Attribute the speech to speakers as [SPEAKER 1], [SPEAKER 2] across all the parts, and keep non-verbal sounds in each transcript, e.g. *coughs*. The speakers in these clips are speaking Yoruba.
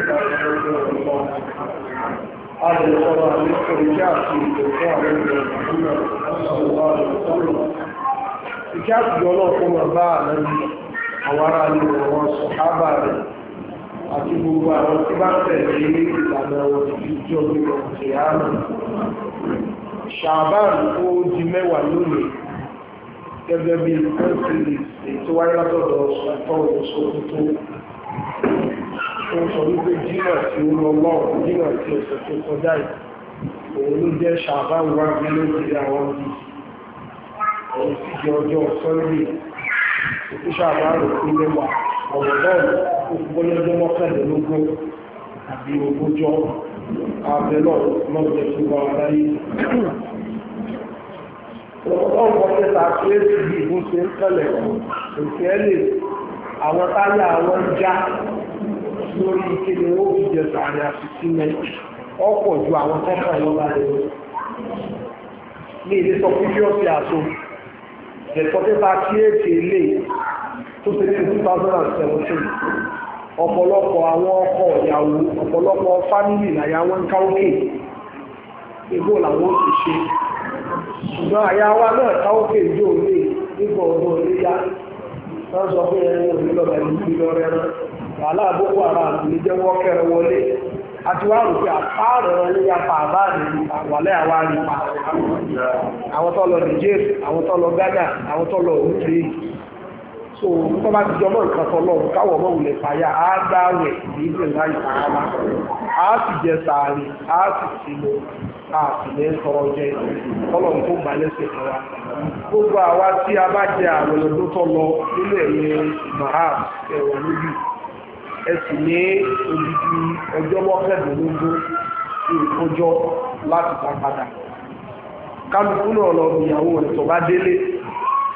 [SPEAKER 1] هذا صلى الرجال في القرآن محمد صلى الله عليه وسلم ìkíyàtì ọlọ́ọ̀kún ọba àlẹ́bí àwọn ará ní ọ̀rọ̀ sọ̀hábà rẹ̀ àti gbogbo àwọn tí bá tẹ̀lé ìlànà wọn ti jọ bí ọ̀tí àmà ṣàbáà ó di mẹ́wàá lónìí gẹ́gẹ́ bí pẹ́ńsìlì ètò wáyé látọ̀dọ̀ ṣàtọ̀ òṣòkòtò tó sọ wípé jìnnà tí ó lọ lọ́wọ́ jìnnà tí ọ̀sẹ̀ tó kọjá yìí òun ló jẹ́ ṣàbáwá mélòdì àwọn bí òun sì jẹ ọjọ́ sọ́ndé òkú ṣàbáwá òkú mẹ́wàá ọ̀wọ̀dọ́ọ̀ òkúgbọ́lọ́jọ́ mọ́kànlélógún àbí ogójọ́ abẹ́lọ́ lọ́jọ́ tó wà láyé ọ̀pọ̀ kẹta pé ìbùn ṣe ń tẹ̀lẹ̀ kò kẹ́ lè àwọn táyà àwọn já lórí ìkéde ó fi jẹ sàárẹ̀ àfisí mẹ́tì ọ̀pọ̀ ju àwọn tẹ́tà ìlọ́ba rẹ̀ lọ. ní ilé sọ fún bí ọ̀sẹ̀ àtò ẹ̀kọ́tẹ́ta kí èké lè tó ṣe ní two thousand and seventeen ọ̀pọ̀lọpọ̀ àwọn ọkọ ìyàwó ọ̀pọ̀lọpọ̀ fámìlì làyàwó ń káwókè ìbò làwọn ti ṣe ṣùgbọ́n àyà wa náà káwókè yóò lè nígbà ọdún ìléyà wọ́n sọ pé ẹni òbí lọ́ba ẹni òbí lọ rẹ rán wàhálà àbúkù ara àtúndé jẹ́ wọ́n kẹrẹ wọlé àti wàá rò pé àpáàrọ̀ rẹ ní apá àbáàrẹ̀ àwàlẹ́ àwa rí pa àwọn àwọn àwọn so nípa bá ti jọ mọ́ nǹkan tọ́lọ́run káwọ̀ mọ́ òun lè fàyà á dáwẹ̀ ní ìdè láì sàrámà á sì jẹ sàárì á sì sinmi á sì lè sọ̀rọ̀ jẹ tọ́lọ́run tó gbà lẹ́sẹ̀ fún wa gbogbo àwa tí a bá jẹ àwọn ọdún tó lọ nínú ẹ̀yẹ màá ẹ̀wọ̀n lójú ẹ sì ní odidi ọjọ́ mọ́kàndínlógún ìkójọ láti gbà padà kálukú náà lọ ìyàwó rẹ̀ tó bá délé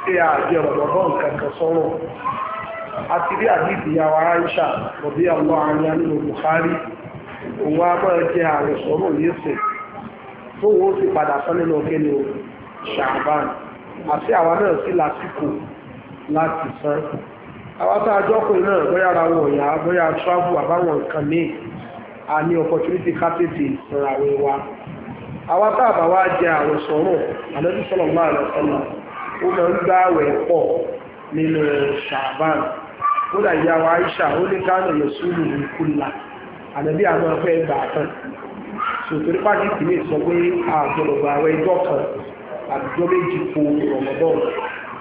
[SPEAKER 1] ṣe àjẹ ọ̀dọ̀dọ̀ nǹkan sọ́rọ̀ àti bí àdìdì àwọn aráńṣà ọ̀bí àwọn àárín Buhari òun á máa jẹ ààrẹ sọ́rọ̀ tó wọ́n padà sọ nínú ọ̀gẹ́ni ni ṣàbán àti náà sí lásìkò láti a náà bóyá ara wọn bóyá travel àbáwọn nǹkan míì a wa ó máa ń gbá àwẹ̀ pọ̀ nínú ṣàbán ó dà ìyá wa Aisha ó ní kánò yẹ sùúrù ní kúlà àdàbí àwọn afẹ́ gbà kan sòtòrí ìpínlẹ̀ sọ pé ẹjọ́ kan àdúgbò méjì po rọ̀mọ̀dọ́n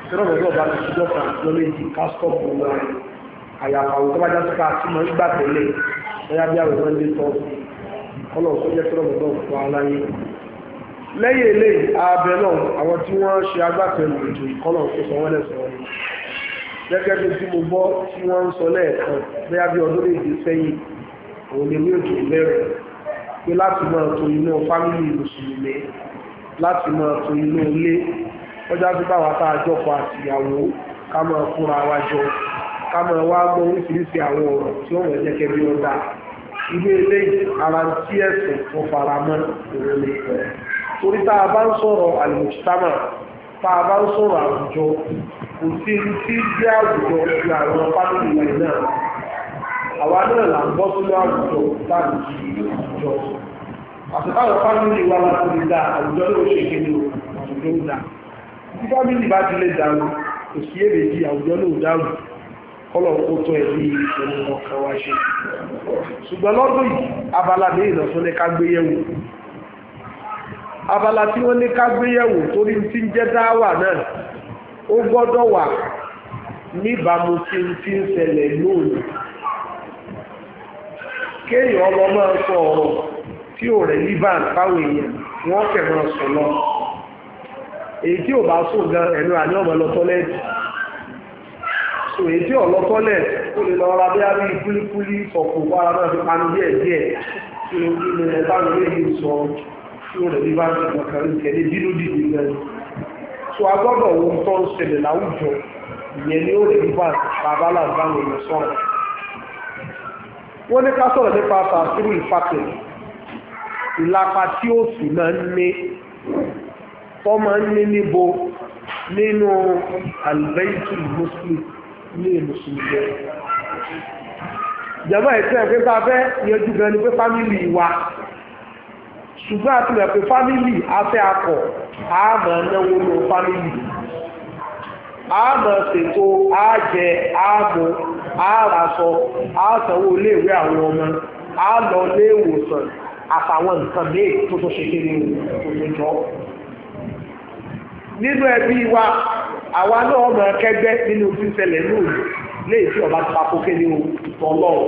[SPEAKER 1] tí bá ti ṣùgbọ́n kan àdúgbò méjì àwọn tó ká tí ń gbà tẹ́lẹ̀ lẹ́yìn eléyìí abẹ náà àwọn tí wọ́n ṣe agbátẹrù ètò ìkọlọ ìfẹsọ wọn lẹsọ wọn gẹ́gẹ́ bí tí mo gbọ́ tí wọ́n ń sọ lẹ́ẹ̀kan bóyá bí ọdún méje sẹ́yìn òun ni wíwò tó bẹ̀rẹ̀ pé láti máa to inú fámìlì mùsùlùmí láti máa to inú ilé ọjà tó bá wà tá a jọpọ àtìyàwó ká máa kóra wa jọ ká máa wá gbọ́ oríṣiríṣi àwọn ọ̀rọ̀ tí wọn jẹ kẹbi ọdà ilé eléyìí ara tí ẹsẹ tó fara mọ́ òun torí tá a bá ń sọ̀rọ̀ àlùmùsítámà tá a bá ń sọ̀rọ̀ àwùjọ kò sí ní tí bí àwùjọ ti àwọn fámìlì rẹ̀ náà àwa náà là ń bọ́ sínú àwùjọ láti àwùjọ àtẹ̀káwọ̀ fámìlì wa láti lè dá àwùjọ ló ṣe kéde àwùjọ ń dá bí fámìlì bá ti lè kò sí àwùjọ abala tí wọ́n ní ká gbéyẹ̀wò torí ti ń jẹ́ dáwà náà ó gbọ́dọ̀ wà níbàámu tí ń ti ń ṣẹlẹ̀ lónìí kéèyàn ọmọ máa ń sọ ọ̀rọ̀ tí ò rẹ̀ ní báńkì báwọn èèyàn wọ́n fẹ̀ máa sùn lọ èyí tí ò bá sùn gan ẹ̀nu àní ọmọ lọ tọ́lẹ́ẹ̀tì so èyí tí ò lọ tọ́lẹ́ẹ̀tì lè lọ ra bí a bí kúlíkúlí sọ̀kò wàrà náà fi panu díẹ̀ díẹ̀ tí ó ní ẹ̀ bá tí ó rẹ̀ ní bá ń ṣe nǹkan rí tẹ̀lé nínú dìde lẹ́nu so a gbọ́dọ̀ wo ohun tó ń ṣẹlẹ̀ láwùjọ ìyẹn ni ó rẹ̀ ní bá bàbá làbáwọn èèyàn sọ̀rọ̀ wọ́n ní ká sọ̀rọ̀ nípa fàṣírù ìfàkẹ̀ ìlapa tí ó sì máa ń ní wọ́n máa ń ní níbo nínú albaitul muslim ní mùsùlùmí jẹ́mọ́ ìfẹ́ pé bá fẹ́ yẹjú gan ni pé fámìlì wa ṣùgbọ́n àti rẹ̀ pé fámìlì afẹ́ akọ̀ àmọ̀ náwó ló fámìlì àmọ̀ ṣètò àjẹ àmọ̀ àràsọ àsanwó iléèwé àwọn ọmọ àlọ iléèwòsàn àtàwọn nǹkan mìíràn tó tó ṣe kéré tó jọ. nínú ẹbí wa àwa náà mọ̀ kẹ́gbẹ́ nínú tí ń ṣẹlẹ̀ lóòrùn léèfì ọba ti pa kókéré o tọ́lọ́ọ̀.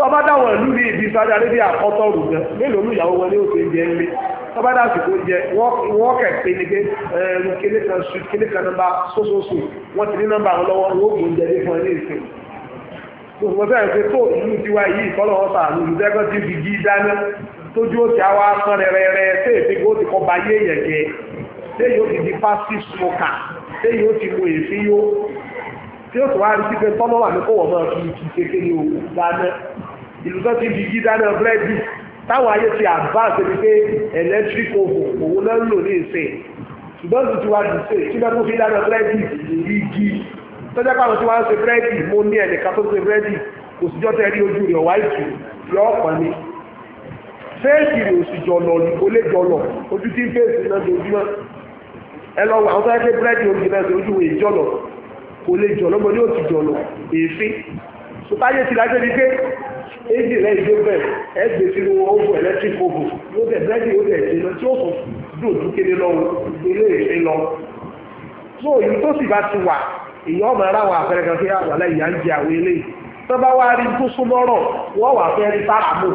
[SPEAKER 1] tọ́ba dáwọn ìlú ní ibi sáájú alẹ́ bí gan mélòó lù wọlé òkè jẹ ńlẹ̀ tọ́ba dá àsìkò jẹ wọ́n kẹ̀ pé eh, kéde kan su kéde kan nọ́mbà sósòsò wọ́n ti ní nọ́mbà wọn lọ́wọ́ wọ́n gbòó jẹ ní fún ẹ ní ìsìn gbogbo sẹ́yìn pé tó ìlú tiwa yìí kọ́lọ́ wọn sàánú ìlú ti fi jí dáná tójú ó ti àwa sán rẹ̀rẹ̀rẹ̀ tẹ́ẹ̀fẹ́ kó ti kọ́ ba yé yẹ̀ jẹ ó ti di pásítì smoka tẹ́yìn ó ti mú èéfín yó tí ó sì wá rí sí pé tọ́lọ́ ní kó wọ́n máa fi ti kékeré òkú dáná ìlú tó ti fi gíga náà búrẹ́dì táwọn ayé ti advance ẹni pé electric oven òun náà ń lò ní ìsìn ṣùgbọ́n tuntun wa ti ṣe tí wọ́n fi dáná búrẹ́dì igi tọ́jà pàmò tí wọ́n á ṣe búrẹ́dì mo ní ẹnìkan tó ṣe búrẹ́dì kò síjọ́ tẹ́ rí ojú rẹ̀ wá ìtù yọ ọ̀pọ̀ ni fẹ́ẹ̀sì rẹ̀ ò sì jọlọ ní olè jọlọ ojú tí fẹ́ẹ̀sì náà dojúmọ́ ẹ lọ wọ àwọn tó yẹ pé búrẹ́dì oúnjẹ náà ṣe ojú wo ìjọlọ kò lè jọlọ mo ní òtù jọlọ èéfín sọtáyé ti dájọ́ ni pé
[SPEAKER 2] éjì rẹ̀ ìjó bẹ̀
[SPEAKER 1] ẹgbẹ̀ sínú oògùn electric oven yóò tẹ̀ bẹ́ẹ̀dì yóò tẹ̀ jẹ́ tí ó tún dùn tún kéde lọ ilé ìṣe lọ. tó èyí tó sì bá ti wà èyí ọmọ ara wà fẹ́rẹ́ kan kí àwàlá ìyá ń jẹ àwọn eléyìí tó bá wá rí tó súnmọ́ rọ̀ wọ́n wà fẹ́ rí tààmù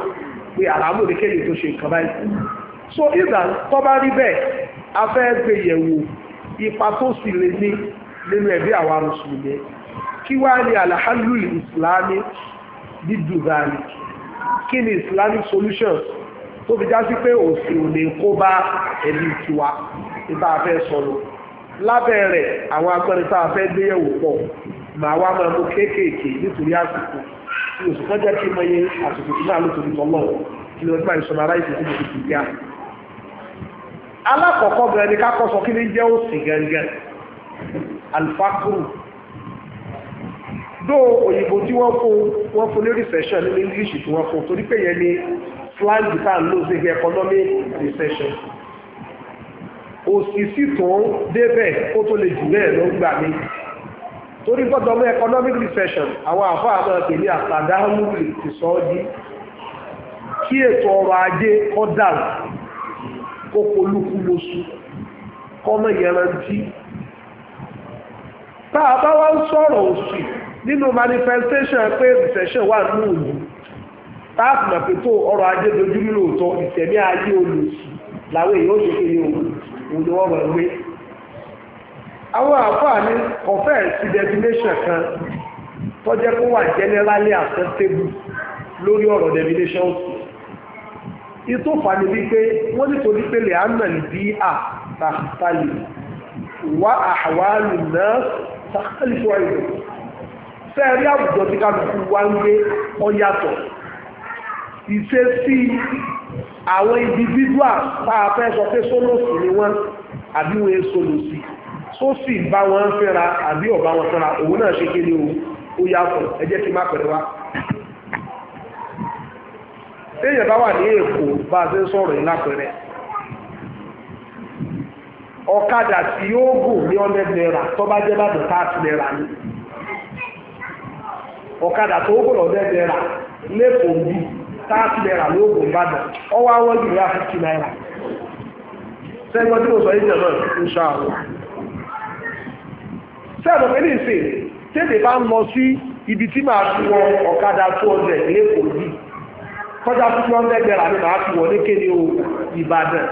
[SPEAKER 1] pé àràmù ní kéde tó ṣe nǹkan báyìí. so ìgbà tó bá rí bẹ́ẹ̀ a fẹ́ gbéyẹ̀wò ipa tó sì lè ní nínú ẹ̀bí àwa mùsùlùmí kí wá ní alhamdulillah islami dídù báyìí kí ni islamic solutions tó fi já sí pé òsì ò lè kó bá ẹbí tiwa nígbà afẹ́ sọ̀rọ̀ lábẹ́ rẹ̀ àwọn agbẹ́rin tá a fẹ́ gbé yẹ̀wò pọ̀ màá wá máa mú kéékèèké nítorí àsìkò tí oṣù kan jẹ́ kí n mọye àsìkò tí náà ló torí tọ́lọ̀ kí ló gbà ìṣọ̀nà aláìsí tí mo ti fi gbà. alákọ̀ọ́kọ́ gan ni ká kọ́ sọ kí ni jẹ́ òsì gangan alifakuru dó òyìnbó tí wọ́n fún wọ́n fún ní recession ní English tí wọ́n fún torí pé yẹn ni flag tá à ń lò sí economic recession òsì sì tún débẹ̀ kó tó lè jù bẹ́ẹ̀ ló ń gbà mí torí gbọ́dọ̀ mú economic recession àwọn àfọ àmọ́ ìpínlẹ̀ àtàdáhùn ti sọ ọ́ di kí ètò ọrọ̀ ajé kọ́ dàrú kó polúkú lóṣù kọ́mọ yẹran tí tá a bá wá ń sọ̀rọ̀ òsì nínú manifestation pé recession wà nínú òní táàpù mọ̀ pé tó ọrọ̀ ajé dojú nínú òótọ́ ìtẹ̀mí ayé olùsù làwọn èèyàn ó ṣe kéde òun òun ni wọ́n rọ̀ gbé
[SPEAKER 2] àwọn àfààní
[SPEAKER 1] ọ̀fẹ́ sí definition kan tó jẹ́ kó wà generally acceptable lórí ọ̀rọ̀ definition ìtò fani wípé wọ́n nítorí pé lè ánà ní bí a tàkìtàlì wá àwálù náà tàkìtàlì fún àìsàn sẹ́ẹ̀rí àwùjọ tí kálukú wá ń gbé ọ̀yàtọ̀
[SPEAKER 2] ìṣesí
[SPEAKER 1] àwọn individual tá a fẹ́ sọ pé sólòsì ni wọ́n àbí wọ́n ń sólòsì sósì bá wọn ń fẹ́ra àbí ọ̀bá wọn fẹ́ra òun náà ṣe kéde o ó yàtọ̀ ẹ jẹ́ kí n má pẹ̀lẹ́ wá. téèyàn bá wà ní èkó bá a ṣe ń sọ̀rọ̀ yìí lápẹ̀rẹ̀ ọ̀kadà tí yóò gùn ní ọ̀nẹ́dẹ̀ẹ́ra tó bá jẹ́ bàbá tá a ti lè rà
[SPEAKER 2] ọkada tó gbọ́dọ̀ dẹ́gbẹ̀ẹ́ rà
[SPEAKER 1] lẹ́kọ̀ọ́ bí táàtì náírà lóògùn ìbàdàn ọwọ́ àwọn ìgbìyà fifty náírà sẹ́gbọ́n tí mo sọ yíjọ náà ń àwọn. sẹ́ẹ̀dọ̀ pé tètè bá ń lọ sí ibi tí màá wọ ọ̀kadà kọjá ni màá wọ ní kéde o ìbàdàn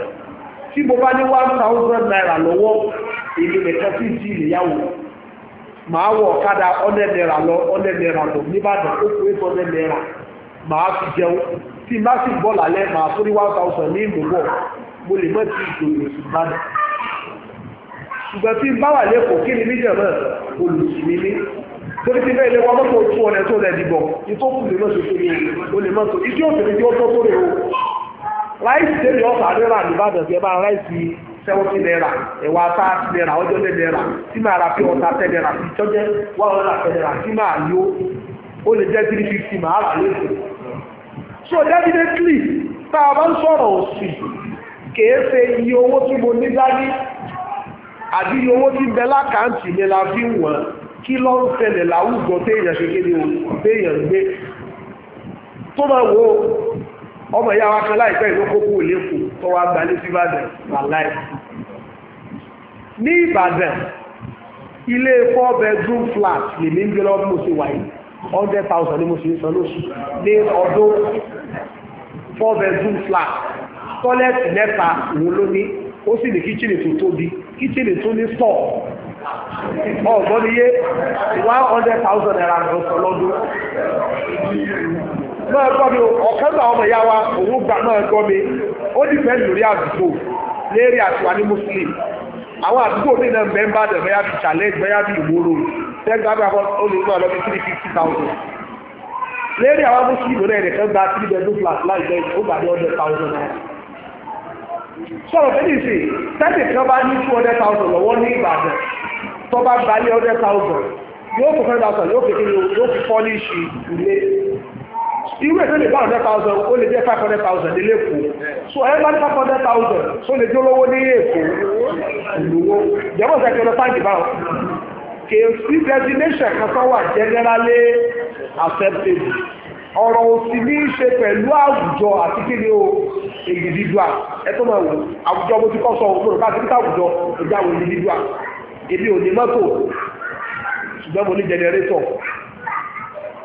[SPEAKER 1] tí mo bá ní one thousand naira lọ́wọ́ èmi nìkan sí ti ìyàwó màá wọ ọ̀kadà ọ̀nẹ́ náírà lọ ọ̀nẹ́ náírà lọ nìbàdàn ó kú èso ọ̀nẹ́ náírà màá fi jẹun tí má sì bọ́ lálẹ́ màá tó ní one thousand ní ìmúbọ̀ mo lè mọ̀ tí ìṣòro èsì ìbàdàn
[SPEAKER 2] ṣùgbọ́n tí n bá wà lẹ́kọ̀ọ́ kí ni níjẹ̀
[SPEAKER 1] náà olùsùnmí ní torí ti bẹ́ẹ̀ lé mọ́tò tún ọ̀nà tó rẹ̀ dìbọ̀ ìtò o lè mọ́tò o
[SPEAKER 2] ráìsì tẹ́lẹ̀ ọ̀sà rírà
[SPEAKER 1] nìbàdàn seventy naira ẹ̀wà thirty naira ọjọ́ ten naira tí máa ra pure water ten naira tí tọ́jẹ́ one hundred ten naira tí máa yó ó lè jẹ́ three fifty máa rà lẹ́sẹ̀. so definitely tá a bá ń sọ̀rọ̀ òsì kèé ṣe iye owó tí mo ní dání àbí iye owó tí ń bẹ lákàntì mi la fi ń wọ̀n kí ló ń ṣẹlẹ̀ láwùjọ téèyàn ṣe kéde o téèyàn gbé tó máa wò ó ọmọ ìyá wa kan láìpẹ́ ìlú kókó ìlékù tó wá gbalé sí ìbàdàn wàláì ní ìbàdàn ilé four bedroom flat lèmi ń gbé lọ́wọ́ bí mo ṣe wà yìí hundred thousand ni mo ṣe ń lóṣù ní ọdún four bedroom flat tọ́lẹ́tì mẹ́ta òun ló ní ó sì ní kíchìnì tó tóbi kíchìnì tó ní stọ̀ ọ̀gbọ́n mi one hundred thousand naira lọ́sọ̀ lọ́dún máa gbọ́ mi ọ̀kan náà ọmọ ìyá wa òun gbà máa gbọ́ mi ó ní fẹ́ lórí àdúgbò lérí àtiwá ní muslim àwọn àdúgbò mi náà bẹ́ẹ̀ bá dẹ̀ bẹ́yà bí challenge bẹ́yà bí ìwòrò tẹ́gbà bí akọ olùkọ́ náà lọ́bi three fifty thousand lérí àwọn muslim náà ẹ̀rẹ̀ kan gba three bedroom flat láì bẹ́ẹ̀ ó gbà ní hundred thousand naira sọ̀rọ̀ fẹ́ nìsí tẹ́tì kan bá ní two hundred thousand lọ́wọ́ ní Ìbàdàn tó bá gbalẹ̀ hundred thousand yóò fi hundred thousand yóò fi kí yóò fi fọ́líṣì ilé irú èdè lè bá hundred thousand ó lè jẹ́ five hundred thousand ní lẹ́kọ̀ọ́ so ẹ bá ní five hundred thousand so lè jẹ́ olówó ní èkó olówó jẹ́wọ́n sẹ́kẹ́ lọ sáǹdì báwọn kèsì designation kan tó wà generally accepted ọ̀rọ̀ òsì ní í ṣe pẹ̀lú àwùjọ àti kí ni o individual ẹ tó máa wò àwùjọ mo ti kọ́ sọ òkúrò káàkiri kíkà àwùjọ ìjà àwọn individual èmi ò ní mọ́tò
[SPEAKER 2] ṣùgbọ́n mo ní generator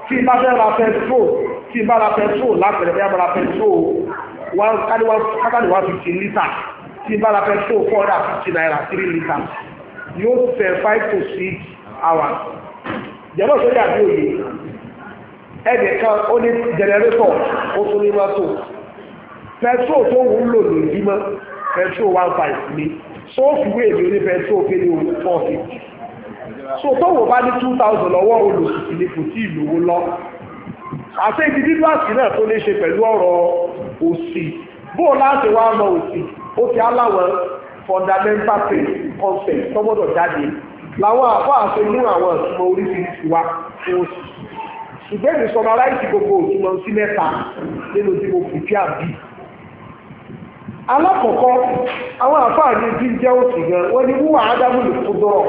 [SPEAKER 2] tí bá fẹ́ ra fẹ́ fóònù tí n bá ra pẹtrol lápẹ̀rẹ̀ bí a bá ra pẹtrol kákàdé one
[SPEAKER 1] fifty litre tí n bá ra pẹtrol four hundred and fifty naira three litre yóò fẹ́ five to six hours jẹ́rọ sójà bí òye ẹnìkan ó ní jẹnẹrétọ̀ ó tún ní mọ́tò pẹtrol tó ń lò lójúmọ́ pẹtrol one five ni sóòfùwé èmi ní pẹtrol kéde òun four fifty so tó wò bá ní two thousand lọ́wọ́ olùsìsì ni kò tí ì lówó lọ àti individuals náà tó ní ṣe pẹ̀lú ọ̀rọ̀ òsì bóò láti wá lọ òsì ó ti aláwọ̀ fundamental faith concept tọ́gbọ́dọ̀ jáde làwọn àfọ́ àṣemú àwọn ìtumọ̀ oríṣiríṣi wa fún òsì ṣùgbọ́n èmi sọmọ aláìsí gbogbo òtúmọ̀ sí mẹ́ta nínú tí mo fìfí àbí
[SPEAKER 2] alákọ̀ọ́kọ́ àwọn
[SPEAKER 1] jẹ́ òsì gan wọ́n ní wúwà ádámù lè dọ́rọ̀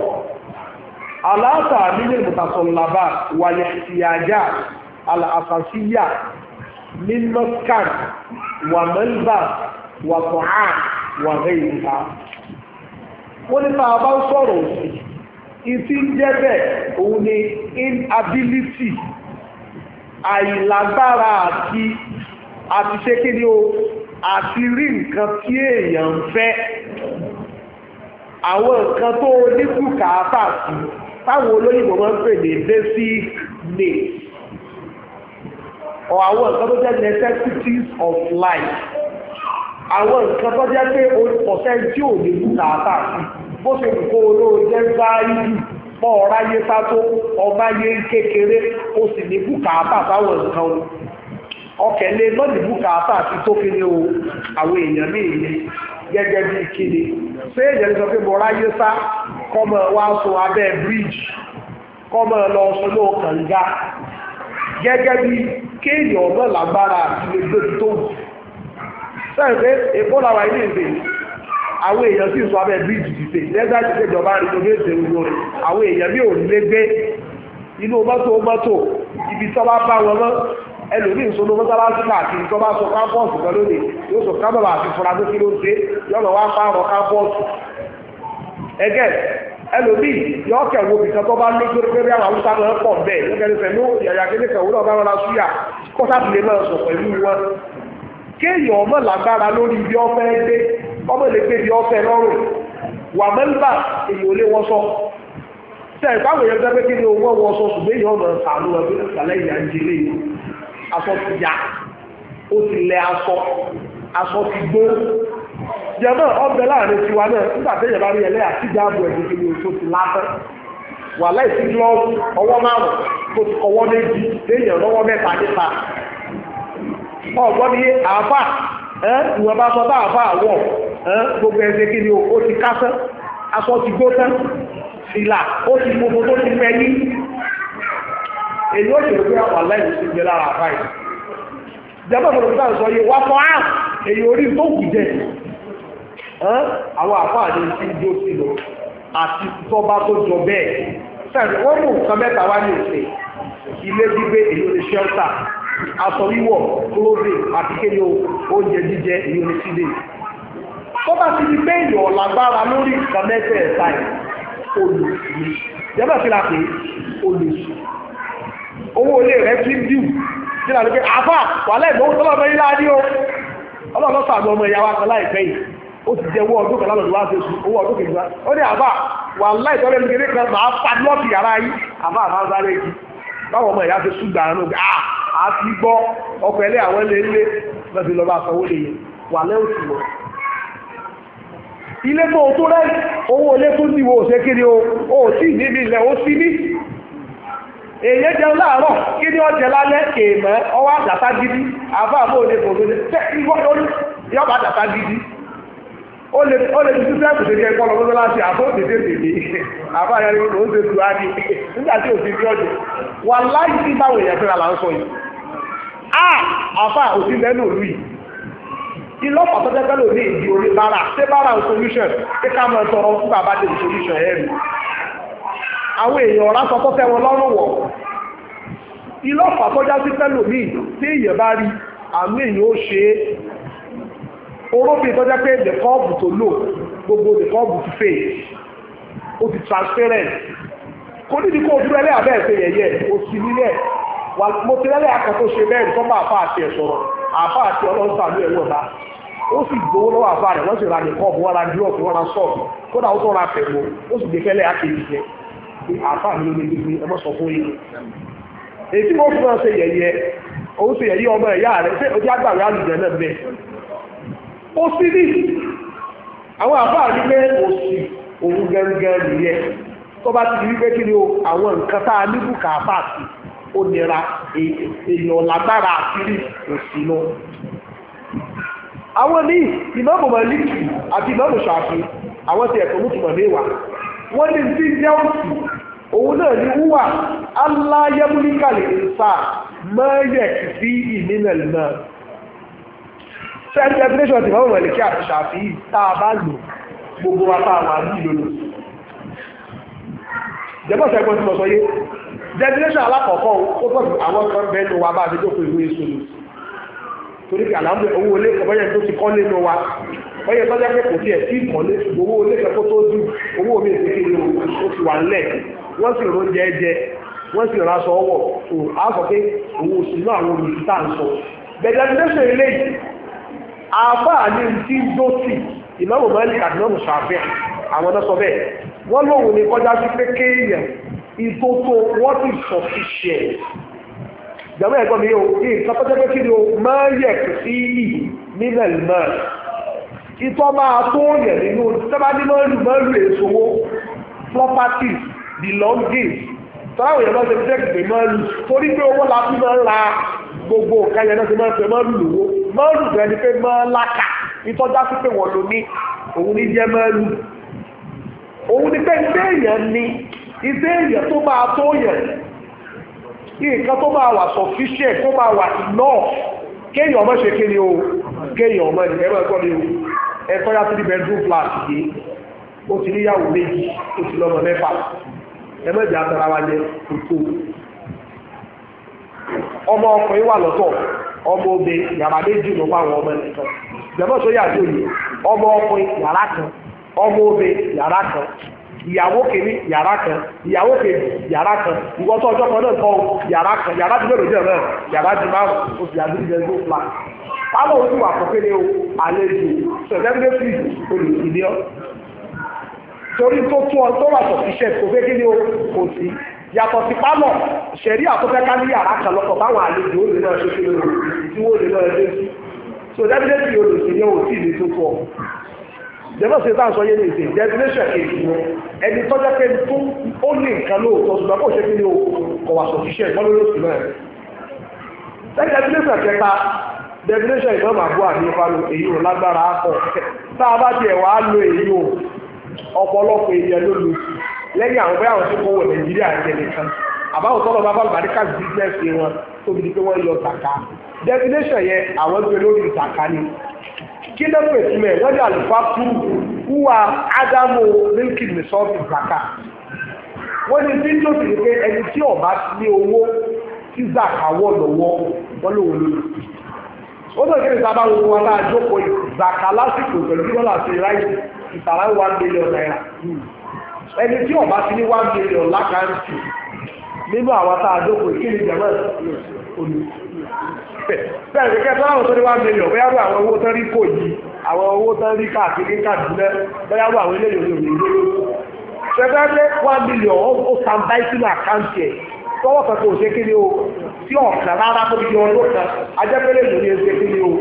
[SPEAKER 1] al-asasiya min maskan wa malbas wa ta'am wa ghayriha wọ́n ní bá a bá ń sọ̀rọ̀ òsì ìtí ń jẹ́ bẹ́ẹ̀ òun ni inability àìlágbára àti àti ṣé kí ni o àti rí nǹkan tí èèyàn ń fẹ́ àwọn nǹkan tó oníbùkátà sí táwọn olóyìnbó máa ń pè ní basic needs or àwọn nǹkan tó jẹ́ of life àwọn nǹkan tó jẹ́ pé ọ̀sẹ̀ tí ò lè kúta àtà sí bó ṣe kó olóró jẹ́ báyìí sátó ọba yé kékeré ó sì sáwọn nǹkan o sí tó kéré o àwọn èèyàn ní ìlé gẹ́gẹ́ bí kíni ṣé èèyàn sọ pé mo ráyé sá kọ́mọ wá abẹ́ kọ́mọ gẹ́gẹ́ bí kéèyàn ọ̀dọ́ lágbára àti lè gbé tó sẹ́yìn pé èkó làwọn ilé ìgbè àwọn èèyàn sì sọ abẹ́ bíríìjì dìde lẹ́gbẹ́ àti ìjọba rí lórí èdè ìwò rẹ̀ àwọn èèyàn bí ò lé gbé inú mọ́tò mọ́tò ibi tó bá bá wọn mọ́ ẹlòmíì ń sọdọ́ mọ́sálásí káàkiri tó bá sọ kámpọ́ọ̀sì kan lónìí yóò sọ kábàbà àti fúnra tó kí ló ń ṣe yọ̀nà wá pààrọ̀ kámpọ́ọ̀sì ẹgẹ́ ẹlòmíì yọ kẹwò bìkan tó bá ní gbẹrẹgbẹrẹ àwọn awúsá náà pọ̀ bẹ́ẹ̀ lọ́kẹ́rẹ́sẹ̀ ní yàyà kéde kẹwò náà bá rọra súyà kọ́sàbìlẹ̀ náà sọ pẹ̀lú wọn. kéèyàn ọmọ làgbára lórí ibi ọfẹ gbé ọmọ lè gbé ibi ọfẹ lọ́rùn wà mẹ́lbà èyí ò lé wọ́n sọ. sẹ ìpáwò yẹn gbẹgbẹ kí ni owó wọn sọ ṣùgbọ́n èyí ọ̀nà sàánú jẹ̀mọ́ ọbẹ̀ láàrin tiwa náà nígbà tẹ́yẹ̀ bá rí ẹlẹ́yà tí tó wà láìsí ọwọ́ márùn tó ti kọwọ́ méjì mẹ́ta àáfà ìwọ̀n bá sọ bá àáfà wọ̀ gbogbo kí ni o ti aṣọ ti gbó tán ìlà ó ti gbogbo tó ti èyí
[SPEAKER 2] ó gbé lára àáfà
[SPEAKER 1] yìí àwọn àfáà ní ti ń jó sí lọ àti tọ́ba tó jọ bẹ́ẹ̀ sẹ́ni wọ́n mú nǹkan mẹ́ta wá ní òsè ilé gbígbé èyí ò ní ṣẹ́lta aṣọ wíwọ̀ kúlóòdì àti kéde oúnjẹ jíjẹ èyí ò ní sídè tó bá ti di pé èèyàn lágbára lórí nǹkan mẹ́tẹ̀ẹ̀ta ẹ̀ olùsùn jẹ́bẹ̀ sí la pé
[SPEAKER 2] olùsùn owó ilé
[SPEAKER 1] rẹ̀ ti ń dìbò sí la ló pé àfà wàhálà ìgbówó tó lọ́ọ́ bẹ́ẹ̀ yílá ní o ọlọ́ọ̀lọ́sọ ó ti jẹ́ owó ọdún lálọ́dún wá sóṣù owó onye kejì ó ní àbá wà láì tọ́lẹ̀ ní kékeré kan máa pa lọ́ọ̀kì yàrá yìí àbá àbá sáré yìí báwọn ọmọ ìyá ti ṣùgbà àánú gbà á ti gbọ́ ọkọ̀ ẹlẹ́ àwọn ilé wà ilé tó owó ilé tó ti wo o ò níbi ilẹ̀ ó sí ní. èyí láàárọ̀ kí ni lálẹ́ èèmọ̀ ọwọ́ àdàtà ó lè ti sísẹ́ kò tètè kọ́ lọ́wọ́ láti àbó tètè tètè àbá yẹn ló ń ṣe tuwa ní nígbà tí òsì bí ọjọ́ wà láyé tí báwo èèyàn fẹ́ra là ń sọ yìí a àfa òsì lẹ́nu òlu yìí ìlọ́pàá tọ́tẹ́tẹ́ ló ní ìdí orí bára ṣé bára ò solution ṣé ká mọ̀ tọrọ fún bàbá tèmi solution ẹ̀ rí àwọn èèyàn ọ̀rá sọ tọ́tẹ́ wọn lọ́rùn wọ̀ ìlọ́pàá tọ́já sí tẹ́lòmíì tí èèyàn bá rí àmì èèyàn ó ṣe é oróbìn tó jẹ́ pé lẹ́kọ́ọ̀bù tó lò gbogbo lẹ́kọ́ọ̀bù ti fè ó ti transparent kò ní ní kó ojú ẹlẹ́ abẹ́ ẹ̀fẹ́ yẹ̀yẹ́ o sì nílẹ̀ mo ti lẹ́lẹ́ akẹ́kọ̀ọ́ ṣe bẹ́ẹ̀ tó bá àfa àti ẹ̀ sọ̀rọ̀ àfa àti ọlọ́sà ní ẹ̀wọ̀n náà ó sì gbowó lọ́wọ́ àfa rẹ̀ wọ́n sì ra nìkọ́ọ̀bù wọn ra dúrọ̀pù wọn ra sọ́ọ̀bù kódà ó tó ra pẹ̀lú ó sì gbé fẹ́lẹ́ akéjì jẹ pé àfa mi ló ní gbígbé ẹ mọ́ sọ fún yìí èyí tí mo fún ọ ṣe yẹ̀yẹ́ òun ṣe yẹ̀yẹ́ ọmọ ẹ̀yà rẹ̀ ṣé ojú àgbàwé àlùjẹ náà bẹ́ẹ̀ ó sì rí àwọn àbá rí pé òsì òun gẹ́gẹ́ nìyẹn tó bá ti rí pé kí ni o àwọn nǹkan tá a níbù kà á fà sí ó nira èèyàn lágbára àkírí òsì lọ. àwọn ní ìmáàmù Málíkì àti ìmáàmù Ṣáfì àwọn ti ẹ̀kọ́ lótùmọ̀ mẹ́wàá wọ́n ní ti jẹ́ òsì òun náà ní wúwà aláyẹ́múlíkàlì ìsà mẹ́yẹ̀ sí ìmínà náà ṣẹ́ẹ̀tì definition ti mọ́mọ̀ ẹ̀lẹ́kí àti ṣàfihì tá a bá lò gbogbo wa tá a máa bí lòlò jẹ́bọ́ sẹ́gbọ́n ti mọ̀ sọ yé definition alákọ̀ọ́kọ́ ó pọ̀ sí àwọn kan bẹ́ẹ̀ nù wa bá a fi jókòó ìwé èso lò torí pé àlàmú owó olé ọ̀bẹ́yẹ tó ti kọ́ nínú wa ọ̀bẹ́yẹ tó jẹ́ pé kò tiẹ̀ tí ìmọ̀lé owó olé kẹ́kọ́ tó dùn owó mi ìdíkiri o ti wà nílẹ̀ wọ́n sì rò jẹ́ẹ́jẹ́ wọ́n sì rà sọ ọwọ́ tó a sọ pé owó oṣù náà àwọn olùsí tá à ń sọ bẹ̀dẹ̀ ní àáfàá ní ti ń dótì ìmáàmù Málíkì àti ìmáàmù Ṣáfi'í àwọn náà sọ bẹ́ẹ̀ wọ́n lóun ní kọjá sí pé kéèyàn ìtótó wọ́n ti sọ sí ṣe ìjàmọ́ ẹ̀gbọ́n mi yóò ní ìtọ́pẹ́tẹ́pẹ́ kí ni o máa yẹ sí yìí nílẹ̀ náà ìtọ́ máa tó yẹ̀ nínú tẹ́bá ní mọ́lù mọ́lù èso owó properties belongings tọ́láwọ̀ yẹn lọ́sẹ̀ tẹ́gbẹ̀ẹ́ mọ́lù torí pé owó la fi máa ń ra gbogbo nǹkan yẹn náà ti máa ń fẹ́ máa lù lówó máa lù bẹ́ẹ̀ ni pé máa lákà ìtọ́já sí pé wọ́n lò ní òun ní jẹ́ máa lù òun ni pé ilé èèyàn ni ilé èèyàn tó máa tó yẹn nǹkan tó máa wà sọfíṣẹ̀ tó máa wà náà kéèyàn ọmọ ṣe kéde o kéèyàn ọmọ ẹ̀ máa gbọ́ ni o ẹ̀kọ́ yá three bedroom flat yìí ó ti níyàwó méjì o ti lọ́mọ mẹ́fà ẹ̀ mẹ́jọ àtàrà wa jẹ kò tó ọmọ ọkùnrin wà lọ́tọ̀ ọmọ obe yàrá méjì ló fáwọn ọmọ ẹnìkan ìjọba sọ yà tó yìí ọmọ ọkùnrin yàrá kan ọmọ obe yàrá kan ìyàwó kìíní yàrá kan ìyàwó kejì yàrá kan ìwọ́tọ̀ ọjọ́ kan náà yàrá kan yàrá ti bẹ̀rẹ̀ yàrá ti máa o sì àdúgbò jẹ́ pálọ̀ ojú kéde o ọ tó wà kò fẹ́ kéde o yàtọ̀ sí pálọ̀ ṣẹ̀rí àtọ́fẹ́ká ní yàrá kan lọ́pọ̀ báwọn àlejò olè náà ṣe fi lóru tí wọ́n olè náà dé sí so definitely olè sí ní òtí ìlú tó pọ̀ jẹ́nà ṣe tá à ń sọ yé ní ìsìn definition kejì ni ẹni tọ́jọ́ pé tó ó ní nǹkan lóòótọ́ ṣùgbọ́n kò ṣe kí ni kò wà sọ̀fíṣẹ́ ìmọ́ lórí òsì náà lẹ́yìn definition kẹta definition ìmọ̀ màbúà ní ìfàlù èyí ò lágbára á tá a bá tiẹ̀ wàá lo èyí ò ọ̀pọ̀lọpọ̀ èèyàn ló lẹ́yìn àwọn bẹ́ẹ̀ àwọn tó kó wọ nàìjíríà jẹlẹ̀ kan àbáwọn tọ́lọ̀ bá bá bàríkà bísíǹsì wọn tóbi pé wọ́n yọ tàkà definition yẹn àwọn gbé lórí tàkà ni kí ló pè sí mẹ́ wọ́n dà lùfà tú wúwa ádámù mílíkì nìṣọ́ọ̀bù zaka wọ́n ní bí tó sì ní pé ẹni tí ọba ní owó tí zaka wọ̀ lọ́wọ́ wọ́n lòun ló lò ó sọ kéde sábà wọn wọn náà jókòó ẹni tí ọba ti ní one million lákàntì nínú àwọn tá a dókòó kí ni jẹ̀mọ́ olú
[SPEAKER 2] bẹ́ẹ̀ ni kẹta láwọn tó ní one million
[SPEAKER 1] bóyá bí àwọn owó tán rí kò yìí àwọn owó tán rí káàkiri Kaduna bóyá bí àwọn eléyìí olè òní lórí ṣẹfẹ́ pé one million ó san báyìí sínú àkáǹtì ẹ̀ tọwọ́ kan kò ṣe kí ni o tí ọ̀kan rárá tó di ọdún kan ajẹ́pẹ́lẹ́ ìlú ni ó ṣe kí ni o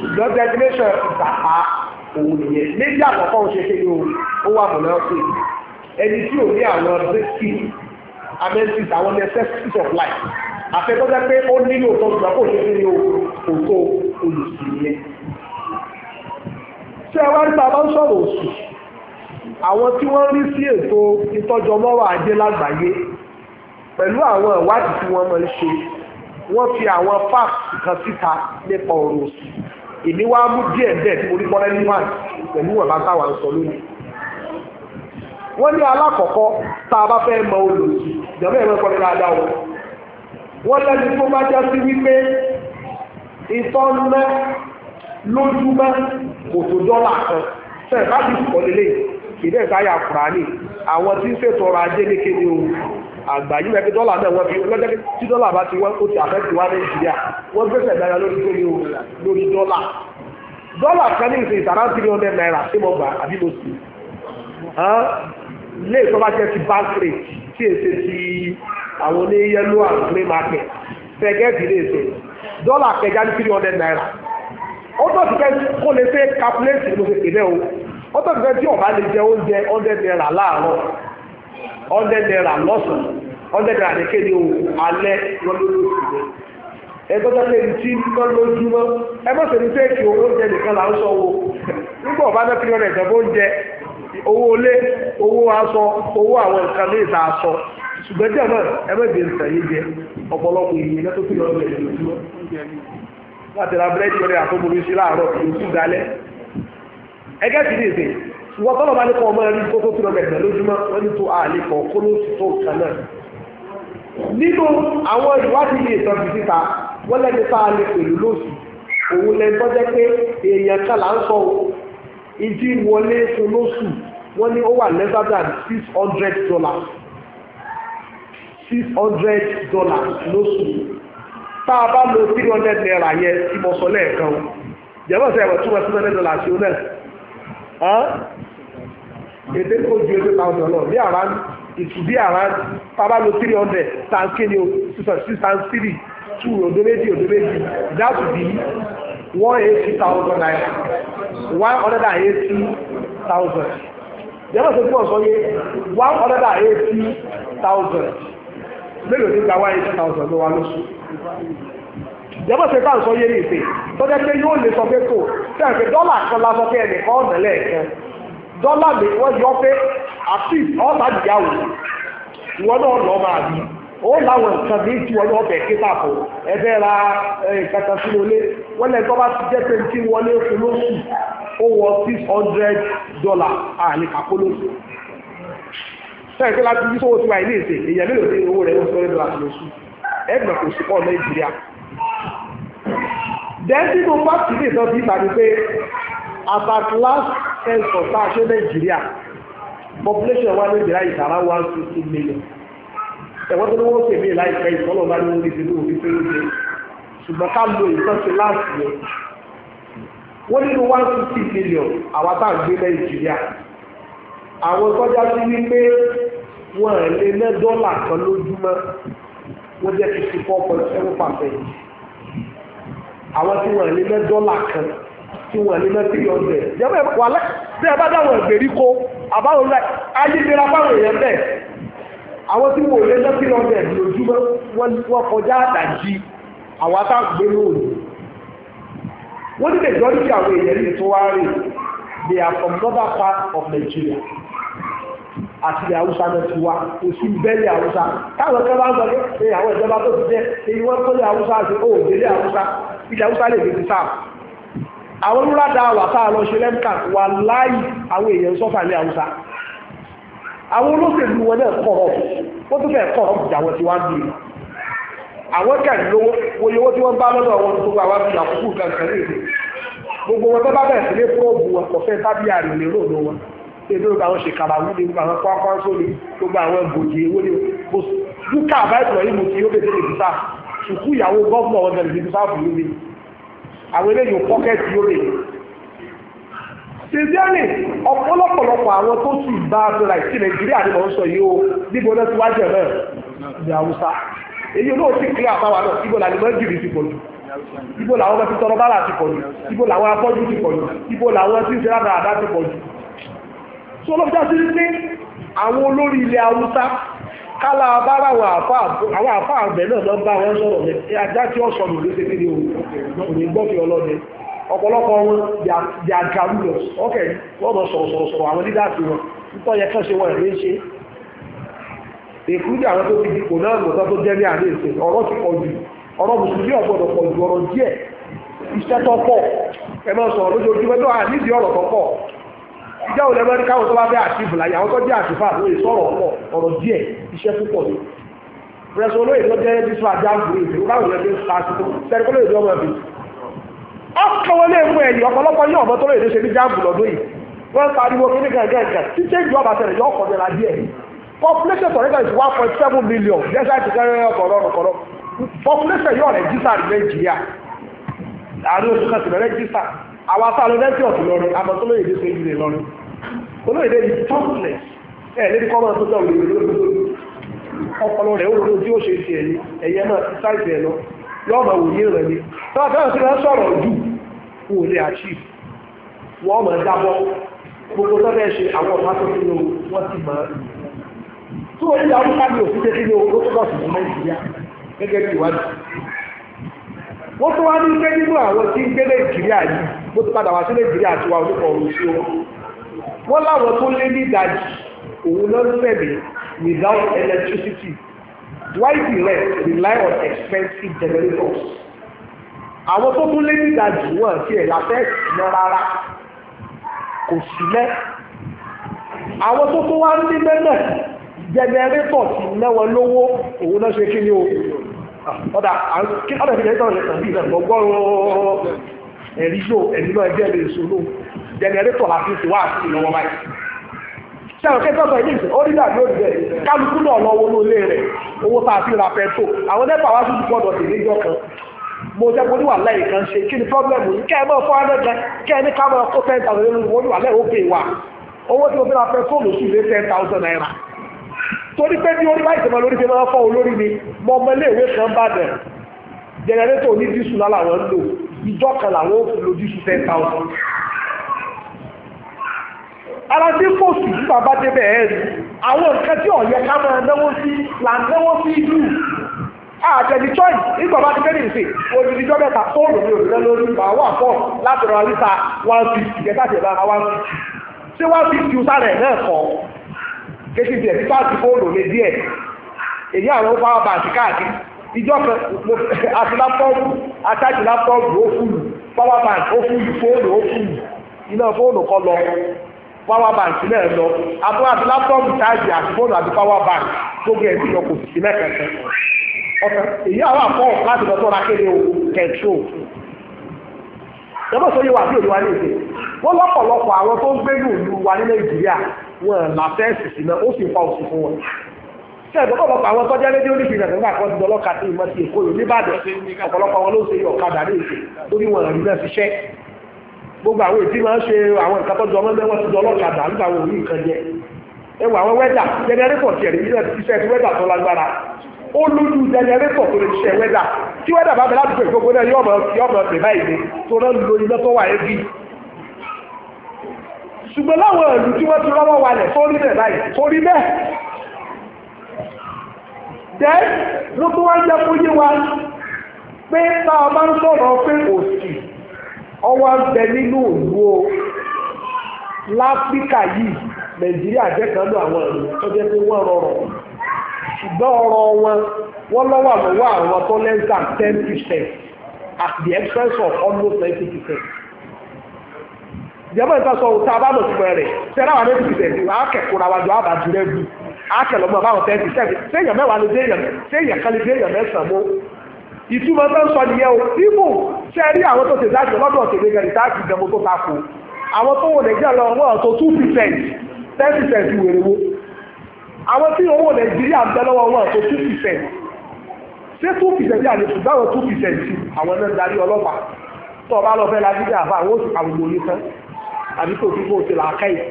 [SPEAKER 1] ṣùgbọ́n declaration ìgbàpá òun nìyẹn méjì àkọ́kọ́ ó ṣe kí ni o ó wà mọ̀lẹ́ ọ̀sẹ̀ ẹni tí ò ní àwọn basic amenities àwọn necessities of life àfẹ́tọ́já pé ó nílò tó gbà kó ṣe nílò òtó olùsìnlẹ̀. ṣé ẹ wá nípa bá ń sọ̀rọ̀ òṣù àwọn tí wọ́n rí sí ètò ìtọ́jú ọmọwà ajé lágbàáyé pẹ̀lú àwọn ìwádìí tí wọ́n máa ń ṣe wọ́n fi àwọn fáàkì kan síta nípa ọ̀rọ̀ òṣù èmi wá mú díẹ̀ bẹ́ẹ̀ tí mo rí bọ́lẹ́ níwájú pẹ̀lú wọn bá táwa ń sọ lónìí wọ́n ní alákọ̀ọ́kọ́ tá a bá fẹ́ mọ olùsí
[SPEAKER 2] ìjọba ẹ̀rọ ẹ̀kọ́ nípa ajá wọn
[SPEAKER 1] wọ́n lẹ́nu tó bá já sí wípé ìtọ́nà lójúmọ́ kò tó dọ́là kan fẹ́ẹ̀ bá ti pọ̀ lélẹ̀ ìdẹ́ ìsáyà kùránì àwọn tí ń ṣètò ọrọ̀ ajé ní kéde o àgbáyé ẹgbẹ́ dọ́là náà wọ́n fi lọ́jọ́ tí dọ́là bá ti wọ́n ó ti àfẹ́tì wá nàìjíríà wọ́n gbèsè dára lórí kéde o lórí dọ́là dọ́là kan ní ìsìn ìtàrà three hundred naira ṣé mo gbà àbí mo sì ilé ìtọ́ba jẹ́ ti bank rate tí èsè ti àwọn oní yellow and grey market fẹ́gẹ́ẹ̀tì lè ṣe dọ́là kẹjá ní three hundred naira ó tọ́ sí fẹ́ kó lè ṣe calculate ló ṣe kéde o ó tọ́ sí fẹ́ tí ọ̀bá lè jẹ oúnjẹ hundred naira láàárọ̀ hundred naira lọ́sàn-án hundred naira kéde o alẹ́ wọn ló ló sì lé ẹgbẹ́ tó lè ti mọ́ lójúmọ́ ẹ má ṣe ní fẹ́ẹ̀kì owó oúnjẹ nìkan là ń sọ wo nígbà ọ̀bá náà three hundred ẹ̀sẹ̀ fóúnjẹ owó ilé owó aṣọ owó àwọn nǹkan ní ìta aṣọ ṣùgbọ́n díẹ̀ náà ẹ má nǹkan yìí jẹ ọ̀pọ̀lọpọ̀ èyí lẹ́tọ́ tó yọ ọ̀rẹ́ ìlú láti ra búrẹ́dì ọ̀rẹ́ sí láàárọ̀ dalẹ̀ ẹgẹ́ ti ṣùgbọ́n tọ́lọ̀ bá ọmọ ẹni tó wọ́n tó àlè kó ló tó kan náà nínú àwọn ìwádìí síta wọ́n lẹ́ni tá a lè lóṣù òun lẹ́ni wọ́n ní ó wà lesser than six hundred dollars six hundred dollars lóṣù tá a bá lo three hundred naira yẹn tí mo sọ lẹ́ẹ̀kan jẹ́wọ́ sẹ́yìn wọ́n túmọ̀ six hundred dollars yóò náà èdè tó ju eight thousand lọ bí around ìtù bí around tá a bá lo three hundred times kí ni o six times three two òdo méjì òdo méjì that would be one eighty thousand naira one hundred and eighty thousand yàrá ṣe púpọ̀ sọ́yé one hundred and eighty thousand mélòó ní gba one eighty thousand ló wà lóṣù yàrá ṣe bá ń sọ́yé ní ìpè tọ́jà pé yóò lè sọ pé kò sẹ́yìn pé dọ́là kan lásán pé ẹnìkan ọ̀nà lẹ́ẹ̀kan dọ́là mi wọ́n yọ pé àti ọ̀tá ìyàwó ìwọ náà lọ́ọ́ máa bí i ó láwọn nǹkan bíi tí wọlé ọbẹ̀ kíta fò ẹbẹ̀ ra kàkà sínú ilé wọ́n lẹ́yìn tó bá ti jẹ́ pé tí wọlé fún lóṣù ó wọ six hundred dollar àní kàkó lóṣù sẹ́yìn pé láti yí sówó tiwa ilé ìsè èèyàn mélòó ní owó rẹ̀ ó sọ lẹ́dọ̀ àti lóṣù ẹgbẹ̀ kò sí pọ̀ nàìjíríà. dẹ́ńtì tó bá ti ní ìtàn bíi tàbí pé about last ten tá a ṣe nàìjíríà population wa nàìjíríà ìtara one fifty million ẹ̀wọ́n tó ní wọ́n ṣe mí láìpẹ́ ìfọ́lọ́ bá ní orí ìdílé òfin tó ń ṣe ṣùgbọ́n ká lo million àwa tá à ń gbé nàìjíríà àwọn tọ́já sí wípé wọ́n ẹ̀ lé ná dọ́là kan lójúmọ́ wọ́n jẹ́ fifty four point seven percent àwọn tí wọ́n ẹ̀ lé ná dọ́là kan tí wọ́n lé lọ́sí ọ̀dẹ̀. tí ẹ bá dáwọn ìgbèríko àbáwọn àwọn tí wọ́n lé lẹ́kìlì ọ̀dẹ̀ lójúmọ́ wọ́n kọjá àdàjì àwọn àtàgbé lóòrùn wọ́n ti tẹ̀jọ́ ní àwọn èèyàn ní tó wá rè they are from northern part of Nigeria àti ilẹ̀ haúsá náà ti wá òsì bẹ́ẹ̀lì haúsá táwọn ẹ̀ka bá ń sọ pé àwọn ìjọba tó ti jẹ́ èyí wọ́n tó lé haúsá àti ó délé haúsá ilẹ̀ haúsá lè fi ti sáà àwọn múlá dáa wà táà lọ ṣe lẹ́mkà wà láì àwọn èèyàn sọ́fà ní haúsá àwọn olóṣèlú wọn náà kọ̀rọ̀ wọ́n tún fẹ́ kọ̀rọ̀ jà wọ́n ti wá bí i àwọn kẹ̀lú lówó wọ́n yẹ owó tí wọ́n bá lọ́dọ̀ wọn tó wà wá fi àkókò kankan ní ìlú gbogbo wọn tó bá bẹ̀rẹ̀ sí ní púrọ́ọ̀bù wọn kò fẹ́ tábí àrùn lérò ló wọn èdè gbogbo àwọn ṣèkàrà wúni gbogbo àwọn kwakwan sóni gbogbo àwọn gòjì ewé ni dúkà àbáyọ̀ yìí mo ti yóò bẹ̀rẹ̀ ìbísà sùkú ìyàwó gọ́ọ̀mù ọ̀gẹ̀rẹ̀ ìbísà fún mi àwọn eléyìí pọ́kẹ́tì yóò bẹ̀rẹ̀ tẹ̀síọ́nì ọ̀pọ̀lọpọ̀lọpọ̀ àwọn tó sì bá a sọ̀rọ̀ àìsí nàìjíríà ni mò ń sọ yìí o níbo náà ti wá jẹ̀ náà ní haúsá èyí olóò ti kílẹ̀ àbáwá náà ibo làní mọ́ jìrì ti pọ̀jù ibo làwọn ọmọ ti tọrọ bára ti pọ̀jù ibo làwọn afọ́jú ti pọ̀jù ibo làwọn tí ń ṣe rádà àdá ti pọ̀jù. sọ ló fi já sí pé àwọn olórí ilẹ̀ haúsá kálá bára àwọn àfáà àgbẹ̀ náà lọ bá wọn sọ̀rọ̀ ọ̀pọ̀lọpọ̀ wọn they are garrulous okay wọ́n lọ sọ̀rọ̀ sọ̀rọ̀ sọ̀rọ̀ àwọn leaders wọn nítorí ẹ̀kọ́ ṣe wọ́n ẹ̀rẹ́ ṣe èkúrú àwọn tó ti dìpò náà lọ́tọ́ tó jẹ́ ní àárín ìsìn ọ̀rọ̀ ti pọ̀ jù ọ̀rọ̀ mùsùlùmí ọ̀gbọ̀dọ̀ pọ̀ ju ọ̀rọ̀ díẹ̀ iṣẹ́ tó pọ̀ ẹ máa sọ̀rọ̀ lójoojúmọ́ tó à nídìí ọ̀rọ̀ tó pọ̀ ìjọ òun lẹ́mọ́ káwọn tó bá fẹ́ àtìfù láyé àwọn tó jẹ́ àtìfù àtúnwé sọ̀rọ̀ pọ̀ ọ̀rọ̀ díẹ̀ iṣẹ́ púpọ̀ ni pẹ̀sọ̀ olóyè tó jẹ́ bísọ̀ àjáǹbù èdè ó báwọn yẹn fi ọkọwọlé ẹgbẹ́ ẹ̀yìn ọ̀pọ̀lọpọ̀ yóò bọ́ tọ́lọ́ èdè ṣe ní jáàbù lọ́dún yìí wọ́n pariwo kíní gàgàgà tí change ọba tẹ̀lẹ̀ yọ ọkọ̀ nira díẹ̀ population for Nigeria is one point seven million ti kẹ́rẹ́ population yóò rẹ̀jísà ní Nàìjíríà àárín oṣù kan sì àwọn afáàlú yọ́ ma wòye rẹ̀ ni tó àtàwọn sí wọ́n sọ̀rọ̀ jù wò lè achieve wọ́n mọ̀ dábọ́ gbogbo tó fẹ́ ṣe àwọn ọ̀pá tó fi wọ́n ti mọ̀ ẹ́ tó o ní àwọn sábì òfin tẹ́tí ní owó tó bọ̀sùn ní nàìjíríà gẹ́gẹ́ bí ìwádìí wọ́n tó wá ní pé nínú àwọn tí ń gbé nàìjíríà yìí bó ti padà wá sí nàìjíríà àti wa onípa ọ̀rọ̀ sí wọn wọ́n láwọn tó lé ní ìdajì òun lọ́sẹ̀ mi without electricity why the rest rely on expensive generators àwọn tó tún lé nígbà jù wọ́n ti ẹ̀ láfẹ́ ìná rárá kò sí lẹ́ àwọn tó tún wá ní mẹ́nà jẹnẹrétọ̀ ti náwọn lówó òun náà ṣe kí ni o ah, ọ̀dà kí ọ̀dà fi jẹnẹrétọ̀ rẹ̀ tàbí ìdàgbọ́gbọ́rọ̀ ẹ̀rí lò ẹ̀rí lò ẹgbẹ́ rẹ̀ sọ lò jẹnẹrétọ̀ la fi ti wá àti ìnáwó báyìí sẹ́wọ̀n kẹ́kọ̀ọ́ sọ yìí ó rí dàbí òdì bẹ́ẹ̀ kálukú náà lọ́wọ́ ló lé rẹ̀ owó tá a fi ra pẹ́tò àwọn nẹ́pà wá sùn gbọ́dọ̀ sí níjọ́ kan mo jẹ́ mo ní wà láyé kan ṣe kí ni pọ́blẹ́mù yìí kẹ́ ẹ mọ́ fọ́ ánẹ́gbẹ́ kẹ́ ẹ ní ká mọ́ kó ten thousand nínú mo ní wà láyé ó pè wá owó tí mo fi ra pẹ́tò lóṣù lé ten thousand naira torí pé bí orí báyìí tẹ̀mọ́ lórí ṣe máa ń fọ́ olórí ni mo ọmọ iléèwé kan bá dẹ̀ jẹnẹrétọ̀ onídìísù náà làwọn ń lò ìjọ kan làwọn ò fi lo dísù ten thousand
[SPEAKER 2] ara tí kò sí nígbà bá
[SPEAKER 1] débẹ̀ ẹ̀ rí àwọn nǹkan tí ọ̀yẹ ká máa náwó sí là ń náwó sí jù àtẹ̀lí choice nígbà bá ti fẹ́ nìyí sè odidi jọ́ mẹ́ta fóònù mi ò lẹ́ lórí mà wà pọ̀ láti rọra lítà one fifty kẹta tẹ̀ lára one fifty ṣé one fifty ó sáré náà kọ́ kéṣì tiẹ̀ nípa ti fóònù mi díẹ̀ èyí àwọn power bank káàkiri ìjọ kan *laughs* àti lápọ́ọ̀bù àtàjì lápọ́ọ̀bù ó fúlù power bank ó fúlù fóònù ó fúlù iná fóònù kọ́ lọ power bank náà lọ àbúrò àti láptọ́ọ̀mù táàgì àti fóònù àti power bank gbogbo ẹ̀ ti lọ kò sí mẹ́kẹ̀kẹ́ ọ̀tẹ̀ èyí àwọn àpọ̀ láti lọ tọ́ra kéde o kẹ̀tró yọ́bọ̀ sóyè wà sí òní wa ní èdè wọ́n lọ́pọ̀lọpọ̀ àwọn tó ń gbé ní òlu wa ní Nàìjíríà wọn làfẹ́ẹ̀sì sí náà ó sì fa òsì fún wọn ṣe ẹ̀dọ́ ọ̀pọ̀lọpọ̀ àwọn tọ́jú ẹlẹ́dẹ́ oníṣẹ́ ìrìnàjò nígbà kan ti dọ́lọ́ka sí ìmọ̀ sí Èkó yìí Níbàdàn ọ̀pọ̀lọpọ̀ àwọn ló ń ṣe ọ̀kadà ní èdè lórí wọn àrùn náà ṣiṣẹ́ gbogbo àwọn èsì máa ń ṣe àwọn nǹkan tọ́jú ọmọ mẹ́wọ́n ti jọ ọlọ́kadà nígbà wo ní nǹkan jẹ ẹ wọ àwọn wẹ́dà jẹnẹrétọ̀ tiẹ̀ ní iṣẹ́ ti wẹ́dà tó lágbára ó lójú jẹnẹrétọ̀ tó lè ṣiṣẹ́ wẹ́dà tí wẹ́dà bá bẹ láti pè gbogbo náà yọ̀ọ̀mọ̀ yọ̀ọ̀mọ̀ pè báyìí ni tó náà lo iná tó wà ẹ́bí ṣùgbọ́n láwọn ìlú tí wọ́n ti rọ́wọ́ walẹ̀ sórí bẹ̀ báyìí sórí bẹ́ẹ̀ jẹ́ ló tó wá ń jẹ́ fún yé wa pé tá a bá ń sọ̀rọ̀ pé òsì ọwọ́ ń bẹ nínú òlú o láfíríkà yìí nàìjíríà jẹ́ kan lọ àwọn ìlú tó jẹ́ pé wọ́n rọrọ̀ ṣùgbọ́n ọrọ̀ wọn wọ́n lọ́wọ́ àlọ́wọ́ àwọn tó less than ten percent at the expense of almost ninety percent. ìjọba ìta sọ òòtá abáàmọ̀ ti bẹ̀rẹ̀ sẹ́rẹ́ àwọn ninety percent wà á kẹ̀kọ́ ra wájú àbájú rẹ̀ bù á kẹ̀lọ́mọ̀ àbáwọn ten percent sẹ́yìn mẹ́wàá lè dé èèyàn sẹ́yìn kan lè dé èèyàn mẹ́sàn-án ìtumọ̀ tó ń sọ nìyẹn o ibo ṣe rí àwọn tó ṣe dájọ́ lọ́dọ̀ tèmi gẹ̀rì táàkì ìdẹ̀mọ tó ta kù àwọn tó wọ nàìjíríà lọ wọ́n tó two percent ten percent wèrè wo àwọn tí owó nàìjíríà ń bẹ lọ́wọ́ wọ́n tó two percent ṣé two percent yà lè tún báwọn two percent sí àwọn náà darí ọlọ́pàá tó ọba lọ fẹ́ lajú àbá àwọn oṣù àwùjọ oní tán àbí tó fi fóòtì làákàyè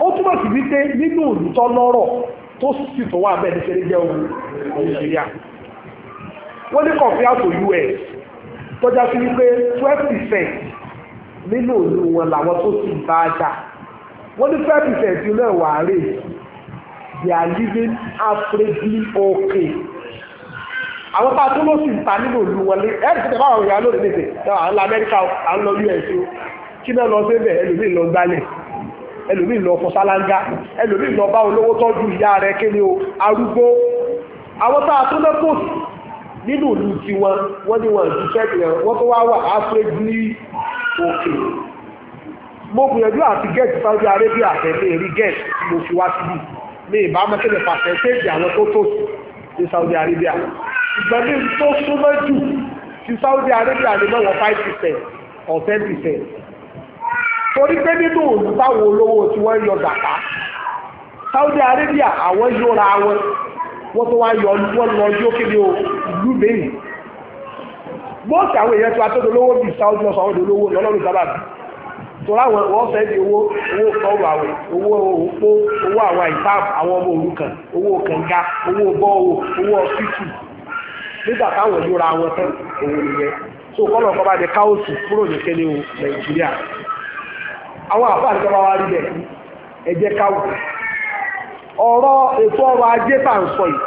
[SPEAKER 1] ó túmọ̀ sí wípé nínú òdùtọ́ lọ́rọ̀ tó sì tó wà bẹ́ẹ̀ ní ṣe wọ́n ní compare to US tọ́já sí wípé twelve percent nínú òlu wọn làwọn tó sì bá a jà wọ́n ní twelve percent náà wà rè they are living averagely okay àwọn bá tó ló sì ń ta nínú òlu wọn lé ẹ̀rí tẹ̀lé báwọn ìyá lónìí nìṣẹ́ à ń lọ Amẹ́ríkà à ń lọ US o kí náà lọ síbẹ̀ ẹlòmíì lọ gbálẹ̀ ẹlòmíì lọ fọ sálángá ẹlòmíì lọ bá olówó tọ́jú ìyá rẹ̀ kéde o arúgbó àwọn tá a tó lẹ́kọ̀ọ́ nínú ìlú tí wọn wọ́n ní wọn ju ṣẹ́ẹ̀kì rẹ̀ wọ́n tó wá wà áfíríkì ní òkè mo gbìyànjú àti gẹ̀ẹ́sì Saudi Arabia tẹ̀lé rí gẹ̀ẹ́sì mo fi wá síbí mi ìbá mọ́kẹ́lẹ̀ pàṣẹ́ntéèjì àwọn tó tòṣì ní Saudi Arabia ìgbà ní tó súnmọ́ jù ti Saudi Arabia ní mọ́wọ́ five percent or ten percent torí pé nínú òòlù táwọn olówó tí wọ́n yọ gàtá Saudi Arabia àwọn yóra wọn wọ́n tó wá yọ wọ́n lọ yóò kéde o ìlú bẹ́ẹ̀ bóòsì àwọn èèyàn tó wá tóbi olówó bíi sáwọ́dì lọ́sọ̀ àwọn olówó lọ́lọ́run sábà bì tó láwọn wọ́n fẹ́ di owó owó sọ́ọ̀rọ̀ àwẹ̀ owó òpó owó àwọn ìtààbù àwọn ọmọ òrukàn owó kànga owó bọ́ọ̀ owó ọ̀sìtì nígbà táwọn ìlúra wọn tán òwò nìyẹn so kọ́nà ọ̀kan bá di káwọ́sì kúrò ní kéde o nàìjíríà àwọn àfáà nígbà wá rí bẹ́ẹ̀ ẹ jẹ́ káwọ́sì ọ̀rọ̀ ètò ọrọ̀ ajé tà ń sọ yìí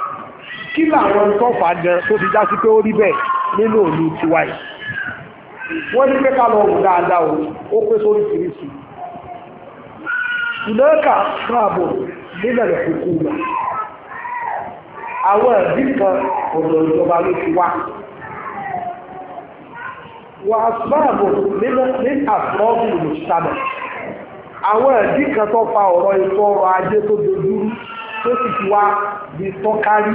[SPEAKER 1] kí làwọn tó fà gan tó ti já sí pé ó rí bẹ́ẹ̀ nínú òní tiwa yìí wọ́n ní pé ká lọ dáadáa o ó pé sórí fèrèsì ìlọ́ọ̀kà káàbò nílẹ̀ rẹ̀ kúkú rà àwọn ẹ̀bí kan ọ̀dọ̀ ìjọba ló ti wá wà sáàbò ní àwọn ẹ̀bí kan tó fa ọ̀rọ̀ ètò ọrọ̀ ajé tó sì ti wá bí tó kárí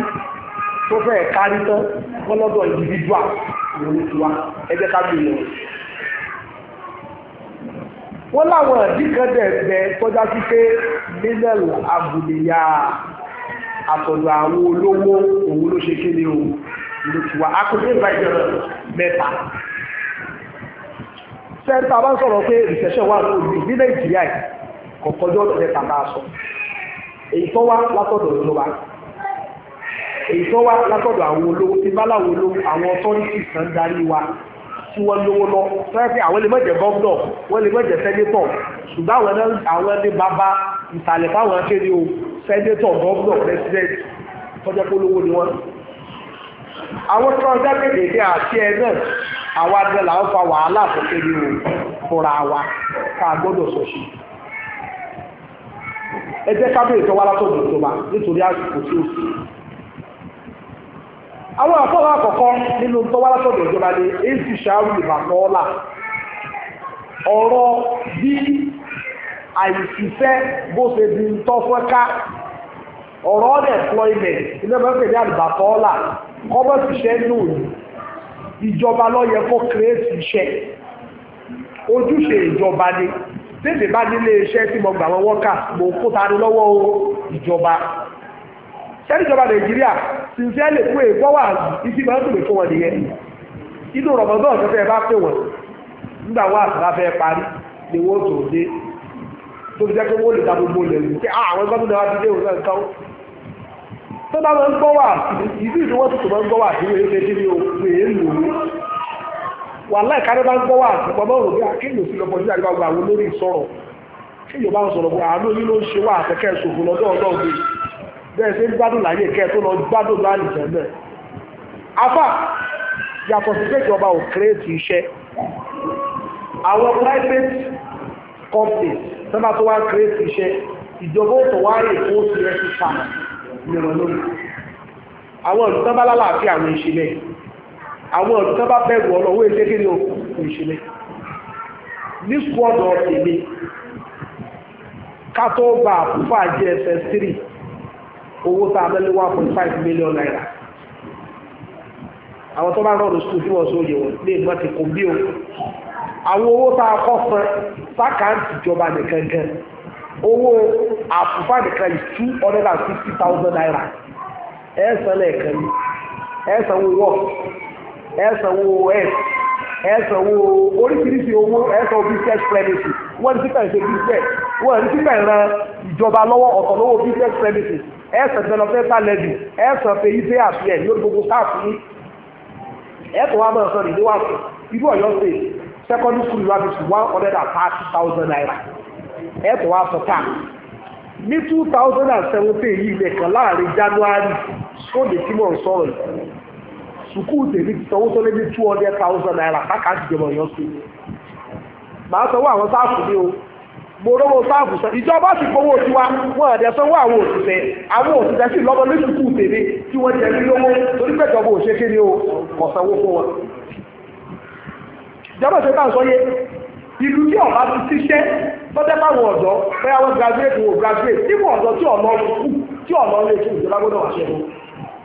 [SPEAKER 1] tó fẹ́ kárí tán lọ́lọ́dọ̀ individual ìwọ̀n ti wá ẹgbẹ́ ká bí lọ. wọ́n láwọn ẹ̀dí kan dẹ̀ bẹ tọ́já sí pé mílẹ̀lù abùnìyà àtọ̀dọ̀ àwọn olówó òun ló ṣe kéde o ló ti wá akọ̀dé ìbàjẹ́ mẹ́ta sẹ́ńtà bá ń sọ̀rọ̀ pé ìṣẹ̀ṣẹ̀ wà lórí ní nàìjíríà kọ̀kọ́jọ́ ọ̀dọ̀ mẹ́ta bá sọ èyí tó wá látọ̀dọ̀ ìjọba èyí tó wá látọ̀dọ̀ àwọn olówó tí bá láwọn olówó àwọn ọtọ́rìtì kan darí wa tí wọ́n lówó lọ fẹ́ẹ́ pé àwọn lè má jẹ́ gọ́ọ̀dọ̀ wọ́n lè má jẹ́ sẹ́nétọ̀ ṣùgbọ́n àwọn ẹni àwọn ẹni bàbá ìsàlẹ̀ fáwọn akéde o sẹ́nétọ̀ gọ́ọ̀dọ̀ pẹ́sidẹ́ntì tọ́jọ́ pé olówó ni wọ́n. àwọn tí wọ́n jáde dèdè àti ẹ náà àwọn adé làwọn fa wàhálà fún kéde o fúnra wa ká gbọ́dọ̀ sọ̀ṣì ẹ jẹ́ kábíyèsí tó wá látọ̀dọ̀ ìjọba nítorí àsìkò tí ó sì. àwọn àfọwọ́ àkọ́kọ́ nínú tó wá látọ̀dọ̀ ìjọba ni èsì ṣáàrù ìbàkọ́ọ́là ọ̀rọ̀ bí àìsíṣẹ́ bó ṣe di ń tọ́ fọ́ká ọ̀rọ̀ unemployment ilé mẹ́fẹ́ ní àlùbàtọ́ọ́là kọ́mọ̀sì iṣẹ́ ní òní ìjọba ló yẹ kó iṣẹ́ ojúṣe ìjọba ni tètè bá nílé iṣẹ́ tí mo gbà wọn wọ́kà mo kó ta ni lọ́wọ́ ìjọba sẹ́ni ìjọba nàìjíríà ṣiṣẹ́ lè fún èèkọ́ wà ibi máa ń tòlè fún wọn nìyẹn inú rọ̀mọ́dọ́ ọ̀sẹ̀ fẹ́ bá pè wọ́n nígbà wọn àtàlà fẹ́ parí ni wọ́n tó dé tó fi jẹ́ pé wọ́n lè ta gbogbo lẹ̀ lù pé ah, àwọn gómìnà wa ti dé òun náà nǹkan tó bá wọn gbọ́ wà ìdí ìdí wọn tuntun máa ń gbọ́ wà sí wàhálà ìkárẹ́ bá ń gbọ́ wà àtúgbọ́ náà rò bí akéèyàn sí lọ́pọ̀ nígbà gbàgbà àwọn olórí sọ̀rọ̀ kéèyàn bá ń sọ̀rọ̀ pé àánú yìí ló ń ṣe wà àtẹ́kẹ́ ṣòfò lọ́dọ̀ ọlọ́ọ̀gbẹ́ bẹ́ẹ̀ ṣe ń gbádùn láyé kẹ́ tó lọ gbádùn láàlì jẹ́mẹ̀. afa yàtọ̀ sí pé ìjọba ò kírètì iṣẹ́ àwọn private companies sábà tó wá kírètì iṣẹ́ ìjọba ò tó wá èkó sí ẹ àwọn ìlú tábàlá láàfin àwọn ìṣẹ̀lẹ̀ yìí àwọn ọ̀dọ́ tó bá bẹ̀rù ọlọ́wọ́ èdè kí ni o kò ìṣẹ̀lẹ̀ ní squad of èmi ká tó gba àkúfà JSS three owó tá a mẹ́lẹ̀ one point five million naira àwọn tó bá rọrùn school tí wọ́n sọ yẹ wọ́n lè mọ́ ti kò bí o àwọn owó tá a kọ́ san sákàǹtì ìjọba nìkan gan owó àkúfà nìkan is two hundred and fifty thousand naira ẹ̀ sanlẹ̀ kan ẹ̀ sanwó wọ́ọ̀kì ẹ̀sánwó ẹ̀s ẹ̀sánwó oríṣiríṣi owó ẹ̀sánwó business premises wọ́n ti kàn ṣe business wọ́n ti kàn ran ìjọba lọ́wọ́ ọ̀tọ̀ lọ́wọ́ business premises ẹ̀sán developmental levy ẹ̀sán fèyíṣẹ́ àfihàn lórí gbogbo káàkiri ẹ̀sán wa máa sọ nìdíwà fún irú ọ̀yọ́ ṣe secondary school wa fi one hundred and thirty thousand naira ẹ̀sán wa sọ káàkiri ní two thousand and seventeen yìí lẹ́kàn láàrin January sóde tí mò ń sọ̀rọ̀ yìí sùkúù tèmi ti sanwó tó lé ní two hundred thousand naira káàkiri àtijọba ọ̀yọ́ sí i màá sanwó àwọn sáàfù ní o mo rọ́wọ́ sáàfù sọ ìjọba ti gbowó tiwa wọn àdẹ sanwó àwọn òṣìṣẹ́ àwọn òṣìṣẹ́ sì lọ́mọ ní sùkúù tèmi tí wọ́n jẹ mí lówó torí pé ìjọba òṣè kéde o kò sanwó fún wọn. ìjọba ṣe bá ń sọ yé ìlú tí ọba ti ṣiṣẹ́ tọ́jẹ́ báwọn ọ̀dọ́ bẹ́ẹ̀ wọ́n graduate wọ́n graduate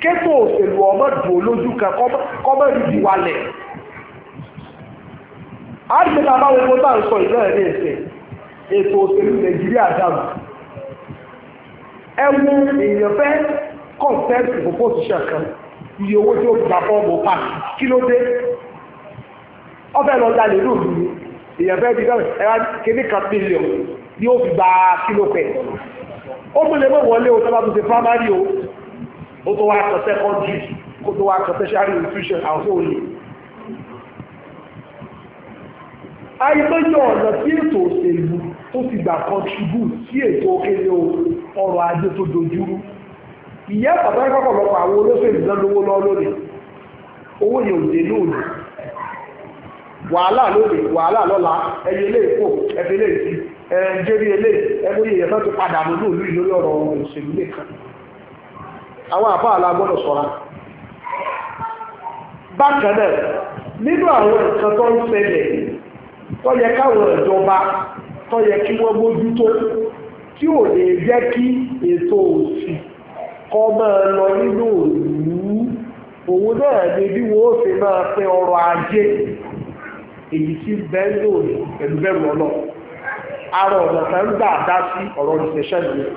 [SPEAKER 1] kétò òṣèlú ọmọ dùn olójú kan kọ́mọ́ ìdí wálẹ̀ á ti ṣe àbáwọn epo tá à ń sọ ìlú ẹ̀ ní ẹ̀sẹ̀ ètò òṣèlú nàìjíríà dàrú ẹwu èèyàn fẹ́ kọ́ńtẹ́ǹtì fún pòṣíṣàn kan iye owó tí ó gba fọ́ọ̀mù pa kí ló dé ọbẹ̀ lọ jalè lóòlù ni èèyàn fẹ́ di dọ́rẹ̀ ẹ̀rọ kìíní kan mílíọ̀nù ni ó fi gba kílò pẹ̀ ó múlẹ̀ mọ́ wọlé o tó bá tún ṣe primary o ó tó wá sọ secondary kó tó wá sọ tertiary institution àwọn tó lè. àìmọye ọ̀nà tí ètò òṣèlú tó ti gbà contribute sí ètò òkèlè ọrọ̀ ajé tó dojúrú ìyá bàbá ìkọ̀kọ̀lọpọ̀ àwọn olóṣèlú náà lówó lọ́ lónìí owó yẹn ò dé lónìí wàhálà lónìí wàhálà lọ́la ẹyẹ ilé ìkó ẹbí ilé ìsí ẹ̀ẹ́dẹ́rì ilé ẹgbẹ́ yẹn tó ti padà lónìí lórí ọ̀rọ̀ òṣèlú nìkan àwọn àbá alágbọ́dọ̀ ṣọ́ra bákan náà nínú àwọn nǹkan tó ń ṣẹlẹ̀ tó yẹ káwọn ìjọba tó yẹ kí wọ́n mójútó tí ò lè jẹ́ kí ètò òsì kọ́ máa lọ nínú òlú òun náà ni bí wọ́n ṣe máa pín ọrọ̀ ajé èyí tí bẹ́ẹ̀ lò ní pẹ̀lú bẹ́ẹ̀ lọ́nà ara ọ̀nà kan gbà dá sí ọ̀rọ̀ ìṣẹ̀ṣẹ̀ nìyẹn.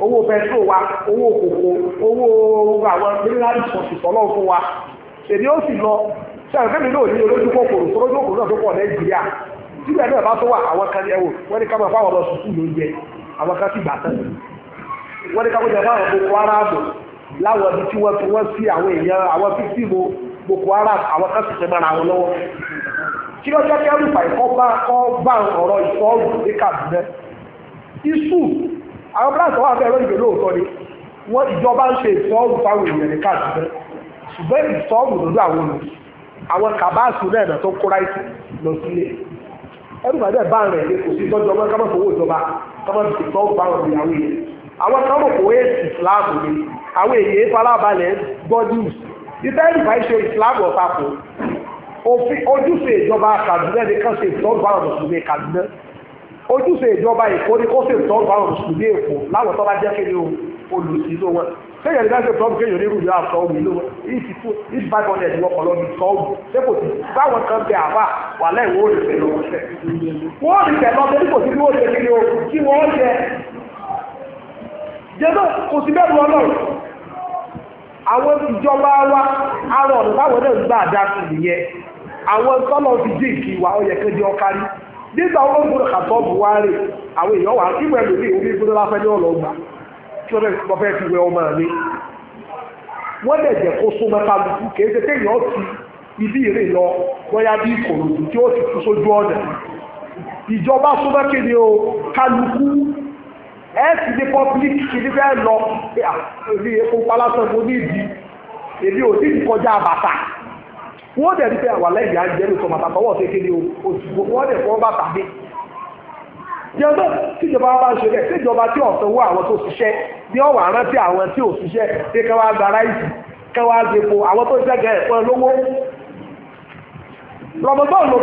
[SPEAKER 1] owó pẹtrol wa owó kòkó owó àwọn mineral resources ọlọ́run wa èmi ó sì lọ sẹ́yìn náà ní olójú kòkòrò olójú kòkòrò náà tó pọ̀ nàìjíríà síbẹ̀ náà bá tó wà àwọn kan ẹ̀wò wọ́n ní ká máa fáwọn lóúnjẹ àwọn kan sì gbà tán wọ́n ní ká máa fáwọn boko haram láwọn ibi tí wọ́n ti wọ́n sí àwọn èèyàn àwọn boko haram àwọn kan sì mara lọ́wọ́ kí lọ́jọ́ kẹ́rù bá ọ̀rọ̀ ìfọ́ọ̀rù àwọn branch wà fẹ́ lóyìnbó lóòótọ́ ni wọ́n ìjọba ń ṣe ìfọ́ọ̀rù fáwọn èèyàn ní káàkiri ṣùgbọ́n ìfọ́ọ̀rù lọ́dọ̀ àwọn olùkọ́ àwọn kàbáàsù náà tó kóra ìtù lọ sílé ẹnu bàbá bá rẹ̀ lé kò sí tọ́jú ọmọ ká má fowó ìjọba ká má fi tọ́ bá wọn ìyàwó yẹn àwọn kan mọ̀ kò wé ìsìláàmù ni àwọn èyí farabalẹ̀ gbọ́dú ìtẹ́lù bá ṣe ìsìláàmù ọ̀tá kù òfin ojúṣe ìjọba Kaduna ní kan ṣe ìtọ́jú bá wọn ìyàwó Kaduna ojúṣe ìjọba èkó ni kó ṣètò ọgbà àwọn mùsùlùmí èkó láwọn tó bá jẹ́ kéde olùsílò wọn sẹ́yìn ẹ̀dá ṣe tọ́ọ̀bù kéèyàn ní ìrùlé àtọ̀ òwú ìlú ìsì fún ìsì five hundred wọn kọ̀ lọ́dún tọ́ọ̀bù sẹ́kò tí báwọn kan bẹ àbá wà lẹ́yìn wọ́n rí tẹ̀ lọ́wọ́ sẹ́. wọ́n rí tẹ̀ lọ́wọ́ sẹ́kò tí wọ́n ṣe kiri o kí wọ́n jẹ. jẹ́dọ̀ kò sí bẹ́ẹ̀ lọ́nà àwọn ìjọba wa arọ̀ ọ̀dọ̀ táwọn náà gbà dá sí nìyẹn àwọn tọ́lọ̀ fi jí ìkí wa ó yẹ kéde ọkárí nígbà wọn gbọ́dọ̀ kàtọ́ buhari àwọn èèyàn wà kí wọ́n lòdì omi gbọ́dọ̀ láfẹ́ ní ọ̀nà ọgbà kí wọ́n fẹ́ fi wẹ ọmọ mi wọ́n dẹ̀ jẹ́ kó sún mẹ́ta lùkù kìí ṣe téèyàn ti ibi ìrè lọ bóyá bí ìkòròdú tí ó ti kú sójú ọ̀nà ìjọba sún mẹ́kì ni o kálukú ẹ sì ní public kìíní fẹ́ lọ èmi èkó palásán mo ìdí èmi ò ní ìkọjá bàtà wọ́n dẹ̀ pé àwàlẹ́ ìyá jẹ́ lóṣọ màtà tọwọ́ sí kéde òṣùgbò wọ́n dẹ̀ fọwọ́ bá tàbí. jẹ́nà bá ń ṣe rẹ̀ tí ò àwọn tó ṣiṣẹ́ bí àwọn tí ò ṣiṣẹ́ pé ká wá gbèpo àwọn tó ṣiṣẹ́ gẹ̀ lówó. ló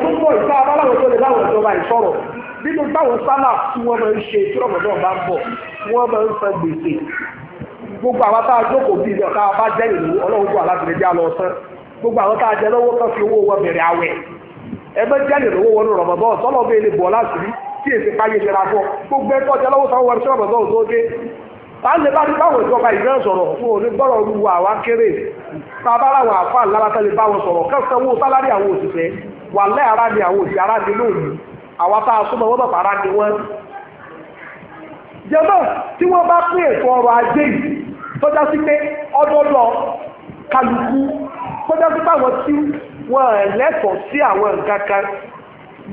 [SPEAKER 1] tún bọ̀ ìta abáláwọ̀ tó lè láwọn ìjọba ìṣọ̀rọ̀ nínú táwọn sálà tí wọ́n máa ń ṣe tí bá ń bọ̀ wọ́n máa a gbogbo àwọn tá a jẹ lọ́wọ́ kan fi owó wọn bẹ̀rẹ̀ àwẹ̀ ẹgbẹ́ jáde lówó wọn ní rọ̀mọ̀dọ́n bẹ́ẹ̀ lè bọ̀ láti rí tí èsì páyé gbogbo ẹ̀kọ́ jẹ lọ́wọ́ sanwó ẹ̀ṣẹ́ rọ̀mọ̀dọ́n tó dé táwọn bá ní báwọn ìjọba ìgbẹ́ sọ̀rọ̀ fún òní àwa kéré báwọn sọ̀rọ̀ kẹsàn owó sálárì àwọn òṣìṣẹ́ wà lẹ́ ara ni àwọn òṣìṣẹ́ ara ni lónìí a súnmọ́ wọ́n ara ni wọ́n. kọjá sí pàwọn tí wọn lẹ́tọ̀ọ́ sí àwọn nǹkan kan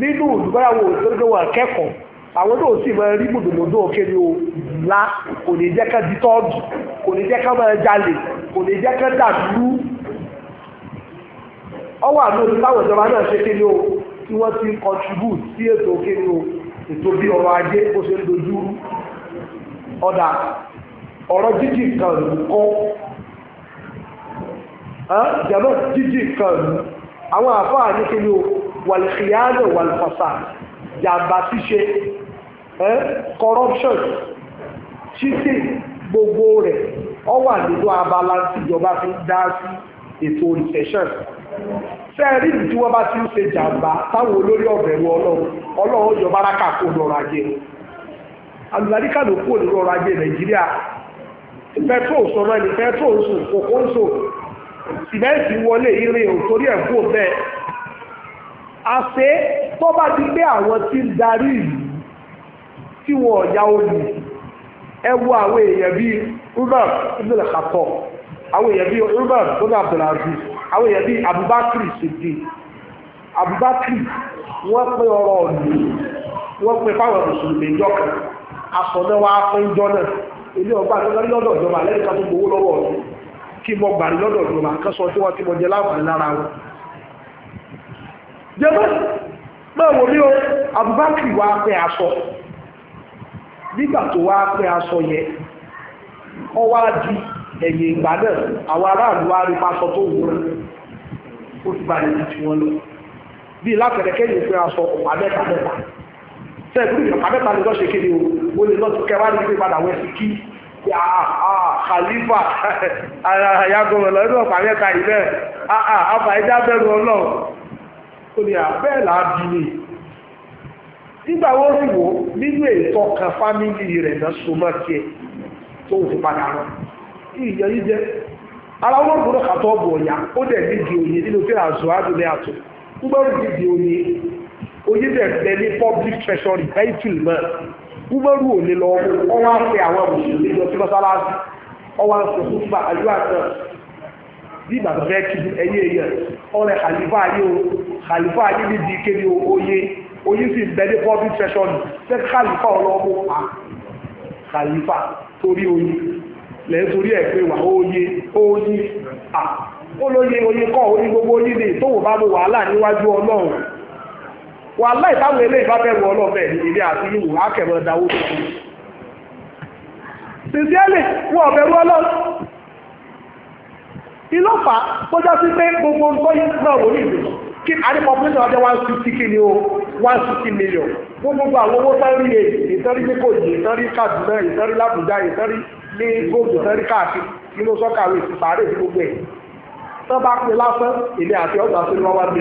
[SPEAKER 1] nínú olùgbọ́yàwó òṣèlú wọn kẹ́kọ̀ọ́ àwọn náà sì máa rí mùdòmùdò òkèlè o ńlá kò ní jẹ́ ká di tọ́ọ̀dù kò ní jẹ́ ká máa jalè kò ní jẹ́ ká dàdúrú ọwọ́ àná òṣèlú táwọn ìjọba náà ṣe kéde o tí wọ́n ti ń contribute sí ètò kéde o ètò bí ọrọ̀ ajé bó ṣe ń dojú ọ̀dà ọ̀rọ̀ jíjì kan kọ́ jẹ́mọ́ jíjì kan ní àwọn àfáà ní kí ni o wàlìkìyàdọ̀ wàlìfọ̀sà jàǹbá ṣíṣe corruption ṣíṣe gbogbo rẹ̀ ọ wà nínú abala tíjọba fi dá sí ètò recession sẹ́ẹ̀rí tí wọ́n bá ti ń ṣe jàǹbá táwọn olórí ọ̀bẹ̀rù ọlọ́run ọlọ́run yọ báràkà kó lọ́rọ̀ ajé alùbáríkà ló kó lọ́rọ̀ ajé nàìjíríà pẹtrol sọ náà ni pẹtrol sùn kòkó ń sùn sìmẹ́ǹtì wọlé irin ò torí ẹ̀ kú bẹ́ẹ̀ àṣé tó bá ti gbé àwọn tí ń darí ìlú tí wọn ọ̀yà olè ẹ wo àwọn èèyàn bíi Umar ibn Khattab àwọn èèyàn bíi Umar ibn Abdulaziz àwọn èèyàn bíi Abubakar Siddiq Abubakar wọ́n pe ọ̀rọ̀ ọ̀lù wọ́n pe fáwọn mùsùlùmí ìjọ kan àsọ̀nà wa pé ń jọ náà ilé ọgbà tó lọ́dọ̀ ìjọba lẹ́yìn ká tó gbowó lọ́wọ́ ọ̀lù kí mo gbàrí lọ́dọ̀ ìjọba kan sọ tí wọ́n ti mọ jẹ láǹfààní lára wọn. jẹ́mọ́ máa ní o Abubakar wá pé aṣọ nígbà tó wá pé aṣọ yẹn ọ wá di ẹ̀yìn ìgbà náà àwọn aráàlú wá rí pásọ tó wúra ó ti balẹ̀ ju tiwọn lọ bíi lápẹ̀rẹ̀kẹ́ yìí pé aṣọ ọ̀pá mẹ́ta mẹ́ta sẹ́ẹ̀kú ìjọba mẹ́ta lè lọ́ọ́ ṣe kéde o ó Ah, ah, khalifa ayagun ọ̀lọ́ ọ̀pá mẹ́ta yìí náà àbá ah, ẹja ọlọ́run tó ní abẹ́ làábí ni. Nígbà wo nínú ètò kan fámìlì rẹ̀ náà so mọ́ tiẹ̀ tó ń padà rán. Ìyẹn yìí ara wọn gbọ́dọ̀ kàtọ́ bọ̀ ọ̀yà ó dẹ̀ nídìí òye nínú fíra zuwadu ní àtò ń gbọ́dọ̀ nídìí òye òye dẹ̀ bẹ ní public treasury bẹ́ẹ̀ mọ́. Umaru ò lè lọ ọmọ ọwọ́ àti àwọn mùsùlùmí lọ sí mọ́sálásí ọwọ́ àti fúnfà àyíwá náà bí bàbá fẹ́ kí ẹyẹ èèyàn ọrẹ khalifa ayé o khalifa ayé níbi kéde oyé oyé sì ń bẹ ní public session ṣé khalifa ọlọ́mọ pa khalifa torí oyé lẹ́yìn torí ẹ̀ pé wà oyé oyé à ó lóye oyé kọ́ oyé gbogbo oyé lè tó wò bá lo wàhálà níwájú ọlọ́run wà láì táwọn eléyìí bá bẹ̀rù ọlọ́bẹ̀ ní ilé àti ìwò akẹ̀mọ́ dáwó tó kù sincerely wọn ọ̀bẹ̀rù ọlọ́run iná fà á kọjá sí pé gbogbo nǹkan yìí náà wò ní ìdìbò kí àní population ọjọ́ one sixty kí ni o one sixty million gbogbo àwọn owó sáré èyí ìsọ́rí ní kòjì ìsọ́rí Kaduna ìsọ́rí làbújá ìsọ́rí ní gbogbo ìsọ́rí káàkiri nínú sọ́kàwé ìsìpàrẹ́ ìsì gbogbo ẹ̀ tọ́ bá pin lásán èmi àti ọ̀gbà sí ni wọ́n wá gbé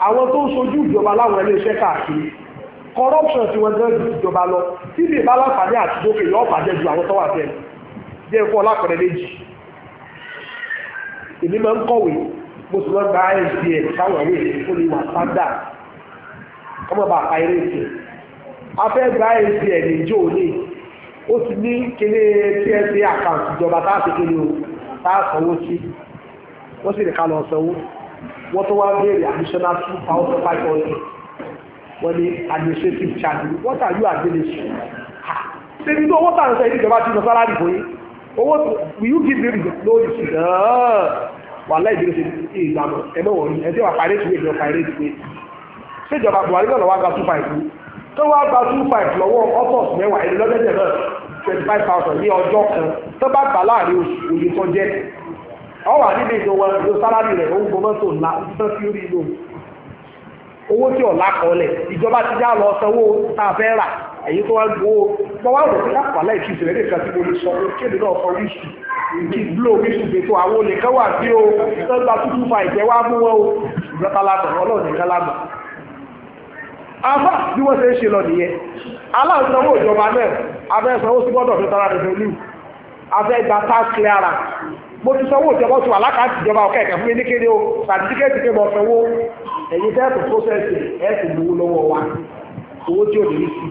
[SPEAKER 1] àwọn tó ń sojú ìjọba láwọn ilé iṣẹ́ káàkiri corruption tí wọ́n dẹ́rù ìjọba lọ tí lè bá láǹfààní àtijọ́kè yọ ọ̀bàjẹ́ ju àwọn tó wà bẹ́ẹ̀ jẹ́ ẹ̀kọ́ lápẹ̀rẹ̀ méjì èmi máa ń kọ̀wé mo sì lọ gba sbn sáwọn ìwé ìfún ní wà sáńdà ọmọ bá pa eré ìfẹ́ afẹ́ gba sbn ìjọ òní ó ti ní kíní psa àkáǹtì ìjọba táà ti kíní o táà sanwó sí wọ́n sì lè ká lọ sanwó wọ́n tó wá béèrè additional two thousand five hundred wọ́n ní administrative charge what are you administering ṣe ní owó tà ń sẹ́yìn ìjọba ti sọ sálárì fún yín owó will you give me lórí sí náà wà láì bí ó ṣe ìgbàmọ̀ ẹgbẹ́ wọ̀nyí ẹgbẹ́ wà pirate way ìjọba pirate way ṣèjọba buhari náà lọ́wọ́ gba two five tó wá gba two five lọ́wọ́ ọ̀tọ̀s mẹ́wàá ẹni lọ́dẹ́dẹ̀ náà twenty five thousand ní ọjọ́ kan tó bá gbà láàrin oṣù òye tó jẹ́ ọwà nílé ìjọ wọn ìjọ sálárì rẹ̀ òun gbọmọ́ tó ńlá títọ́ sí orí ìlú owó tí ọ̀la kọ́lẹ̀ ìjọba ti já lọ sanwó tá a fẹ́ rà èyí tó wá gbowó gbọ́ wá rò pé lápàlá ìkíṣẹ́ rẹ̀ nìkan tí mo lè sọ kéde náà kọ ríṣù kí blow ríṣù gbèsò àwọn olè kan wà bí o sọ́gbà tútù fa ìjẹ́ wá mú wọn o ìjọba lámà ọlọ́run nìkan lámà. afá bí wọ́n ṣe ń ṣe lọ nìyẹn aláǹsanwó ìjọba náà afẹ́ sanwó sí gbọ́dọ̀ fi tara tuntun ní afẹ́ gba tax clearance mo ti sanwó ìjọba oṣù alákàtì ìjọba ọ̀kẹ́ ẹ̀kẹ́ fún mi ní kéde o sàtífíkẹ́tì pé mo sanwó ẹ̀yin tẹ́ẹ̀tù pósẹ́sì ẹ̀ẹ́sì lówó lọ́wọ́ wa owó tí ò ní sí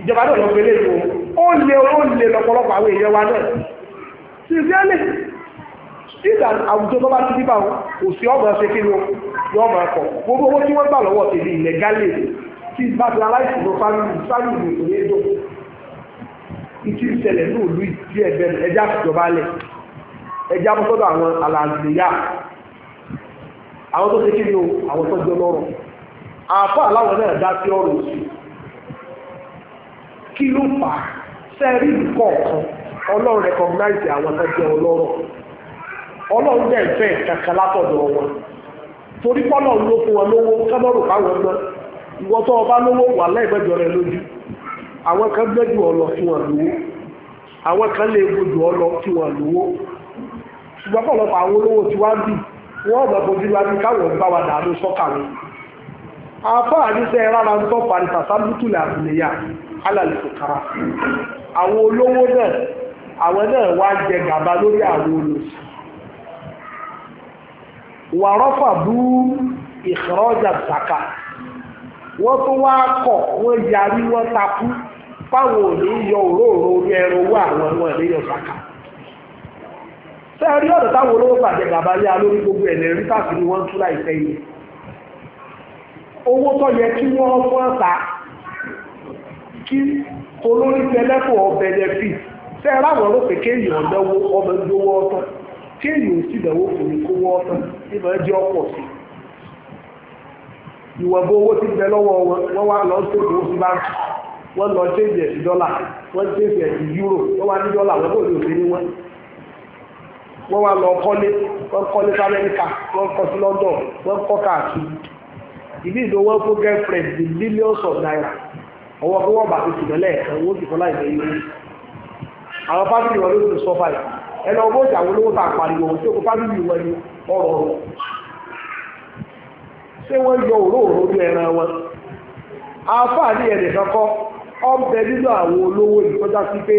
[SPEAKER 1] ìjọba náà lọ gbélé ìlú ó lé ó lé lọ́pọ̀lọpọ̀ àwọn èèyàn wa náà sincerely ìdá àwùjọ tó bá ti dìbà kò sí ọmọ ṣe kí ni ó ọmọ ẹ̀kọ́ gbogbo owó tí wọ́n gbà lọ́wọ́ tèmi ilẹ̀ gálè tí bá ti aláìsàn ló fámìlì fámìlì ìpínlẹ̀ èdò ìtì ìṣẹ̀lẹ̀ ní òlú ìdí ẹ̀bẹ̀ ẹ̀dá ìjọba lẹ̀ ẹjẹ́ abọ́sọ́dọ̀ àwọn alàǹdìyà àwọn tó ṣe kí ni àwọn tó jẹ́ lọ́rọ̀ aláwọ̀ náà dá sí ọ̀rọ̀ sí kí ló fà á sẹ́rí ọlọ́run àwọn tó jẹ́ ọlọ́rọ̀ ọlọ́run kankan látọ̀dọ̀ wọn torí pọ́lọ̀ ló fún wọn lówó kábọ́rù káwọn gbọ́ ìwọ tó ọba lówó wà lẹ́gbẹ̀jọ rẹ lójú àwọn kan gbẹ́jù ọ lọ lówó àwọn kan lè ọ lọ ṣùgbọ́n pọ̀lọpọ̀ àwọn olówó tí wá ń bì wọ́n ọ̀gbọ̀n fojú wa ní káwọn bá wa dàánú sọ́kà mi. àfáà ní sẹ́yìn rárá ń tọ́ parisa sábútùlẹ̀ àbùlẹ̀yà alàlẹ̀ kòkàrà àwọn olówó náà àwọn náà wá jẹ gàba lórí àwọn olùsí. wàrọ́fà bú ìkọ́rọ́jà zaka wọ́n tó wá kọ̀ wọ́n yarí wọ́n takú fáwọn òní yọ òróòro orí owó àwọn ọmọ ẹ̀lẹ́yọ̀ fẹ́ẹ́ rí ọ̀dọ̀ táwọn olówó bàjẹ́ bàbá yá lórí gbogbo ẹ̀ lẹ́rí káàkiri ni wọ́n ń láìpẹ́ yìí owó tó yẹ kí wọ́n fọ́n ta kí olórí tẹlẹ́fọ̀ ọbẹ̀ yẹ fi fẹ́ẹ́ ráwọn ọlọ́pẹ̀ kéèyàn ọ̀dọ́wọ́ ọmọ ìgbówó ọ̀tọ̀ kéèyàn ò sì dẹ̀wọ́ kò ní ọ̀tọ̀ nígbà ọ̀pọ̀ sí ti bẹ lọ́wọ́ wọn wá lọ sí sí báńkì lọ ṣéèjì ẹ̀sìn dọ́là ṣéèjì ẹ̀sìn yúrò wọ́n wá lọ kọ́lé wọ́n kọ́lé sí amẹ́ríkà wọ́n kọ́ sí london wọ́n kọ́ káàkiri ìbí ìdó wọn fún girlfriend the millions of naira ọwọ́ pé wọ́n bá ti tìmọ́ lẹ́ẹ̀kan owó ti fọlá ìgbẹ́ yìí àwọn fábìlì wọn ló ti sọ báyìí ẹnu ọgbọ́n ìjà wọn lówó tá pariwo wọn o kò fábìlì wọn ni ọrọ̀ rọ ṣé wọ́n yọ òróòró ojú ẹran wọn àfáà ní ẹnìkan kọ́ ọ́n bẹ nínú àwọn olówó ìtọ́já sí pé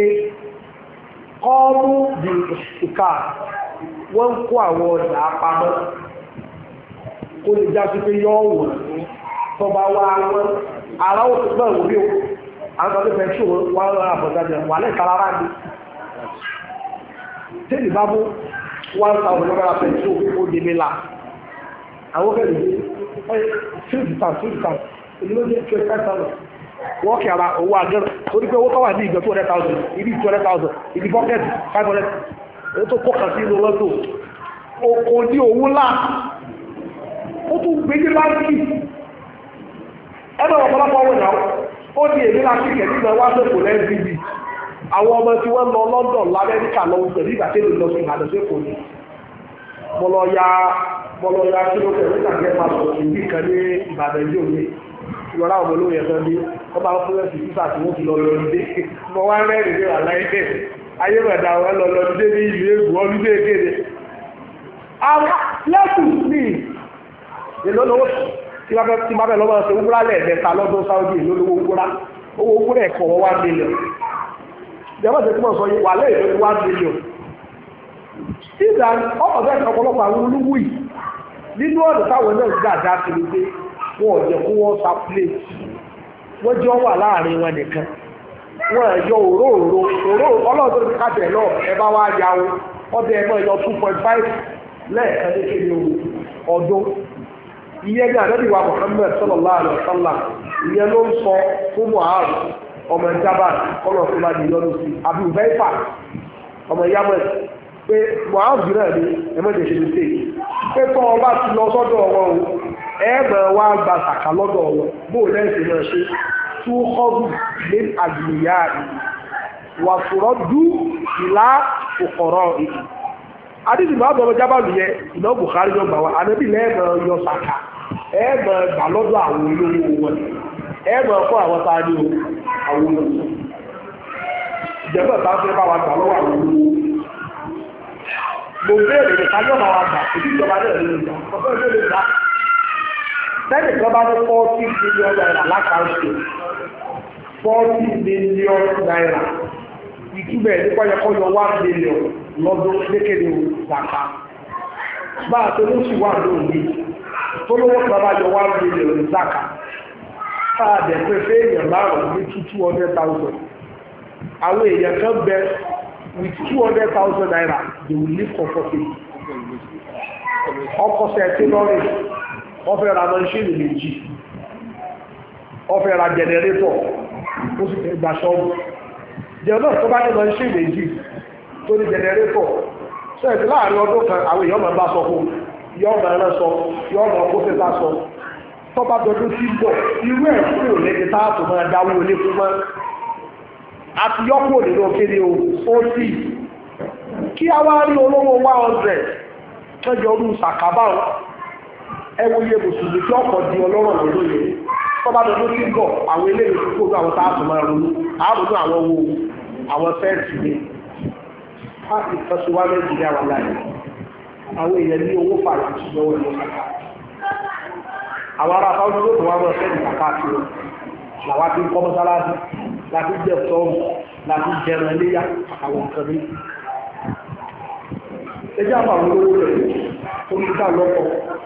[SPEAKER 1] kọ́ọ̀lù di ìṣìkà wọ́n kó àwọn ọjà pamọ́ kó lè já sí pé yọ́ọ̀ wò wa ara ó ti gbọ́n òbí o àwọn kan tí wà àbọ̀dá jẹ wà lẹ́ka ni bá mú one thousand naira pẹ̀lú ó di mi là àwọn ló jẹ́ wọ́n kí ara owó agẹ́rẹ́ torí pé owó kọ́wà ní ìgbẹ́ 200,000 ibi two ibi pocket five hundred tó inú lọ́tò ní owó ó tún gbé ní ọ̀pọ̀lọpọ̀ ó èmi láti kẹ̀ nígbà wá àwọn ọmọ tí wọ́n lọ London lamẹ́ríkà lọ lọ sí ni kí ló nígbà ìwọ̀n àwọn olóyè ẹ̀sán bí wọ́n bá fún ẹ̀sìn sísà tí wọ́n ti lọ lọ dé mọ wá rẹ́rìn ní àláìdẹ̀ ayé mẹ́ta wọn lọ lọ dé ní ìlú ègbò ọlúdé kéde. àwọn lẹ́kùn ní èlò lówó tí wọ́n ti máa bẹ̀ lọ́wọ́ ṣe wúwúrà lẹ́ẹ̀mẹ́ta lọ́dún sáwọ́dì èlò lówó wúwúrà owó wúwúrà ẹ̀kọ́ wọn wá mílíọ̀n jẹ́wọ́n ti túmọ̀ sọ yìí wà lẹ́yìn lórí wá mílíọ̀n. ìdá ọkọ̀ bẹ́ẹ̀ ọ̀pọ̀lọpọ̀ àwọn olúwì nínú ọ̀dọ̀ táwọn náà gbà dá sí ni pé wọ́n ò kó sa plate jọ wà láàrin wọn nìkan yọ òróòro ti lọ ẹ bá wá ya o ọbẹ̀ ẹ̀ máa yọ two point five lẹ́ẹ̀kan ọdún ìyẹn ní àdébìwá Muhammad sallallahu alaihi ìyẹn ló ń sọ fún bá di sí Abu ọmọ pé náà ni ẹ̀mọ́jẹ̀ ṣe ṣe pé ẹ̀ẹ́mọ̀ wá gba sàkà lọ́dọ̀ ọ̀wọ́ bó lẹ́sìn náà ṣe tú kọ́bù ní àgbìyà wà dú ìlà òkọ̀rọ̀ adídì bọ̀ Buhari gbà wá yọ sàkà gbà lọ́dọ̀ àwọn olówó wọn kọ́ àwọn tá a ní o àwọn olówó fẹ́ bá wa gbà lọ́wọ́ àwọn olówó mo bẹ́ẹ̀ lè ká yọ̀ gbà náà lè sẹ́ni kan bá ní fọ́ọ̀tì mílíọ̀n náírà lákàntì fọ́ọ̀tì mílíọ̀n náírà ìtumẹ̀ nípa yẹkọ́ yọ wá mílíọ̀n lọ́dún lékèlè òkàkà
[SPEAKER 2] bá a tó ló sì wà lónìí
[SPEAKER 1] tó lówó kan bá yọ wá mílíọ̀n zaka tá a dẹ̀ pé fẹ́ẹ̀yàn márùn-ún ní two two hundred thousand àwọn èèyàn kan bẹ with two hundred thousand naira they will live comfortably ọkọ̀ sẹ́ẹ̀tì lọ́rẹ̀ ọfẹ́ ra mọ́ṣínì méjì ọfẹ́ ra jẹnẹrétọ̀ ó sì fẹ́ gba ṣọ́ọ̀bù jẹ̀rọ tó bá ní mọ́ṣínì méjì tó ní jẹnẹrétọ̀ sẹ́ẹ̀tì láàrin ọdún kan àwọn èèyàn máa bá sọ fún yọ́ máa rán sọ yọ́ máa kó fẹ́ bá sọ tó bá dọdún tí ń bọ̀ irú ẹ̀ kúrò lẹ́ni táàtò máa dáwó ilé fún mọ́ àti yọ́pọ̀ nínú kéde o ó sì kí a wá rí olówó one hundred kẹjọ ẹ wo iye mùsùlùmí tí ọkọ̀ di ọlọ́rọ̀ lọ́dún yẹn tọ́ba tó ti ń bọ̀ àwọn eléyìí kó tó àwọn táàbù máa ronú àbùdó àwọn wo àwọn fẹ́ẹ̀sì ni a ti fẹsùn wá méjì ní àwọn láyé àwọn èèyàn ní owó fàyà lọ́wọ́ ìlú kàkà àwọn ará sáwọn tó tó wá mọ̀ sẹ́yìn kàkà sí wọn làwọn ti ń kọ́ láti jẹ sọ́ọ̀mù láti jẹran léyà àwọn nǹkan mi.
[SPEAKER 2] ẹjẹ́ àbàwọn olówó rẹ̀ tó ń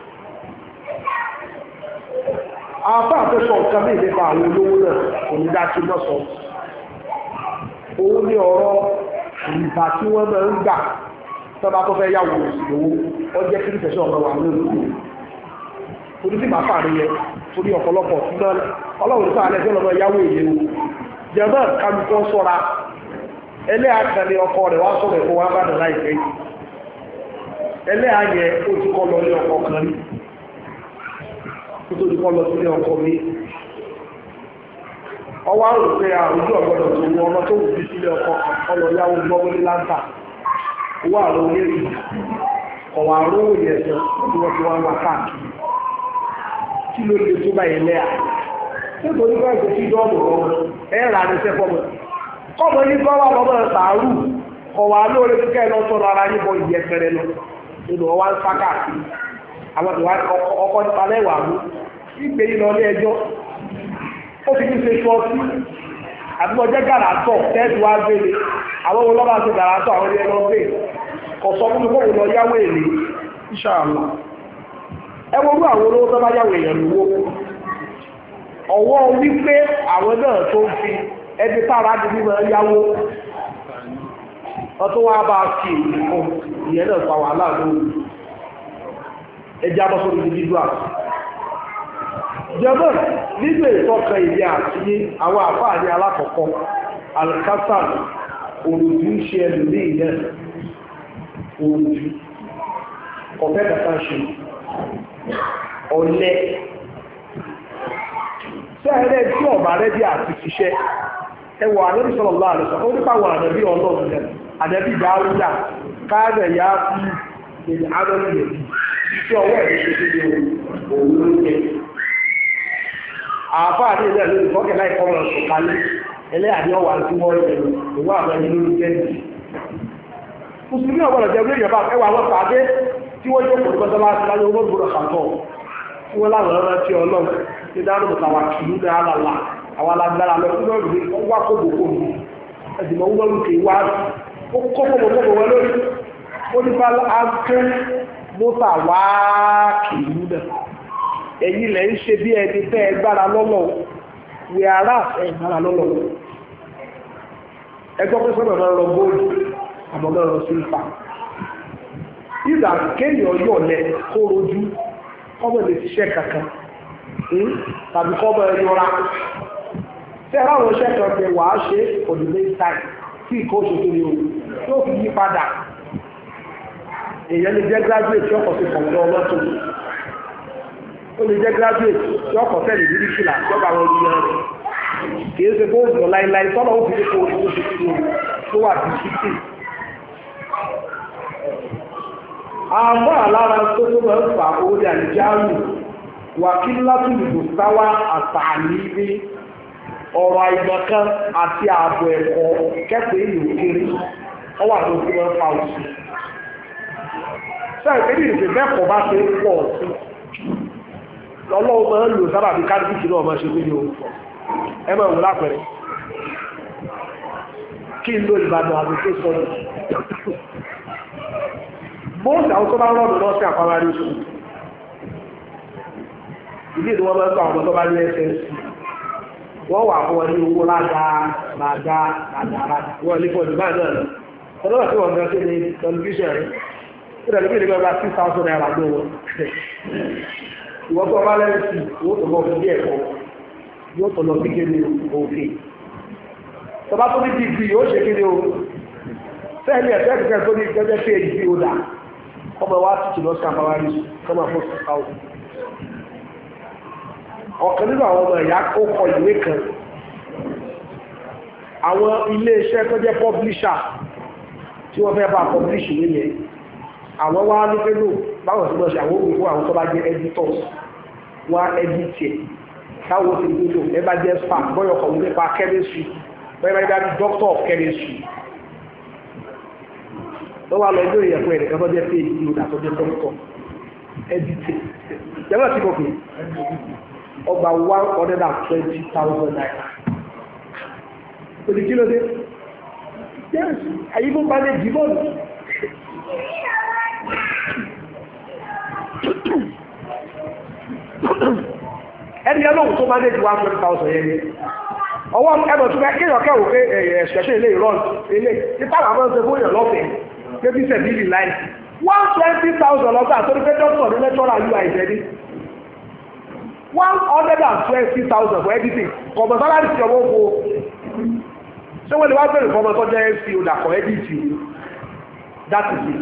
[SPEAKER 2] àbá àfẹ́sọ̀ nǹkan bí ìdẹ́fà àwọn olówó náà kò ní dájú òun ní ọ̀rọ̀
[SPEAKER 1] ìgbà tí wọ́n máa ń gbà tọ́ba tó fẹ́ yàwó kí ọ̀rọ̀ wà ní torí torí ọ̀pọ̀lọpọ̀ ọlọ́run alẹ́ yàwó o jẹ́mọ́ kálukọ́ sọ́ra ẹlẹ́àkàlẹ̀ tó ti kọ́ lọ sílé ọkọ mi ọwọ́ àrùn pé àrùjọ ah, gbọdọ̀ tó wọ ọmọ tó wù sí sílé ọkọ ọlọ́yàwó gbọ́gbọ́lé láńtà owó àrùn onírin ọ̀wọ́ àrùn ẹ̀sẹ̀ tí wọ́n ti wá wá káàkiri kí ló lè tó báyìí rà ní ní àwọn ìwà ọkọ nípa lẹ́wàá mú ìgbé ẹjọ́ ó fi ní ṣe sọ ọtí àbúrò jẹ́ gàràtọ̀ tẹ́ẹ̀tù wá gbélé àwọn ohun lọ́ba ṣe gàràtọ̀ àwọn gbé fún mi kó yáwó èlé ẹ àwọn olówó tó bá yáwó èèyàn lówó wípé àwọn náà tó ń fi tára di yáwó ọtún wá bá a fi èyí fa wàhálà eji abọ́sọ̀rọ̀ individual
[SPEAKER 2] jẹ́mọ́ nínú ìtọ́ka
[SPEAKER 1] ìdí àti àwọn àfáà ní alákọ̀ọ́kọ́ alikasa òròjú ń ṣe ẹlòmí ilẹ̀ òròjú ọ̀fẹ́ kàtà ṣe ọ̀lẹ sẹ́ẹ̀rẹ́ tí ọ̀bà rẹ̀ bí àti ṣiṣẹ́ ẹwọ ànábì sallallahu alaihi wasallam ó nípa káàdẹ̀ yá iṣẹ́ ọwọ́ ẹ̀ ṣe sí òun ló jẹ. àáfà àti ìlú ẹ̀lú ìfọ́kẹ̀ láì kọ́ ọ̀rọ̀ sọ̀kalẹ̀ ẹlẹ́yàdí ọwà tí wọ́n jẹ ìwọ́ àwọn ẹni lórí jẹ́ nìyí. mùsùlùmí ọ̀gbọ́dọ̀ jẹ́ orí ìyọ̀bá ẹwà wọn pàdé tí wọ́n jókòó nípa sọ́lá àti láyé owó gbọ́dọ̀ kàtọ́ tí wọ́n láwọn ọ̀rọ̀ ti ọlọ́run ti dáná mọ̀tà wà kì í dáa lálá àwọn alágbára lọ fún lọ́rùn ní wá kóbòkó mi ẹ̀sìn mọ̀ wọ́n lùkè wá ó kọ́ mọ́tà wá kìlú náà ẹ̀yin ń ṣe bí ẹni tẹ ẹ gbára wí ara ẹ̀ gbára lọlọ ẹgbọ́n pé sọ́dọ̀ náà rọ góòlù àmọ́ náà ìgbà kó rojú kọ́mọ̀ lè ṣiṣẹ́ kankan hmm, tàbí kọ́mọ̀ tí ẹ wàá ṣe for the main time ní o yóò fi yí padà
[SPEAKER 2] èèyàn lè jẹ́ graduate tí ọkọ̀ ó lè jẹ́
[SPEAKER 1] graduate tí ọkọ̀ sẹ́ni ní bíkìlà rẹ̀ kì í ṣe kó ó fi kó tó o tó wà bí títì.
[SPEAKER 2] àmọ́ àlára
[SPEAKER 1] tó tó máa ń fa owó ní sáwá àtàlí ní ọ̀rọ̀ àti ààbò ẹ̀kọ́ kẹ́kọ̀ọ́ ọwọ́ àti sẹ́ẹ̀kì ní ìfẹ́ mẹ́kọ̀ọ́ bá ṣe pọ̀ sí ọlọ́run máa ń lò sábà bí kádìkì náà máa ṣe pé ní orúkọ ẹ máa lápẹẹrẹ
[SPEAKER 2] kí n lo ìbàdàn àgbègbè sọ́dọ̀
[SPEAKER 1] bóòsì àwọn bá rọ́ọ̀dù lọ sí àpamari oṣù ilé ìdí wọn máa ń kọ àwọn tó bá ní ẹsẹ̀ ìrẹ̀lẹ̀ bí ìdígbà bá six thousand naira ló wọ ìwọ́n tó bá lẹ́yìn sí owó tó bọ̀ fún bí ẹ̀kọ́ yóò tó lọ sí kéde òfin tọba tó ní dìgbì e, yóò ṣe kéde o sẹ́ẹ̀lì ẹ̀fẹ́ kẹ̀kẹ́ tó ní gẹ́gẹ́ pé èyí bí ó dà ọmọ wa ti tìlọ sí àbáwá rí kọ́mà fún six thousand
[SPEAKER 2] ọ̀kan nínú àwọn ọmọ ẹ̀yà ó kọ ìwé
[SPEAKER 1] kan àwọn ilé iṣẹ́ tó jẹ́ pọ́blíṣà tí wọ́n fẹ́ bá pọ́blíṣì nìyẹn àwọn wá ní pẹ́lú báwọn ti gbọ́ṣe àwọn òkú àwọn tó bá jẹ́ editors wá editiẹ̀ táwọn ti gbé lò ẹ bá jẹ́ spa bọ́yọ̀ kọ̀wé nípa chemistry bọ́yọ̀ bá jẹ́ doctor of chemistry ó wà lọ ilé ìyẹ̀kọ́ ẹ̀rẹ̀ kan tó jẹ́ pé ìlú àtọ́ jẹ́ doctor editiẹ̀ jẹ́wọ́ ti kọ̀kẹ́ ọgbà one hundred and twenty thousand naira òdì kí ló dé yes even buy lè divorce. *coughs* ẹni ọlọ́run tó bá dé ju one hundred thousand yẹn ni ọwọ́ ẹbọ̀ tó bá kéèyàn kẹ́wò pé ẹ̀ẹ́dẹ̀ṣẹ̀ ilé ìrọ̀n ilé títà wà fẹ́ ṣe fún èèyàn lọ́fẹ̀ẹ́ débi sẹ̀bílì láì one twenty thousand lọ́gbà tó ní pé dókítà ní lẹ́tọ́rà lu àìsẹ̀ ní one hundred and twenty thousand for editing kọ̀mọ̀ sálárì ti ọwọ́ fo ṣé wọ́n lè wá bẹ̀rẹ̀ fọmọ tó jẹ́ fc ọ̀dà kọ̀ edit that is it.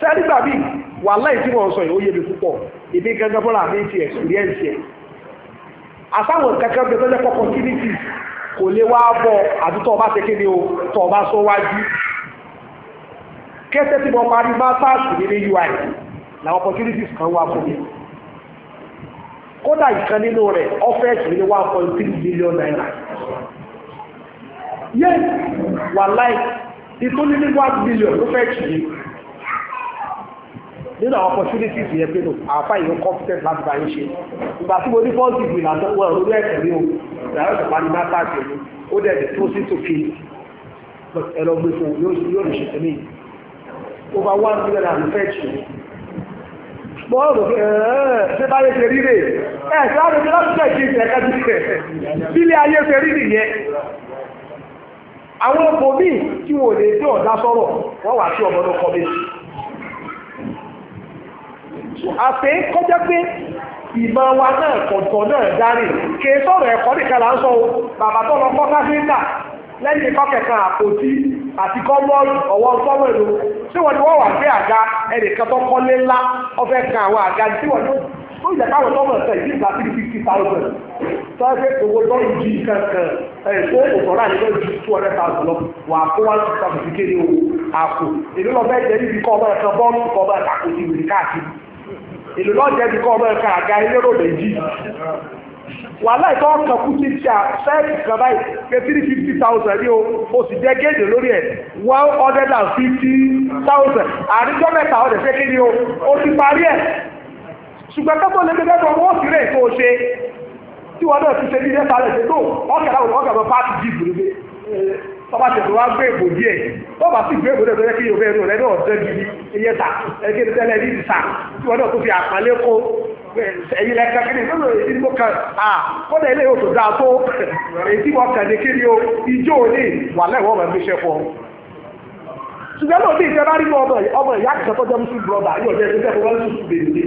[SPEAKER 1] sẹ́rí gbàbí wàláì tí wọ́n sọ yìí ó yé mi púpọ̀ èmi gángan bọ́lá mi ti experience ẹ̀ àtàwọn kankan bẹ tọ́jọ́ kọ́kọ́ kí ní tì kò lè wá bọ̀ àbí tọ́ ọba tẹ́kẹ́ ni o tọ́ ọba sọ wájú kẹ́sẹ́ tí mo parí masters mi ní UI na opportunities kan wá fún mi kódà ìkan nínú rẹ̀ offers mi ní one point three million naira
[SPEAKER 2] yẹ́n wàláì ìtúnilé one million ló fẹ́ kì nínú àwọn opportunities
[SPEAKER 1] yẹn pé àfa ìwé competent láti bá yín ṣe ìgbà tí mo ní fọ́ọ̀tì ìgbì lásán wọ́n ronú ẹ̀sẹ̀ mi o ìdáyọ̀ ìjọba ní máta àti ẹ̀mí ó dẹ̀ dẹ̀ tó sí tòkè ẹ̀rọ gbé fún yóò yóò lè ṣètò ní over one million and fẹ́ jù mọ́ ọ̀rọ̀ ṣe báyé ṣe rí rè ẹ̀ ṣe láti ṣe láti ṣe ìṣẹ̀lẹ̀ kájú rẹ̀ bílé ayé ṣe rí nìyẹn àwọn ọkọ̀ míì tí wọn ò lè dé ọ̀dá sọ̀rọ̀ wọ́n wà sí ọmọdé kọ́ méjì àti kọjá pé ìmọ̀ wa náà kọ̀tọ̀ náà dárì kì í ẹ̀kọ́ nìkan là ń sọ bàbá tó lọ kọ́ káfíńtà lẹ́yìn kọ́kẹ̀kan àpótí àti kọ́mọ́ọ̀lù ọ̀wọ́ sọ́mọ̀ tí wọ́n ní wọ́n wà pé àga ẹnìkan tó kọ́lé ńlá ọ̀fẹ́ kan àwọn àga tí wọ́n ní ó káwọn tó mọ̀ sẹ́yìn nígbà tí fifty thousand tó ẹ owó tó ń di kankan ẹ̀ tó òtọ́lá yìí ló ju two hundred thousand lọ wà kó wá sí sàmùsí kéde o àpò èmi lọ bẹ́ẹ̀ jẹ́ níbi kọ́ ọmọ ẹ̀kan bọ́ọ̀lù kọ́ ọmọ ẹ̀kan kò sí ìwé káàkiri ìlú lọ́jẹ́ ti kọ́ ọmọ ẹ̀ka àga elérò méjì wà láìpẹ́ ọkàn kú ti tíà sẹ́ẹ̀kì kan báyìí pé three fifty thousand ní o o sì jẹ́ géèdè lórí ẹ̀ one hundred and fifty thousand àdíjọ́ mẹ́ta ọ̀dẹ̀ ṣé kí ni o o ti parí ẹ̀ ṣùgbọ́n kẹ́kọ̀ọ́ lè gbẹ́gbẹ́ bọ̀ wọ́n sì rẹ̀ tó o ṣe tí wọ́n náà ti ṣe ní ẹ̀ta rẹ̀ ṣe tó ọkẹ́ tọ́ba tètè wá gbé èbò díẹ̀ tọ́ba sì gbé èbò díẹ̀ tó yẹ kí yorùbá ẹnu rẹ náà dẹ́ gidi iye ta ẹgbẹ́ tẹ́lẹ̀ ní ti tí wọ́n náà tó fi àpálẹ́ kó ẹ̀yin lẹ́ka kí ni lọ́nà èyí ni mo kàn kọ́dà ilé yóò tó dáa tó èyí tí wọ́n ní kí o ijó ní wà lẹ́wọ̀n máa fi ṣe fọ́. ṣùgbọ́n lóde ìfẹ́ bá rí ọmọ ìyá kìí sọ́kọ́ jẹ́ mùsùlùmí brọ́dà yóò jẹ́ ẹgbẹ́ tó wọ́n sùn bèrè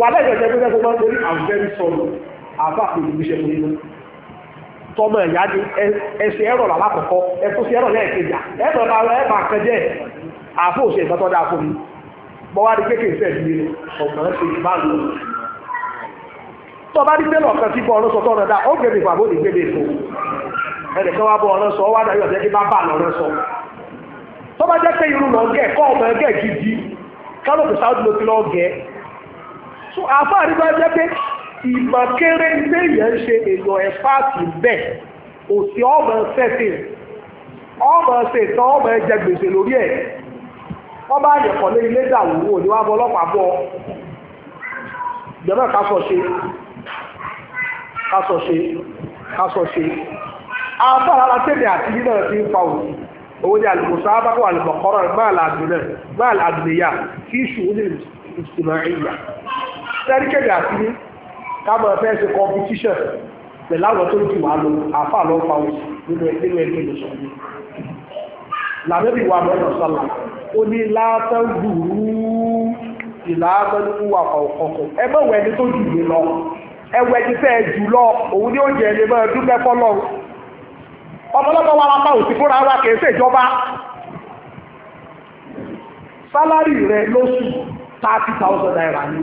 [SPEAKER 1] wà lẹ́yìn ọ̀jẹ̀ ẹgbẹ́ tó wọ́n sórí àwọn fẹ́ẹ́ sọ̀rọ̀ àbá àpèjì tọmọ ẹ̀yá ni ẹsẹ̀ ẹ̀rọ làlákọ̀ọ́kọ́ ẹ̀tún sí ẹ̀rọ lẹ́ẹ̀kẹjà ẹ̀rọ làwọn ẹ̀bà kan jẹ́ àfọ òṣè ìtọ́tọ́ dáa fún mi bọ́ wá rí kéèké ìfẹ́ mi ọ̀gbọ́n ṣe ìbá lò ó. tó bá rí tẹ́lọ̀ kan tí bọ́ ọ̀rọ̀ sọ tọ́nà dáa ó gbèbè pàbó ní gbèbè èso ẹnìkan wá bọ́ ọ̀rọ̀ sọ ó wá dàbí ọ̀jẹ́ kí bá bà lọ́rọ̀ sọ. tó bá jẹ́ pé irun náà gẹ̀ kọ́ ọmọ ẹgẹ́ gidi àfáà rí bá jẹ́ pé ìmọ̀ kéré ilé yẹn ṣe èèyàn ẹ̀fà ti bẹ̀ òsì ọmọ sẹ́sìn ọmọ ṣètàn ọmọ ẹ̀jẹ̀ gbèsè lórí ẹ̀ wọ́n bá yẹ̀ kọ́lé ilé dàwó wò ní wàá bọ́ ọlọ́pàá bọ́ ìjọba kásọ̀ ṣe kásọ̀ ṣe kásọ̀ ṣe agbára alátẹ̀dẹ̀ àti yìí náà ti ń fa òsì owó ní alùpùpù abáwọ̀ alùpùpọ̀rọ̀ gbáàlà àdùnìyà fíṣù ní ìsìnmọ̀ ẹ̀yà sẹ́ríkẹ̀dẹ̀ àti yìí káàmọ̀ fẹ́ ṣe competition pẹ̀lú àwọn tó jù wá lọ àfa lọ fa oṣù nínú ẹgbẹ́ ẹgbẹ́ lọ́sọ̀ yìí làbẹ́bí wa mọ́nà sọ́là ó ní látàn gbùrú ìlànà wà ọ̀kọ̀ọ̀kọ̀ ẹ bá wẹ̀ ní tó jù mí lọ ẹ wẹ̀ ní fẹ́ jù lọ òun ni ó jẹ́ ẹni máa dúpẹ́ fọ́lọ́ ọmọlọ́mọ wa lápá òsì fúnra wa kì í ṣèjọba sálárì rẹ lóṣù thirty thousand naira ni.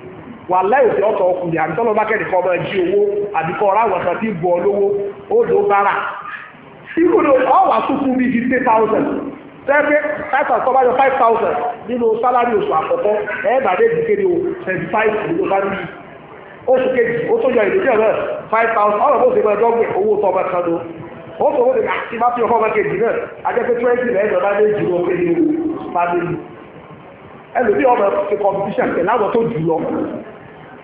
[SPEAKER 1] wà láìsí ọ̀tọ̀ ọkùnrin àbí bá kẹ́ni kọ́ ọmọ ẹjí owó àbí ọ̀rá tí bu lówó ó lò bára. irú ni ọ̀wà tuntun bíi di thousand sẹ́ẹ̀kẹ́ five thousand five thousand nínú sálárì oṣù àkọ́kọ́ ẹ̀ẹ́dà dé o twenty five ló bá níbi oṣù kejì ó tó yọ ìdíjẹ́ rẹ̀ five thousand ọ̀rọ̀ bó ṣe dọ́gbìn owó tó kan ó bá fi ọkọ̀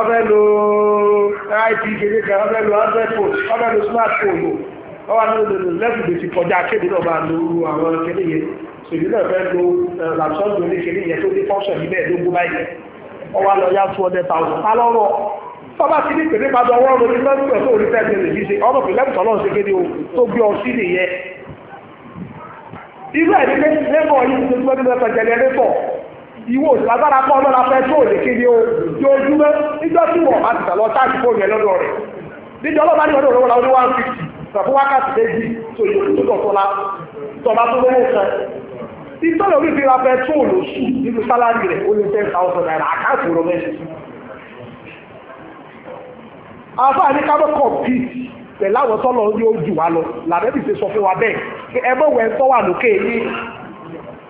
[SPEAKER 1] ọbẹ̀ lo it kéde kan ọbẹ̀ android phone ọbẹ̀ lo smartphone o ọwọ́ àwọn olùdó lẹ́fù lè ti kọjá kéde náà máa lo irú àwọn kéde yẹn sòdí náà fẹ́ lo laptop lórí kéde yẹn tó ní function yìí bẹ́ẹ̀ lógún báyìí ọwọ́ àlọ́ yá two hundred thousand ta lọ́rọ̀ tọ́ba ti ní pèlè padà ọwọ́ ọ̀rọ̀ ní lọ́sọ̀rọ̀ tó rí fẹ́ẹ́ tẹ̀lé yìí ṣe ọmọ pèlè tọ́lọ́ ṣe kéde o tó gbé ọ sí nìyẹn irú ẹ̀ ní lẹ́bọ̀ yìí ti gbọ́dọ̀ ìwò lágbára kọ́ ọlọ́ra fẹ́ tó lè kéde o tí ó dúró níjọ́ tí wọ́n bá ti tà lọ táàkì fóònù yẹn lọ́dọ̀ rẹ̀ níjọ́ ọlọ́ba ní ọdún òróró la ó ní one fifty tàbí wákàtí méjì tó yẹ kó tó tọ́ la tọba tó lówó kan ìtọ́lọ̀ orí ìfira fẹ́ tó lóṣù nínú sálárì rẹ̀ ó ní ten thousand naira àkáǹtì òrò mẹ́sì
[SPEAKER 2] àfáà ní kábọ̀
[SPEAKER 1] kọ̀ọ̀pìtì pẹ̀láwọ̀ tọ́lọ̀ yóò jù wá lọ làbẹ́bí ti sọ fún wa bẹ́ẹ̀ ẹ bọ̀ wẹ̀ tọ́wà lókè yín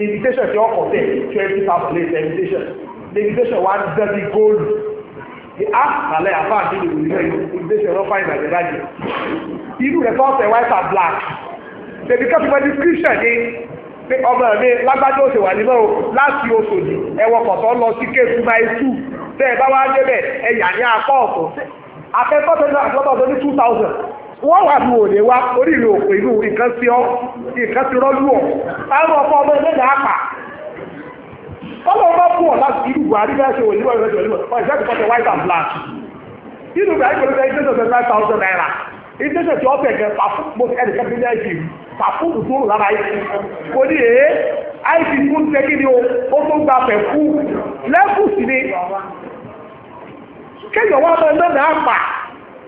[SPEAKER 1] invitation ti ọkọ̀ tẹ̀ twenty thousand late invitation the invitation wa dán ní the ask ah, kàlẹ́ àbá àti Invitation, no find ló fà value. Even the rẹ̀ sọ́ọ̀sẹ̀ white and black They kẹ́kọ̀ọ́ ní description, ní pé ọmọ mi lágbájá òsè wà nímọ̀ o láti Òṣòdì ẹ̀wọ̀n kọ̀tọ́ lọ sí kéésù náà two tẹ́ ẹ bá wá débẹ̀ ẹ̀yà ní akọ́ ọ̀tún afẹ́kọ́tẹ́ náà àti lọ́tọ̀ tó ní two thousand. wọ́n wà ní òde wa oríire òpè inú nǹkan sí ọ rọ́lú ọ àwọn ọkọ ọmọ ẹgbẹ́ náà pa ọlọ́run bá fún láti irú buhari bá ṣe òní wọ́n ìrẹsì ìṣẹ́kù pọ̀tẹ̀ white and black inú buhari pẹ̀lú ẹgbẹ́ five thousand naira ní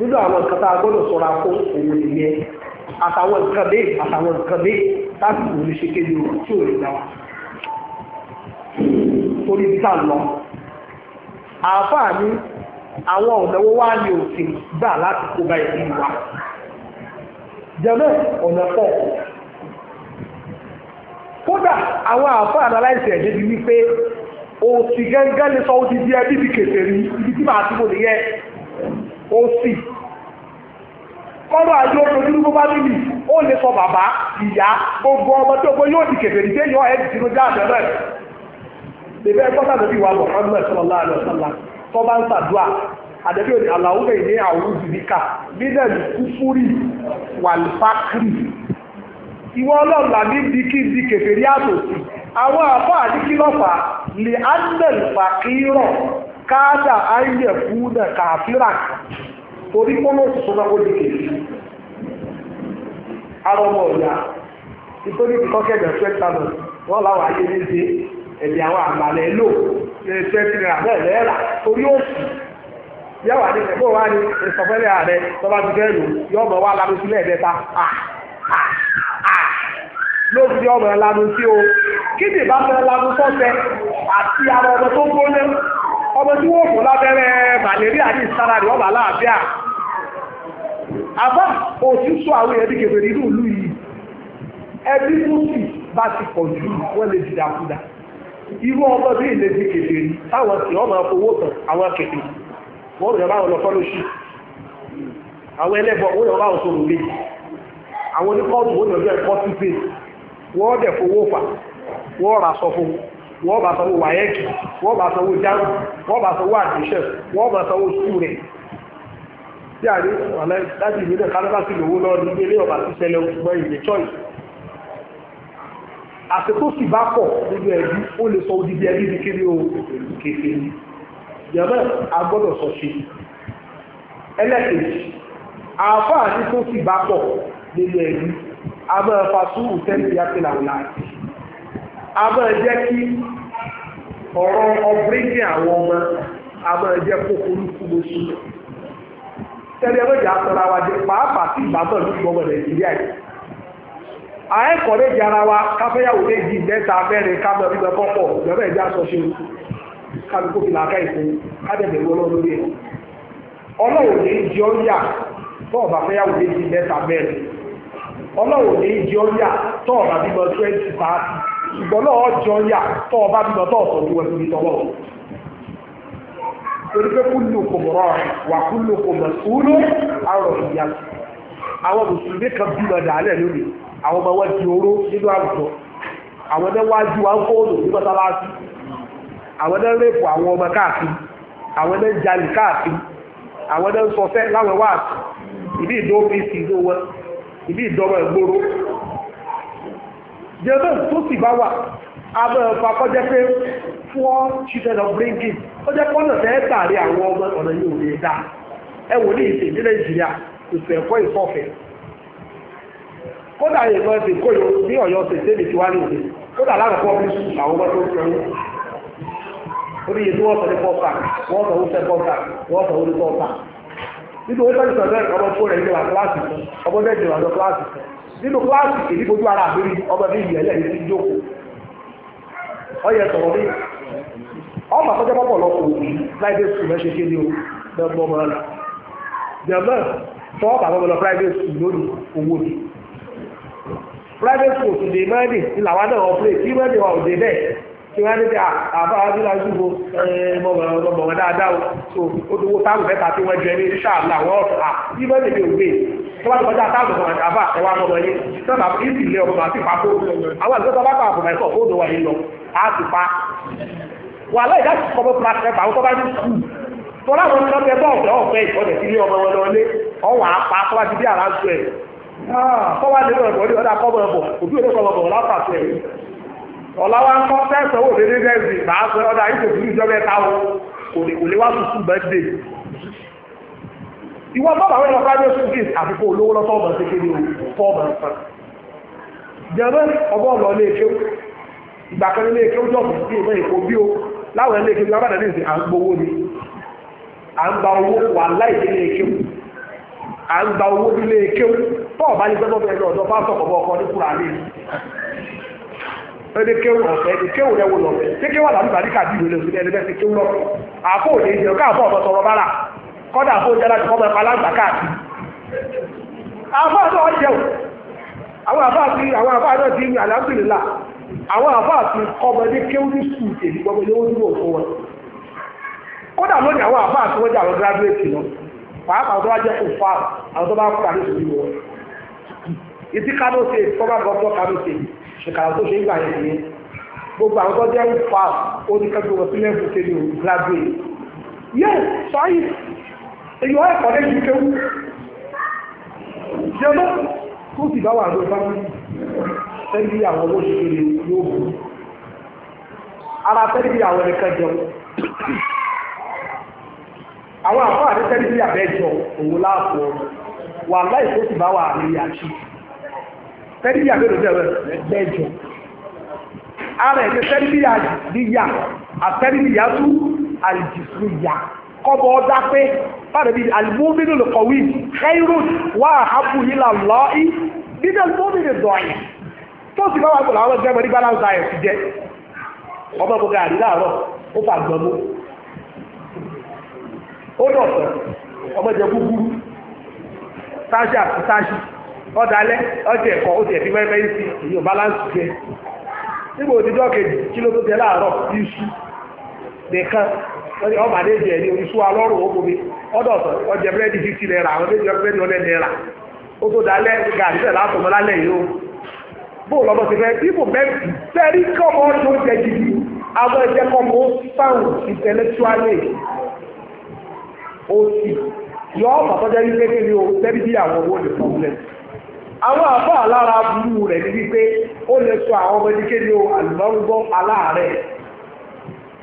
[SPEAKER 1] nínú àwọn nǹkan tá a gbọ́dọ̀ sọ̀rọ̀ àpò òun nìyẹn àtàwọn nǹkan bẹ́ẹ̀ àtàwọn nǹkan bẹ́ẹ̀ láti wò ní ṣe kéde òun tí ò lè dá wa. torí bí táà lọ àáfàá ní àwọn ọ̀dọ́wọ́ wá ní òfin gbà láti kó bá ìlú wa. jẹ́mẹ́ ọ̀nà pọ̀ kódà àwọn àáfàá analyse ẹ̀ débi wípé òsì gángan lè sọ òdìdí ẹbí bí kèfèrí ibi tí màá ti nìyẹn. ó sì kọ́nà àjọ ojúlú bó bá níbi ó lè sọ bàbá ìyá gbogbo ọmọ tí gbé yóò di kèfèrè dé yọ ẹ̀ dìtì ló já àbẹ̀ rẹ̀ bèbè ẹgbọ́n náà lórí ìwà bọ̀ ọdún mẹ́sàn-án àlọ́ sọ́la tó bá ń sàdúà àdẹ́bí òní àlàúfẹ́ ìní àwọn òbíríkà nílẹ̀ kúfúrì wàlùfákìrì ìwọ ọlọ́run làbí bí kí n di kèfèrè àtòsí àwọn àbọ̀ àdíkílọ́fà lè ánẹ̀lùfà kírọ̀ káàdà ayé fúnà ka torí kọ́nà òṣìṣẹ́ náà ó lè ọmọ ọ̀yà nítorí wọ́n láwọn ayé àwọn àgbàlẹ̀ lò ní bẹ́ẹ̀ lẹ́ẹ̀rà torí ní wa ni ààrẹ ti fẹ́ lò yọ́ mọ̀ wá lanu sílẹ̀ ẹ̀dẹ́ta lórí bí ọmọ ẹ̀ lanu sí o kí ni ìbáfẹ́ lanu àti ọmọ ọmọ tí wọ́n kò lábẹ́rẹ́ malaria ní ìsára rẹ̀ ọba láàbíà
[SPEAKER 2] àbá òsì sọ àwọn ẹbí
[SPEAKER 1] kẹfẹ́rẹ́ inú ìlú yìí ẹbí mùsùlùmí bá ti pọ̀ jù wọ́n lè dìdàkudà irú ọmọ bí ilé ti kẹfẹ́rẹ́ táwọn sì ọmọ afọwọ́ tán àwọn wọ́n rẹ̀ lọ àwọn ẹlẹ́bọ̀ wọ́n yọ̀ sọ̀rọ̀ lé àwọn wọ́n bá sanwó wáyẹ́kì wọ́n bá sanwó jáàmù wọ́n bá sanwó àdìṣẹ́ wọ́n bá sanwó sùúrù rẹ̀ tí a ní ọ̀lẹ́ láti ìlú náà lówó náà ní ilé ọ̀bà sí ṣẹlẹ̀ ṣùgbọ́n ìwé chọ́ì àsìkò sì bá pọ̀ nínú ẹbí ó lè sọ odidi ẹbí ní kiri o kéfì yàrá a sọ a jẹ́ kí ọ̀rọ̀ ọ̀bíríkì àwọn ọmọ a jẹ́ kókó lúkúlú sí i tẹ́lẹ̀ sọ̀rọ̀ jẹ pàápàá sí ìbámọ̀ ní nàìjíríà yìí àẹ́kọ̀ọ́ méjì ara wa káfẹ́yàwó méjì mẹ́ta mẹ́rin kámọ́ aṣọ ṣe fi làákà wọ́n lọ́wọ́ lórí ẹ̀ ọ́yà fẹ́yàwó mẹ́ta mẹ́rin ọ́yà twenty thirty ìgbọ́n ọjọ́ yà tọ́ ọba bímọ tọ́ ọ̀sọ̀ ní wọn níbi tọ́lọ́ torí pé kúlù kò mọ̀rọ̀ wà kúlù kò mọ̀ sùúrù àrọ̀ ìyá àwọn mùsùlùmí kan bímọ dàálẹ̀ lónìí àwọn ọmọ wọn di oró nínú àwùjọ àwọn ẹni wá ju wọn ní mọ́sálásí àwọn ẹni àwọn ọmọ káàkiri àwọn ẹni jalè káàkiri
[SPEAKER 2] àwọn
[SPEAKER 1] jẹ́bẹ̀ tó sì bá wà abẹ́ ọ̀pá kọjá pé four children of bringing kọjá pọ́nà tẹ́ tààrí àwọn ọmọ ọ̀nà yìí ò lè dá ẹ wò ní ìsìn ní nàìjíríà kò sì ẹ̀kọ́ kódà yìí kan sì ní ọ̀yọ́ òde kódà bí sùn àwọn ọmọ tó ń nínú kíláàsì èyí fojú ara àbírí ọmọ mi ìyẹ̀lẹ̀ yìí ti jókòó ọyẹ sọ̀rọ̀ mi ọmọ àkọ́jọ́ bọ́bọ̀ lọ kò wí private school mẹ́ṣe kí ni o bẹ́ẹ̀ bọ́ ọmọ rẹ̀ jẹ̀mọ́ fọ́ bàbá lọ private school lónìí owó ni private school ti dè mẹ́rin ní làwọn náà ọ̀pẹ́ tí mẹ́rin wà òde bẹ́ẹ̀ tí wọ́n á ní bí ah, àbá wa nílá ṣubú mọ̀mọ̀ dáadáa o tó o tó wó táàbù mẹ́ta tí wọ́n jẹ ní sáà làwọn ọ̀tà tó ti kọjá táàbù kan àbá ẹwà ọmọ yìí sábà ìsì lé ọmọ àti pàtó àwọn àgbẹ̀ bá kọ àbùmọ̀ ẹ̀kọ́ fóònù wa yìí lọ pa. wà á lẹ́yìn láti kọ́mọ́ pàṣẹ bá tó bá ní tó láwọn ọmọ ọ̀fẹ́ ọ̀fẹ́ ìkọ́jẹ̀ sí ilé ọmọ wọn ọwọ́ apá tó bá ti ìwọ bọ́ọ̀bà wẹ́n lọ private school fees àfikún olówó lọ́tọ́ ọmọ ṣe kéde fọ́ọ̀mù ẹ̀fọn jẹ́mọ́ ọgbọ́ ọ̀lọ́ ilé èké ìgbà kan ilé èké jọ́ fún sí ìmọ̀ èkó bí o láwọn ilé èké ní ìsìn à ń gbowó ni à ń gba owó wà láì èké à ń gba owó èké ọkọ ní kúrò àlè ẹni kéwù ọ̀fẹ́ ẹni kéwù rẹ̀ wò kéwù kàdí kọ́dà fún ìjọba ti kọ́mọ aláǹgbà káàkiri
[SPEAKER 2] àwọn àbá náà jẹun
[SPEAKER 1] àwọn àbá ti àwọn àbá náà ti ní àlàáfíìlá àwọn àbá ti kọ́mọ ní kéwúrú sùn èdè gbọmọ ní owó dúró fún wọn
[SPEAKER 2] kódà lónìí àwọn àbá àti
[SPEAKER 1] wọ́n jẹ́ àwọn gíráduwétì lọ pàápàá tó bá jẹ́ kó fa àwọn tó bá ń parí sórí wọn ìdí kánò ṣe fọ́nmà gọ́ọ̀tọ̀ kánò ṣe ṣèkàrà tó ṣe ń gbà yẹn nìyẹn gbogbo àwọn tó jẹ́ èyí wá ẹ̀kọ́ lẹ́yìn kéwú jẹ́mọ́ tó sì bá wà ló bá tẹ́lí àwọn owó ṣe yóò bú ara tẹ́lí àwọn ẹ̀kẹ́ jẹun àwọn àfọ́ àti tẹ́lí àbẹ́jọ òun láàpọ̀ wà láì tó sì bá wà lè àṣì tẹ́lí àbẹ́jọ bẹ́jọ ara ẹ̀ tẹ́lí àdíyà àtẹ́lí àtú àìjìsú yà kọ́bọ̀ ọdá pé fàdébí alimúmínú lè kọ̀wé khairun wà áhàbù ilà lọ́ọ̀ì nínú alimúmínú dọ̀ọ̀yà tó sì bá wà pẹ̀lú àwọn ọ̀gbẹ́mọ̀ ní balance ayẹ̀sì jẹ́ ọmọ gbogbo àrí láàárọ̀ ó fà gbọmú ó dọ̀tọ̀ ọmọ jẹ gúgúrú táṣà táṣì ọ̀dàlẹ̀ ọ̀jẹ̀ ẹ̀kọ́ ó tẹ̀ fi mẹ́mẹ́ sí èyí ò balance jẹ́ nígbà òdìjọ́ kejì kí ló tó jẹ láàárọ̀ iṣu nìkan ọmọ àdéjì ẹni oṣù alọ́rùn ó bomi ọdọ̀ ọ̀sán ọjẹ búrẹ́dì fifty naira àwọn méjì ọjẹ búrẹ́dì ọlẹ́ naira ó tó dalẹ̀ gàdí tẹ̀ látọmọ lálẹ́ yìí ó bó lọ́mọ ti fẹ́ ibò mẹ́rin sẹ́rí kọ́mọ ọdún oúnjẹ gidi àwọn ẹ̀jẹ̀ kọ́mọ ó sáwùn intellectually ó sì yọ ọ̀pọ̀ tọ́jà yìí pé kéde o sẹ́rí bí àwọn owó lè problem àwọn àbọ̀ alára burú rẹ̀ ni wípé ó lè sọ àwọn ọmọ ẹni kéde o àlùmọ́rúgbọ́n aláàárẹ̀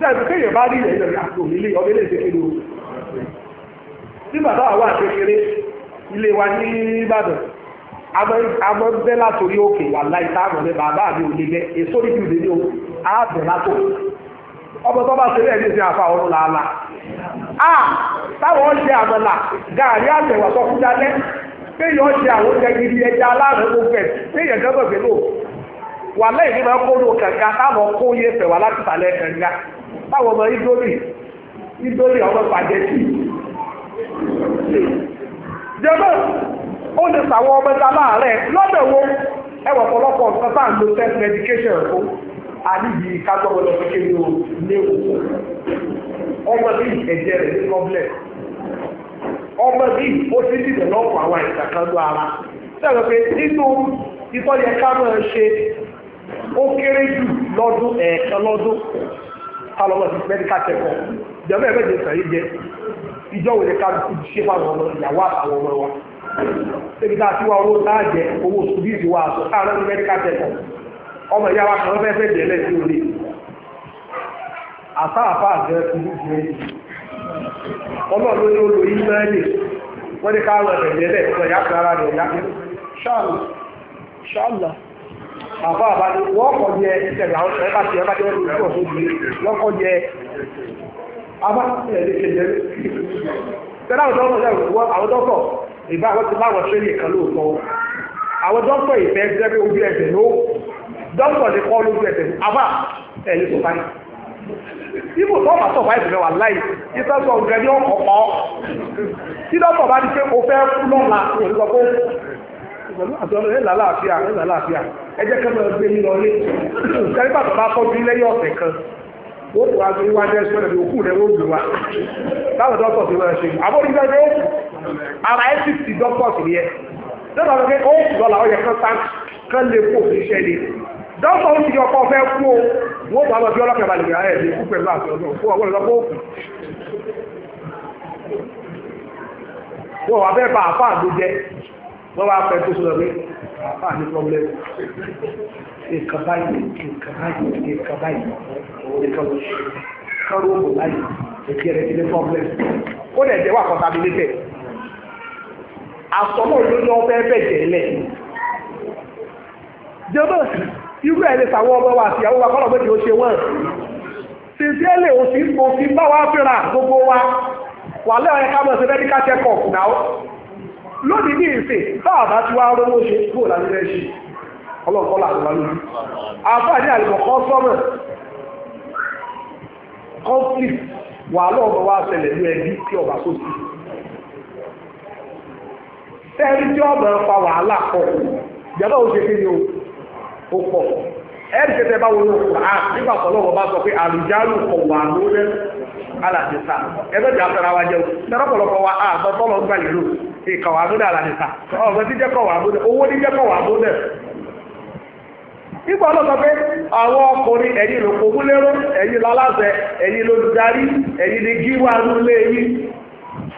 [SPEAKER 1] sẹ́ẹ̀dù kéèyàn bá rí ẹ̀yọ̀ àpò ilé ọbẹ̀ lè ṣèké lóru tí bàbá wa ilé wa ní Ìbàdàn àmọ́ látòrí òkè wà bàbá mi ò lè bẹ́ èso ní kí o ààbẹ̀ látò ọmọ tó bá ṣe bẹ́ẹ̀ ní ìsìn àfa ọ̀run làálà a táwọn ọ̀ṣẹ́ gàárì àtẹ̀wà péye ọ̀ṣẹ́ àwọn oúnjẹ gidi ẹja péye wà lẹ́yìn ní máa kó báwọn ọmọ ídólì ídólì ọmọ pàjẹ́tì jẹ́mọ́ ó lè sàwọn ọmọ ẹja láàárẹ̀ lọ́dọ̀ wo ẹwọ̀ ọ̀pọ̀lọpọ̀ nǹkan tá à ń lo self medication fún àníyí kágbọ́mọ lọ kékeré ní léwu ọmọ bí ẹ̀jẹ̀ rẹ̀ ní problem ọmọ bí ó ti dìbò lọ́pọ̀ àwọn kan ló ara sẹ́wọ̀n pé nínú ìtọ́jẹ ká máa ṣe ó kéré jù lọ́dún ẹ̀ẹ̀kan kálọ̀ lọ sí mẹ́díkà tẹ̀kọ̀ ìjọba ẹ̀ mẹ́jẹ sàn yìí jẹ ìjọ wo ni ká kú ṣé fáwọn ọmọ ìyàwó àtàwọn ọmọ wa ebi tá a ti wá owó a jẹ owó sùdíìsì wa mẹ́díkà tẹ̀kọ̀ ọmọ ìyá wa kan fẹ́ jẹ lẹ́sìn òde ló lo wọ́n ní
[SPEAKER 2] ẹ̀jẹ̀ lẹ́sìn kan
[SPEAKER 1] ara rẹ̀ yá àbá àbá ni wọ́n kọ́ jẹ ìṣẹ̀lẹ̀ àwọn ẹ̀ka ti ẹ̀ka ti wọ́n ti kúrò tó di wọ́n kọ́ jẹ
[SPEAKER 2] abá ẹ̀lẹ́ kẹjẹ
[SPEAKER 1] tẹ́lá àwọn dọ́kítọ̀ sẹ́yìn wọ́n àwọn dọ́kítọ̀ ìbá àwọn ti bá àwọn tírẹ́nì kan lóòótọ́ àwọn dọ́kítọ̀ ìfẹ́ gẹ́gẹ́ ojú ẹsẹ̀ ló dọ́kítọ̀ ti kọ́ lójú ẹsẹ̀ abá ẹ̀lẹ́ tó báyìí ibo tó bá sọ̀fà ìbùdó wà láì ìfẹ́ sọ ní ọkọ̀ pọ̀ tí dọ́kítọ̀ bá ti pé o fẹ́ kú pẹ̀lú àtọ́lọ́ ẹ̀ lálàáfíà ẹ̀ lálàáfíà ẹ jẹ́ kẹ́mọ̀ ẹgbẹ́ yín lọ lé kẹ́rí bàbá bá tọ́jú lẹ́yìn ọ̀sẹ̀ kan wọ́n tó wáá gbé wá ní ẹ̀sùn ẹ̀dẹ̀ òkú rẹ̀ wọ́n gbé wá táwọn dọ́kọ̀ ti máa ṣe àbọ̀dé gbàgbé ó ara ẹ̀ sì ti dọ́kọ̀ sí yẹ dọ́kọ̀ ló pé ó kù lọ́la ó yẹ kán tán kán lè kó òfin o wọ́n tó àwọn ọbẹ̀ ọlọ́kẹ́ balẹ̀ gbé
[SPEAKER 2] ayẹ̀ ah, lè wọ́n wá fẹ́ tó sọ̀rọ̀ pé àpá ní problem
[SPEAKER 1] nǹkan báyìí nǹkan báyìí nǹkan báyìí nǹkan kọ́rọ́ òkò báyìí èdè rẹ̀ ti ní problem ó dẹ̀ jẹ́ wà kọ́ta mi níbẹ̀ àsọ̀mọ́ olóyún ọ̀fẹ́ bẹ̀jẹ̀ lẹ̀ jọba irú ẹ̀ lè sàwọn ọmọ wa àti àwọn akọ́lọ̀ méjì ó ṣe wọ́n títí ẹ̀ lè òfin òfin bá wa fẹ́ra gbogbo wa wà lẹ́wọ̀n ẹ̀ká mọ̀ sí medical check lónìí ní ìsìn táàbá tí wá rówó ṣe kúrò lábẹ́ ṣe ọlọ́kọ́lá àgbà lójú àfáà ní àlùkọ́ sọ́mọ̀ conflict wa ṣẹlẹ̀ ní ẹbí tí ọba sósì sẹ́ẹ̀rí tí ọmọ fa wàhálà pọ̀ ìjọba ò ṣe kéde ó pọ̀ ẹ̀ẹ́dì tẹ́tẹ́ bá wọlé òkú nígbà lọ́wọ́ alàdìsá ẹgbẹ́ ìjà sara wa jẹun tẹ́lọ̀pọ̀lọpọ̀ wa àgbọ̀ tọ́lọ̀ ń gbà lérò ìkàwà àbúdà alàdìsá ọ̀gbẹ́ tí jẹ́kọ̀ wà àbúdà owó ní jẹ́kọ̀ wà àbúdà. pé àwọn ọkùnrin ló lérò ló darí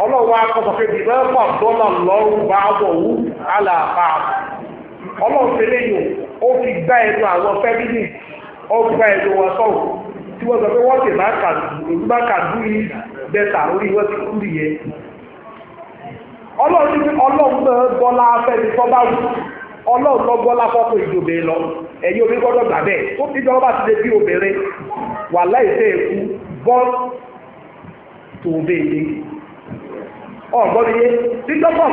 [SPEAKER 1] ọlọ́wọ́ akọ̀sọ̀ pé lọ́rùn bá wú ó fi gbá ẹnu àwọn fẹ́mílì ó gbá ẹnu wọn tí wọ́n sọ pé wọ́n sì bá kàdú bá kàdú orí wọ́n ti kú afọ ọlọ́run náà bọ́lá afẹ́ni wù ọlọ́run bọ́lá fọ́pọ̀ lọ omi gbọ́dọ̀ gbà bẹ́ẹ̀ tó ti jọba ti lè bí obìnrin wà láìsẹ̀ ẹ̀kú bọ́ wà òbí díẹ̀ mi náà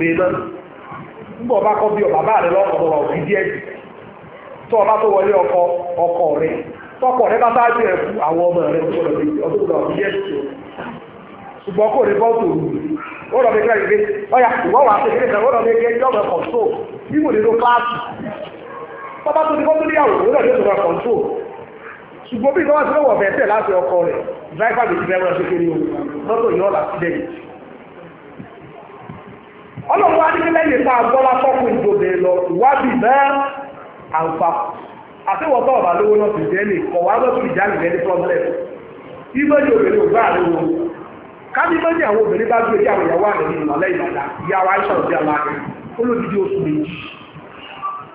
[SPEAKER 1] ń bọ̀ bá tó ọba tó wọlé ọkọ ọkọ rẹ tọkọ rẹ bá sáájú ẹ fún àwọn ọmọ rẹ tó lọ bí ọdún tó lọ bí yẹ ṣùgbọ́n kò ní bọ́ọ̀tù òru ó lọ bí kíláà yìí pé ọyà ìwọ́ wà á ṣe kíláà ó lọ bí kíláà yọ̀ọ̀mọ̀ kọ̀ǹtò bí mo lè lo kíláàsì bọ́bá tó ní bọ́ọ̀tù níyàwó ó lọ bí ó ti lọ kọ̀ǹtò ṣùgbọ́n bí ìjọba ti lọ́wọ́ ọ̀bẹ̀ tẹ̀ láti ọkọ rẹ̀ dráìfà lè ti rẹ́wọ́n ṣékeré o a yọ ọ̀la sílẹ̀ yìí. ọlọ́run wa nílẹ̀ yìí máa gbọ́ lápọ́kùn ìdòdè lọ ìwádìí bẹ́ẹ̀ àǹfà àtiwọ̀tọ̀ ọ̀bà lówó náà ti jẹ́ lè kọ̀ wá lọ́sùn ìjà problem ibẹ́jì obìnrin ò bá àríwó kábíbẹ́jì àwọn obìnrin bá gbé àwọn ìyàwó àrẹ nínú ọ̀lẹ́ ìdàdà ìyàwó àìsàn òbí aláàrẹ olódìdí oṣù méjì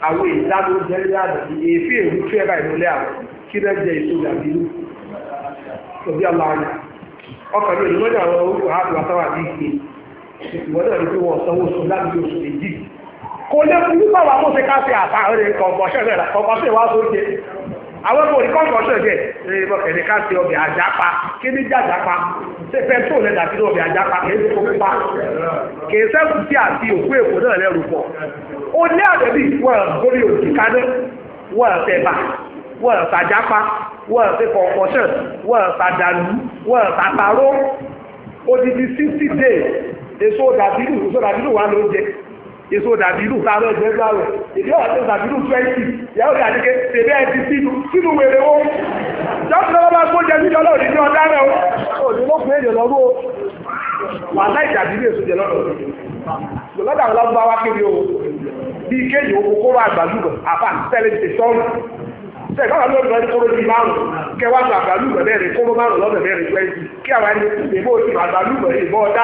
[SPEAKER 1] àwọn Awụ jẹ́lé àdàbí èéfì èrú tí ẹ̀ka ìmúlẹ̀ àwọn kí lẹ́ èso ọkàn kò lè fún nípa wà mú sí káṣí àtàrí kọ̀ǹkọ̀ṣẹ́ rẹ̀ kọ̀ǹkọ̀ṣẹ́ wá sókè àwọn ọmọ òrìkọ́ kọ̀ọ̀ṣẹ́ jẹ́ ẹ̀rọ kẹ̀lé káṣí ọbẹ̀ àjápa kí ní jàjápa ṣe pẹ́ntó lẹ dàbí ní ọbẹ̀ àjápa kì í ṣe kó pípa kì í sẹ́kù sí àti òkú èkó náà lẹ́rù pọ̀ ó ní àdẹ́bí wọ́n górí òkè kaná wọ́n tẹ̀bà wọ́n tàjápa wọ́n ṣe kọ̀ọ̀kọ̀ṣẹ́ wọ́n tàdàlú wọ́n tàtàró èso dàbí ìlú tá a lọ́ọ́ gbẹ́gbẹ́ rẹ̀ èdè ọ̀dọ́ dàbí ìlú twenty yàrá òkè àdìgẹ́ tèmi ẹ̀ ti sínú sínú wèrè wo jọ́sìn lọ́wọ́ bá gbóúnjẹ níjọ náà òdì ní ọ̀dá rẹ̀ o òdì ló fún èèyàn lọ́wọ́
[SPEAKER 2] wà láì dàbí ìlú
[SPEAKER 1] èso jẹ lọ́dọ̀ lọ́dọ̀ àwọn lọ́wọ́ bá wá kéde o bí kéèyàn oko kóró àgbàlùbọ̀ àfa tẹ́lẹ̀ ti sọ́ọ̀nù ṣe ìgbà wọn lọ́dọ̀ kóró di márùn kẹ wá sọ àgbàlùbọ̀ bẹ́ẹ̀ ni kóró márùn lọ́dọ̀ bẹ́ẹ̀ ni twenty kí àwọn ẹni ìbò ìbò àgbàlùbọ̀ ìbò ọ̀dá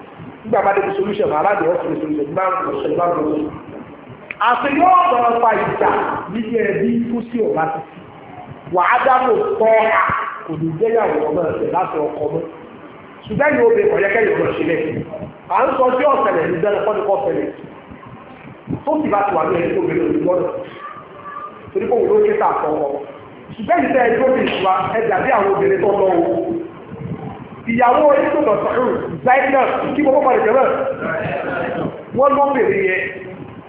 [SPEAKER 1] nígbà bá débi solution máa aláàdé wọ́n fi solution bá ń lọ sọ́yìn bá ń lọ sọ́yìn. àṣeyọ́ ọ̀dọ̀ pa ìjà nílé ẹbí kú sí ọ̀la ti sí wà á dábò tọ́ à kò ní gbéyàwó ọmọ ẹ̀sẹ̀ láti ọkọ mọ́ ṣùgbọ́n yóò bẹ ọ̀yẹ́kẹ́ yóò lọ sílẹ̀ à ń sọ sí ọ̀sẹ̀lẹ̀ ní bẹ́ẹ̀ kọ́ni kọ́ sẹlẹ̀ tó sì bá ti wà ní ẹni tó bẹ̀rẹ̀ òdìgbọ́n torí kò wọ́n ló ké tà àtọ́ ọ ṣùgbọ́n ìtẹ́ ẹjọ́ bìí wa ẹ̀dà bí àwọn obìnrin tó lọ́wọ́ ìyàwó oníṣòwò sọ̀rọ̀ zainab kí mo kọ́kọ́ nìkan náà wọ́n lọ́bìnrin yẹn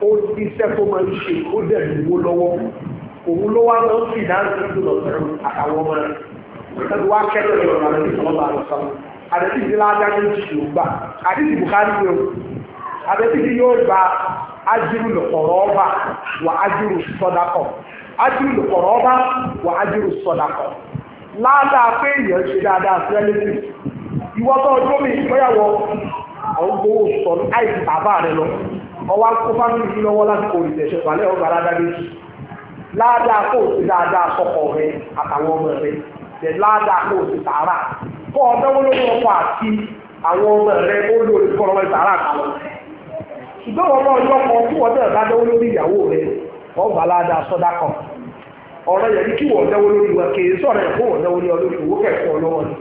[SPEAKER 1] ó iṣẹ́ tó máa ń ṣe ó dẹ̀ lówó lọ́wọ́ òun ló wá lọ sí ìdáhùn tó sọ̀rọ̀ àtàwọn ọmọ rẹ̀ wá lọ́wọ́ àdẹ́sí àdẹ́sí Buhari àdẹ́sí ti yóò gba lọ̀kọ̀rọ̀ ọba wà lọ̀kọ̀rọ̀ ọba wà pé èèyàn ṣe dáadáa ìwọ tó ọjọ́ mi ìgbéyàwó ọ̀hún gbowó sọ̀rọ̀ àìsí bàbá rẹ lọ ọwọ́ akó fámìlì lọ́wọ́ láti kó ìtẹ̀sẹ̀ balẹ̀ ọgbà ládàbí ládàá kó o ti dáadáa sọkọ rẹ àtàwọn ọmọ rẹ ládàá kó o ti kó lórí àti àwọn ọmọ rẹ ó lórí ṣùgbọ́n wọn ọkọ kí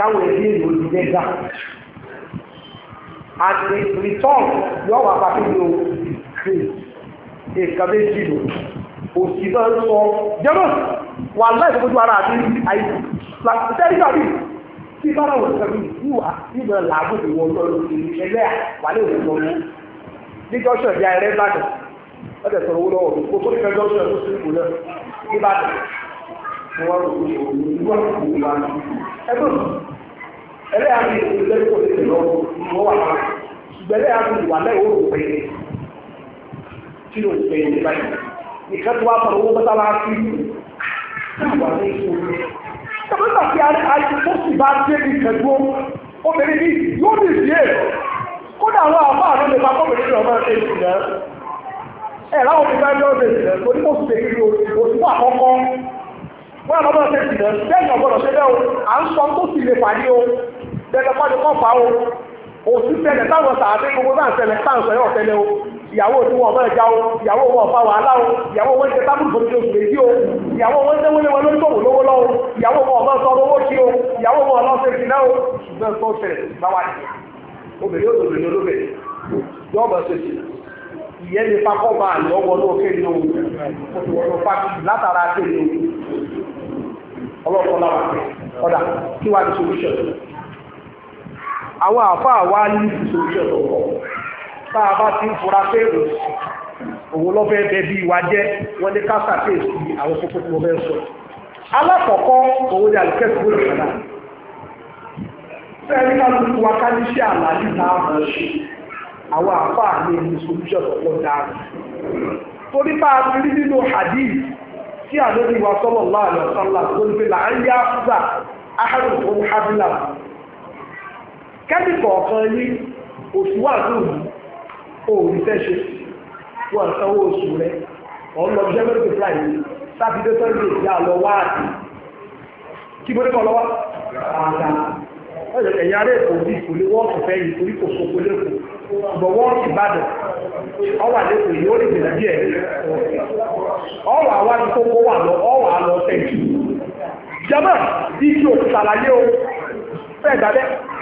[SPEAKER 1] káwọn ẹbí èrò ti lẹ́gà and the return yóò wà pàtó ní o nǹkan méjì lò òsì náà ń sọ jẹ́mọ̀ wà láì fojú ara àti àìsàn láti tẹ́lẹ̀ tí bára wọ̀ sẹ́mi ìwà nínú làágùn ìwọ lọ́rùn ìrìnlẹ̀ wàlẹ́ òṣùwọ̀n mú ní jọ́sọ̀ bí ayẹrẹ ìbàdàn wọ́n tẹ̀ sọ̀rọ̀ owó lọ́wọ́ mi kó tó nípa jọ́sọ̀ tó sí ìkò náà ìbàdàn ni wọ́n rò ó ṣe òun ìwà ìwà ẹgbẹ́ òṣùwọ̀n ẹlẹ́yà mi ìlú lẹ́yìn kò tètè lọ mọ́ wà máa ṣùgbọ́n ẹlẹ́yà mi ìwà lẹ́yìn pé tí o pè é báyìí tó wà pọ̀ owó bọ́tà bá fi ìwà lẹ́yìn tó lọ. Tọ́lọ́tà fi àìsíkó sì bá dé ní obìnrin ní yóò ní ìdí kódà àwọn ní ọmọ ẹ̀ Ẹ̀ láwọn tẹ́lẹ̀ kọ́ ni kọ́ fà o òsì tẹ́lẹ̀ táwọn sàádé gbogbo náà tẹ́lẹ̀ táǹsọ̀ tẹ́lẹ̀ o ìyàwó tí wọn bá ẹja o ìyàwó wọn fa wàhálà o ìyàwó wọn jẹ tábùlù oṣù méjì o ìyàwó wọn jẹ wọlé wọn lówó ìyàwó wọn sọ lówó kí o ìyàwó wọn ọlọsẹ ti náà o ṣùgbọ́n tó obìnrin olóbìnrin àwọn àfáà wá ní ìsòrí ọ̀tọ̀ tá a bá ti ń fura pé òun lọ́fẹ́ bẹ bí wa jẹ́ wọ́n ní káṣà kéèsì àwọn kókó tí mo fẹ́ sọ alákọ̀ọ́kọ́ òun ni àlùkẹ́sì ló yàrá fẹ́ẹ́rí kálukú wa ká ní sí àlàyé náà mọ̀ ṣe àwọn àfáà ní ìsòrí ọ̀tọ̀ dáa torí bá a ti rí nínú kẹ́míkọ̀ kan yí oṣù wà lóòrùn òòrùn tẹ́ṣe wọ́n sanwó oṣù rẹ̀ ọ̀n lọ jẹ́ mẹ́rin friday sátidé sunday ìyá lọ wá àti kí mo ní kọ́ lọ́wọ́ àgbà ọ̀yọ̀ ẹ̀yà rẹ̀ kò bí kò lè wọ́ọ̀kì fẹ́ yìí torí kò sóko lẹ́kọ̀ọ́ ṣùgbọ́n wọ́ọ̀kì ìbàdàn ọwà lẹ́kọ̀ọ́ yìí ó lè dènà díẹ̀ ọwà wá ní kókó wà lọ ọwà lọ tẹ̀jú jẹ́mọ̀ ìṣòkùtàlàyé o fẹ́ẹ̀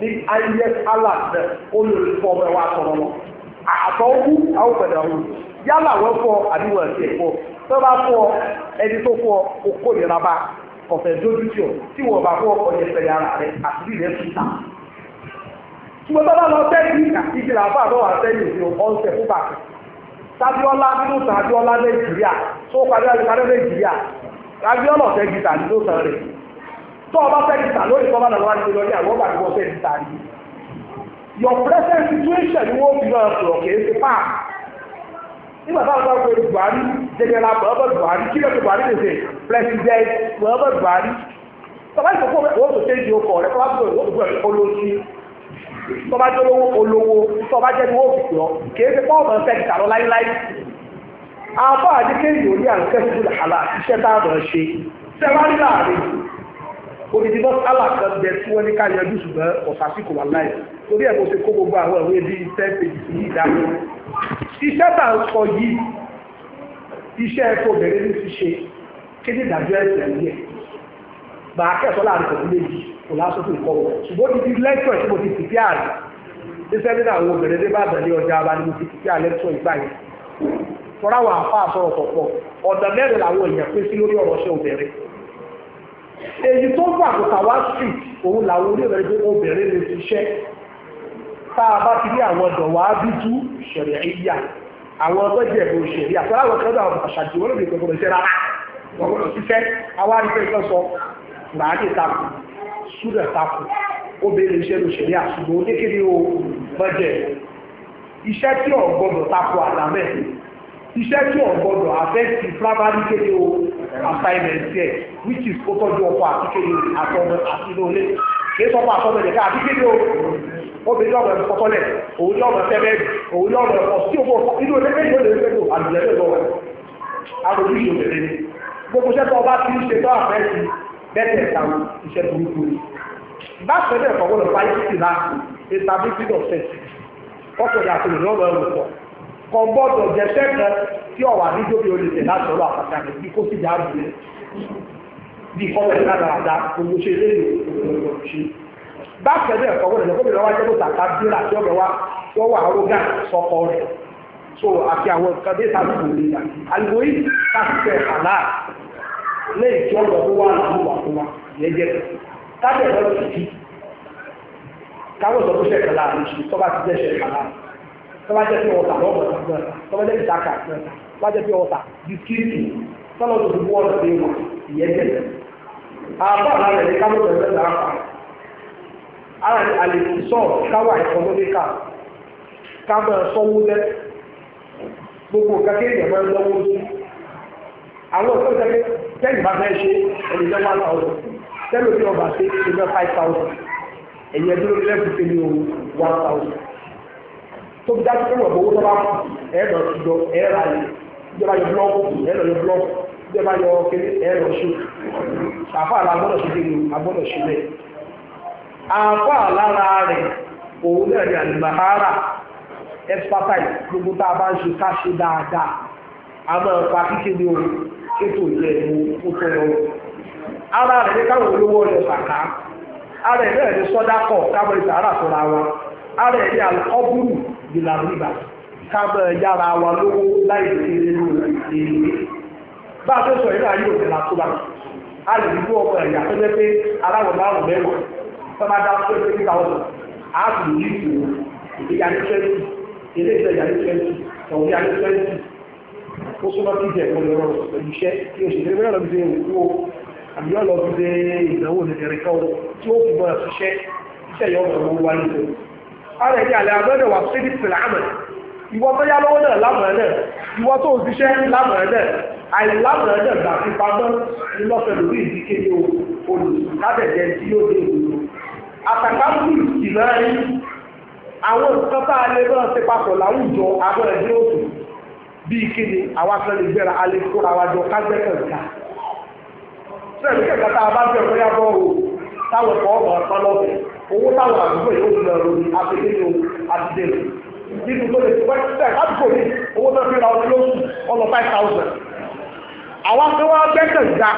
[SPEAKER 1] ni ayẹyẹ ala bẹ olórí fọ ọmọ ẹ tọrọ àwọn pẹlẹ ọhún yálà wọn fọ àdìwọn ẹsẹ fọ tó bá fọ ẹni tó fọ okó nira bá ọfẹ dójú tí tí bá fọ ara àti ṣùgbọ́n tó bá lọ ìjìnlẹ̀ àbá àbọ̀ wà ọ̀nsẹ̀ fún bàtà sábíọ́lá nínú sábíọ́lá nàìjíríà tó padà lè tó o bá fẹ́ di tà lórí tọ́ba náà wá ti lọ ní àwọn ọgbà tí wọ́n fẹ́ di rí your present situation ni wọ́n fi náà sọ̀rọ̀ kì í ṣe pa nígbà táwọn bá gbé Buhari jẹjẹrẹ bàbá Buhari kí lóò Buhari lè ṣe president bàbá Buhari tọ́ba ìsòkò wọ́n tó ṣe é di ọkọ̀ rẹ̀ tọ́ba tó wọ́n tó gbé olóṣì tọ́ba jẹ́ olówó olówó tọ́ba jẹ́ ni wọ́n fi lọ kì í ṣe pọ́ọ̀ mọ̀ fẹ́ di tà lọ láíláí àbọ̀ àdékèyìn ò ní àǹkẹ́sì odidi mọ́sálà kan bẹ tí wọ́n ní ká yanjú ṣùgbọ́n ọ̀sásìkò wà láì torí ẹ̀ mo ṣe kó gbogbo àwọn ìwé bíi ten pages yìí dání. iṣẹ́ tà ń sọ yìí iṣẹ́ ẹ̀kọ́ obìnrin ní ti ṣe kéde ìdájọ́ ẹ̀sẹ̀ yìí màá kẹ́sọ́ láàrin pẹ̀lú méjì kò lásán tó ìkọ́ wọn ṣùgbọ́n ti di lẹ́tọ̀ tí mo ti pìpì àrè níṣẹ́ nínú àwọn obìnrin ní bá àbẹ̀lẹ̀ ọjà ara ni mo ti pìpì àrè lẹ́tọ̀ ìgbà yẹn tọ́ra àwọn àfa àsọ̀rọ̀ tọ̀pọ̀ ọ̀dọ̀ mẹ́rin làwọn èèyàn pín sí lórí ọ̀rọ̀ ṣẹ́ obìnrin èyí tó ń gbàgbọ́ta wá street òun làwọn orí rẹ̀ gbé obìnrin lè ṣiṣẹ́ tá a bá ti rí àwọn ọ̀dọ̀ wá bíjú ṣẹ̀rẹ̀ ìyá àwọn ọgọ́jẹ̀ ẹ̀bùn òṣèré àtàrà àwọn kan náà àṣàjì wọn lè gbẹ̀gbẹ̀ ṣẹ́ra ọ̀rọ̀ ṣiṣẹ́ àwa àrífẹ́ ìfẹ́ sọ ràádì takù súdẹ̀ takù obìnrin iṣẹ́ òṣèré àṣùgbọ́n oníkéde o bọ́jẹ̀ iṣẹ́ tí ò gbọdọ̀ takù àdámẹ́ iṣẹ́ tí ò gbọ́dọ̀ affect primary kéde o assignment ẹ̀ which is kó tọ́jú ọkọ àti kéde àtọmọ àti inú ilé kì í sọ́kọ àtọmọ ẹ̀dẹ̀ká àti kéde o obìnrin ọ̀rọ̀ ẹ̀fọ́ kọ́lẹ̀ òun ní ọ̀rọ̀ ẹ̀fẹ́ òun ní ọ̀rọ̀ ẹ̀fọ́ sí òkú inú ilé méjì ó lè rí pẹ̀lú àlùjẹ́lẹ̀ lọ́wọ́ àròjù ìṣòbìnrin ni gbogbo iṣẹ́ tó ọba ti ń ṣe tó àfẹ́ sí bẹ́ẹ̀ tàwọn iṣẹ́ burúkú ni báṣẹ́ bẹ́ẹ̀ fọwọ́ lọ fáyé sí láti establishment of sex ọkọ̀ ìyàtọ̀ lọ́rọ̀ ẹ̀rọ pọ̀ kò gbọ́dọ̀ jẹ́ sẹ́kẹ̀ tí ọ̀wà níjóbi olùdè láti ọ̀rọ̀ àpàtà rẹ̀ bí kó sì já bù lẹ̀ bí kọ́wé ní àdàràdà gbogbo ṣe lé lè gbogbo ṣe. bákan náà kọ́wé rẹ̀ kọ́wé rẹ̀ wá jẹ́ bóta ká bí láti ọ̀rọ̀ wa wọ́n wà arógà sọ́kọ rẹ̀ so àti àwọn nǹkan dé tàbí kò lè yà àlùkò yìí káfíńtẹ̀ àlá lẹ́yìn tí ọ̀rọ̀ tó wà láwùwà fún wa yẹn jẹ́ káfíńtẹ̀ lọ́ọ̀
[SPEAKER 2] tọ́bajẹ́ pé ọ̀tà lọ́wọ́ náà
[SPEAKER 1] tọ́bajẹ́ ìdáka náà tọ́bajẹ́ pé ọ̀tà bisikíìtì tọ́lọ̀ tó gbogbo ọ̀nà pé wọ́n ìyẹn tẹ̀lé. àbá àlàyé ní káwọn ọ̀rẹ́ mẹ́ta ń pa ara ní àlè sọ káwà ìkọ́nọ́míkà káwọn sọ́wọ́ lẹ́ gbogbo kékeré yẹn máa ń lọ́wọ́ sí. àwọn òṣèlú tẹ́lẹ̀ tẹ́lẹ̀ bá fẹ́ ṣe ẹ̀yẹ́ one thousand tẹ́lẹ̀ òṣèlú ọba ṣe ẹ̀yẹ́ five thousand ẹ̀yẹ́ dúró lẹ́kùn tó fi dájú pé wọ́n gbowó tó bá ọrụ ẹ̀rọ ìjọ ẹ̀rọ ayé ìjọba yọ búlọ́ọ̀kù ẹ̀rọ yọ búlọ́ọ̀kù ìjọba yọ kéde ẹ̀rọ òun náà ní expertise gbogbo tá a bá ń ṣe ká ṣe dáadáa a máa pa kíkéde o tó lọ. ara rẹ̀ ní káwọn olówó rẹ̀ ara ní káwọn fúnra wọn ara ní ìlàrúgbà kábẹ̀ yára wa lówó láì nínú ìdílé bá a fẹ́ sọ ìlú ayé òfin àtúbà a lè rí ọmọ ẹ̀yà tó jẹ́ pé aláwọ̀ márùn mẹ́wàá tó máa dá tó ẹgbẹ́ níta a sì ní ìṣòro ìdíyà ní twenty ilé ìṣẹ̀yà ní twenty ọ̀wúyà ní twenty ó súnmọ́ kí ìjẹ̀ ìkọlẹ̀ rọrùn pẹ̀lú iṣẹ́ tí oṣù o àbí ọ̀lọ́ fi ṣe ìdánwò nìkẹrẹ kan tí ó fi bọ́ ẹ̀ ṣiṣẹ́ iṣẹ́ yọ̀ ọ̀rọ̀ wáyé ara ẹni àlẹ́ àmọ́nà wà sí ní pìlẹ̀ àmọ́ ìwọ tó yá lọ́wọ́ náà lámọ̀ọ́ náà ìwọ tó òṣìṣẹ́ lámọ̀ọ́ náà àìlámọ̀ọ́ náà gbà fi pamọ́ ìlọ́fẹ̀ lórí ìdíkẹ́ ní olùsùnkábẹ̀jẹ tí yóò dé ìlú àtàkàkù ìsìnláyé àwọn nǹkan tá a lè máa ṣe papọ̀ láwùjọ àwọn ẹ̀dín òtò bíi kéde àwọn akẹ́lẹ̀ ìgbéra alẹ́ kóra wájọ kágbẹ́kẹ̀ǹkà sẹ́ẹ̀dì kẹ̀kẹ́ tá a bá bẹ̀rẹ̀ bóyá bọ́ọ̀ táwọn ẹ̀kọ́ ọ̀rọ̀ ọ̀pá lọ́fẹ̀ẹ́ owó táwọn àdúgbò yóò lọ lórí abẹ́lẹ́lẹ́ àtìlẹ́lẹ́ nínú tó lè fẹ́ fẹ́ àdúgbò ní owó tó fi ra ọdún lóṣù ọlọ five thousand. àwọn tó wá gbẹ́sẹ̀ ga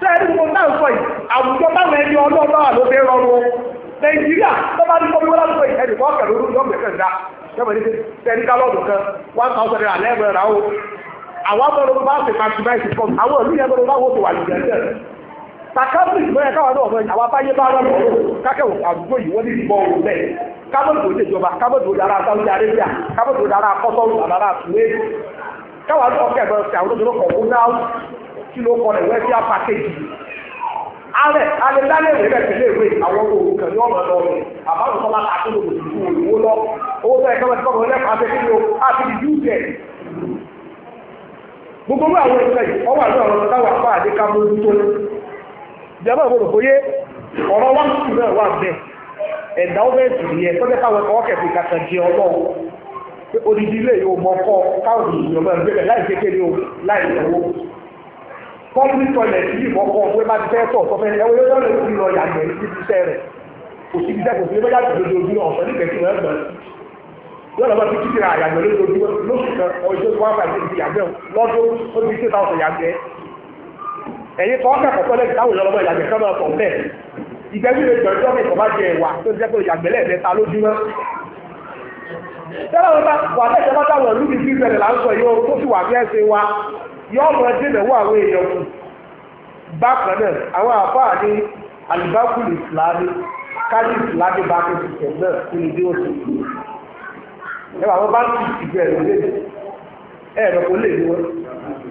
[SPEAKER 1] sẹ́ẹ̀dì mo náà sọ yìí àwùjọ táwọn ẹni ọlọ́ọ̀lọ́ àlọ́fẹ́ rọrùn nàìjíríà tó bá ní kọ́ wíwọ́n yìí ẹnì kan kẹ̀lú yọ gbẹ̀sẹ̀ ga sẹ́wọ̀n sàkáàtì ìgbọ́n yẹn káwọn náà àwọn abáyé bá rán lọ́wọ́ kákẹ́wò àdúgbò yìí wọ́n ti bọ́ òun bẹ́ẹ̀ kábọ̀dù ó ṣèjọba kábọ̀dù ó dára Saudi Arabia kábọ̀dù ó dára kọ́tọ́rù àbára àtúwé káwọn náà kẹ́ ẹ̀gbọ́n sí àwọn náà
[SPEAKER 2] kí ló kọ́ ẹ̀wẹ́ sí
[SPEAKER 1] apákéjì ìjọba ìbòrò bóyé ọ̀rọ̀ wá sí náà wà bẹ́ẹ̀ ẹ̀dá ó bẹ́ẹ̀ sì rí ẹ tọ́jú káwọn ọkọ̀ kẹfì kàkà jẹ ọlọ́run odidi ilé yóò mọ kọ káwọn ènìyàn máa ń gbé bẹ̀ láì kékeré o láì sanwó pọ́ńpì tọ́lẹ̀ sí ìmọ̀ kọ́ pé bá ti fẹ́ tọ̀ tọ́ fẹ́ ẹwọ́ yóò lọ́ọ́ lè lọ yàgbẹ́ níbi iṣẹ́ rẹ̀ kò sí ibi dẹ́kun sílé bẹ́yà gbèdé ojú náà ọ̀sán nígbà tí wọ́n gbà yóò lọ́ọ́ bá ti kíkìrì àyàgbẹ́ lójoojúmọ́ lóṣù kan ọjọ́ one five eight yàgbẹ́ lọ́dún ó ti ṣe táwọn yàgbẹ́ ẹ̀yin kọ́ kẹ́kọ̀ọ́ tọ́lẹ̀ ìdáhùn lọ́wọ́ ìyàgbẹ́ kan náà kàn bẹ́ẹ̀ ìgbẹ́bí lè jọ ìjọ́ mi kò bá jẹ ìwà tó jẹ́ pé ìyàgbẹ́ lẹ́ẹ̀mẹ́ta lójúmọ́.
[SPEAKER 2] tẹ́lẹ̀ wọn bá wà lẹ́sẹ̀ bá táwọn ìlú bíi bíbẹ̀rẹ̀ là ń sọ yìí
[SPEAKER 1] tó sì wà bí ẹ̀sìn wa yọ ọmọ ẹdí ìnáwó àwọn èèyàn kù. bákan náà àwọn àfáà ní alibakulu ìsìlámi kájú ìsìlámi bá tó ti tẹ̀ náà kí ni bí ó ti kú. ẹ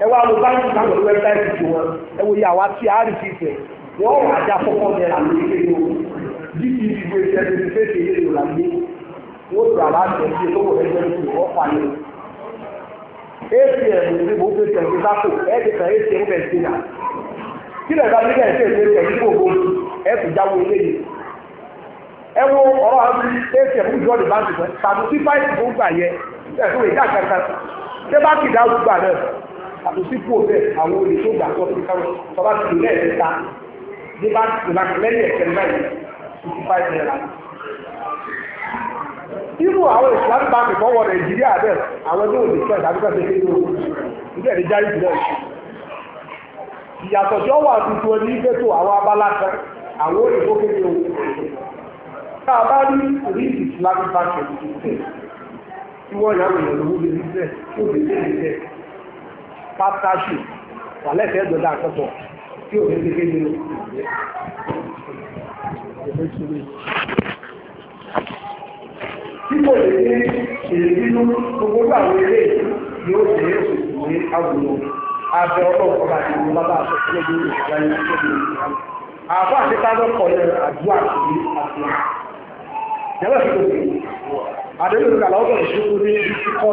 [SPEAKER 1] ẹ wá lo báńkì náà lórí wẹ́bísáìtì tí wọn ẹ wo yà wá tí a rí sí ìfẹ́ wọ́n wà á já fọ́fọ́ náírà lórí ilé wọn dídí ìdìbò ìṣẹ́ ti fẹ́ ṣe ilé ìlànà wọ́n tó àbá tẹ̀ sí owó ẹgbẹ́ ìṣòwò ọ̀pá yẹn atm ní mo fi tẹ̀sí sáfò ẹ̀ẹ́dì kan atm bẹ̀ sí nà kí lè bá nígbà ẹ̀sẹ̀ ìṣe tẹ̀sí gbogbo ẹ̀kú jáwó eléyìí ẹ wo ọ̀rọ̀ àti atm fún ìjọ́ọ̀dì báńkì pẹ̀ tàbí sí fáìlì tó ń gbà yẹ ẹ̀fọ́ ìdá kankan ṣé báńkì dá àtòsípò bẹ́ẹ̀ àwọn olè tó gbà tó ti káwọn bàbá ti lè ta ní bá ti máa lẹ́yìn ẹ̀kẹ́ báyìí fifty five naira.
[SPEAKER 2] irú àwọn Islam bank fọwọ́ Nàìjíríà
[SPEAKER 1] bẹ́ẹ̀ àwọn tó lè fẹ́ tàbí fẹ́ tẹ́lẹ̀ ló níbẹ̀ ní jáì jùlọ ìṣe. ìyàtọ̀ tí ó wà tuntun ní ìgbẹ́tò àwọn abala kan àwọn òyìnbó kéde o. tá a bá rí rí Islam bank ìwọ̀n ìyàwó ìyàwó lè rí bẹ́ẹ̀ tó lè pátáṣù wà lẹ́sẹ̀ ẹ̀dọ̀dà àkọ́tọ̀ tí ò ní kékeré lọ.
[SPEAKER 2] Tí kò lè ní ìrìnnú gbogbo àwọn eré
[SPEAKER 1] ni ó ṣe é ní àwùjọ abẹ ọlọ́run ọba àti ìlú bàbá àti ọ̀ṣọ́gbọ́n ní ìgbà yẹn tó ní ìgbà. Àbá àti Tádọ́kọ̀ yẹ àdúrà sí àti àná. Yẹ́lẹ́ fi tó fi àdéhùn ìgbàlá ọ̀gbọ̀n ìṣòro ní ìfikọ́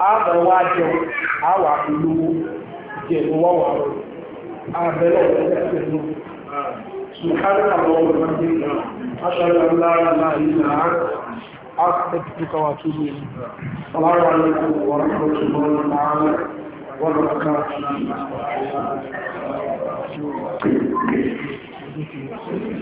[SPEAKER 1] àmọ̀ wá jẹun àwà olówó jẹun wọ́n wà lọ àbẹ̀lọ̀ ẹ̀sẹ̀ lọ
[SPEAKER 2] sùkárì àwọn ọmọ ọmọdé aṣọ́lá lára láàrin náà
[SPEAKER 1] أستغفرك وأتوب إليك السلام عليكم ورحمة الله
[SPEAKER 2] تعالى وبركاته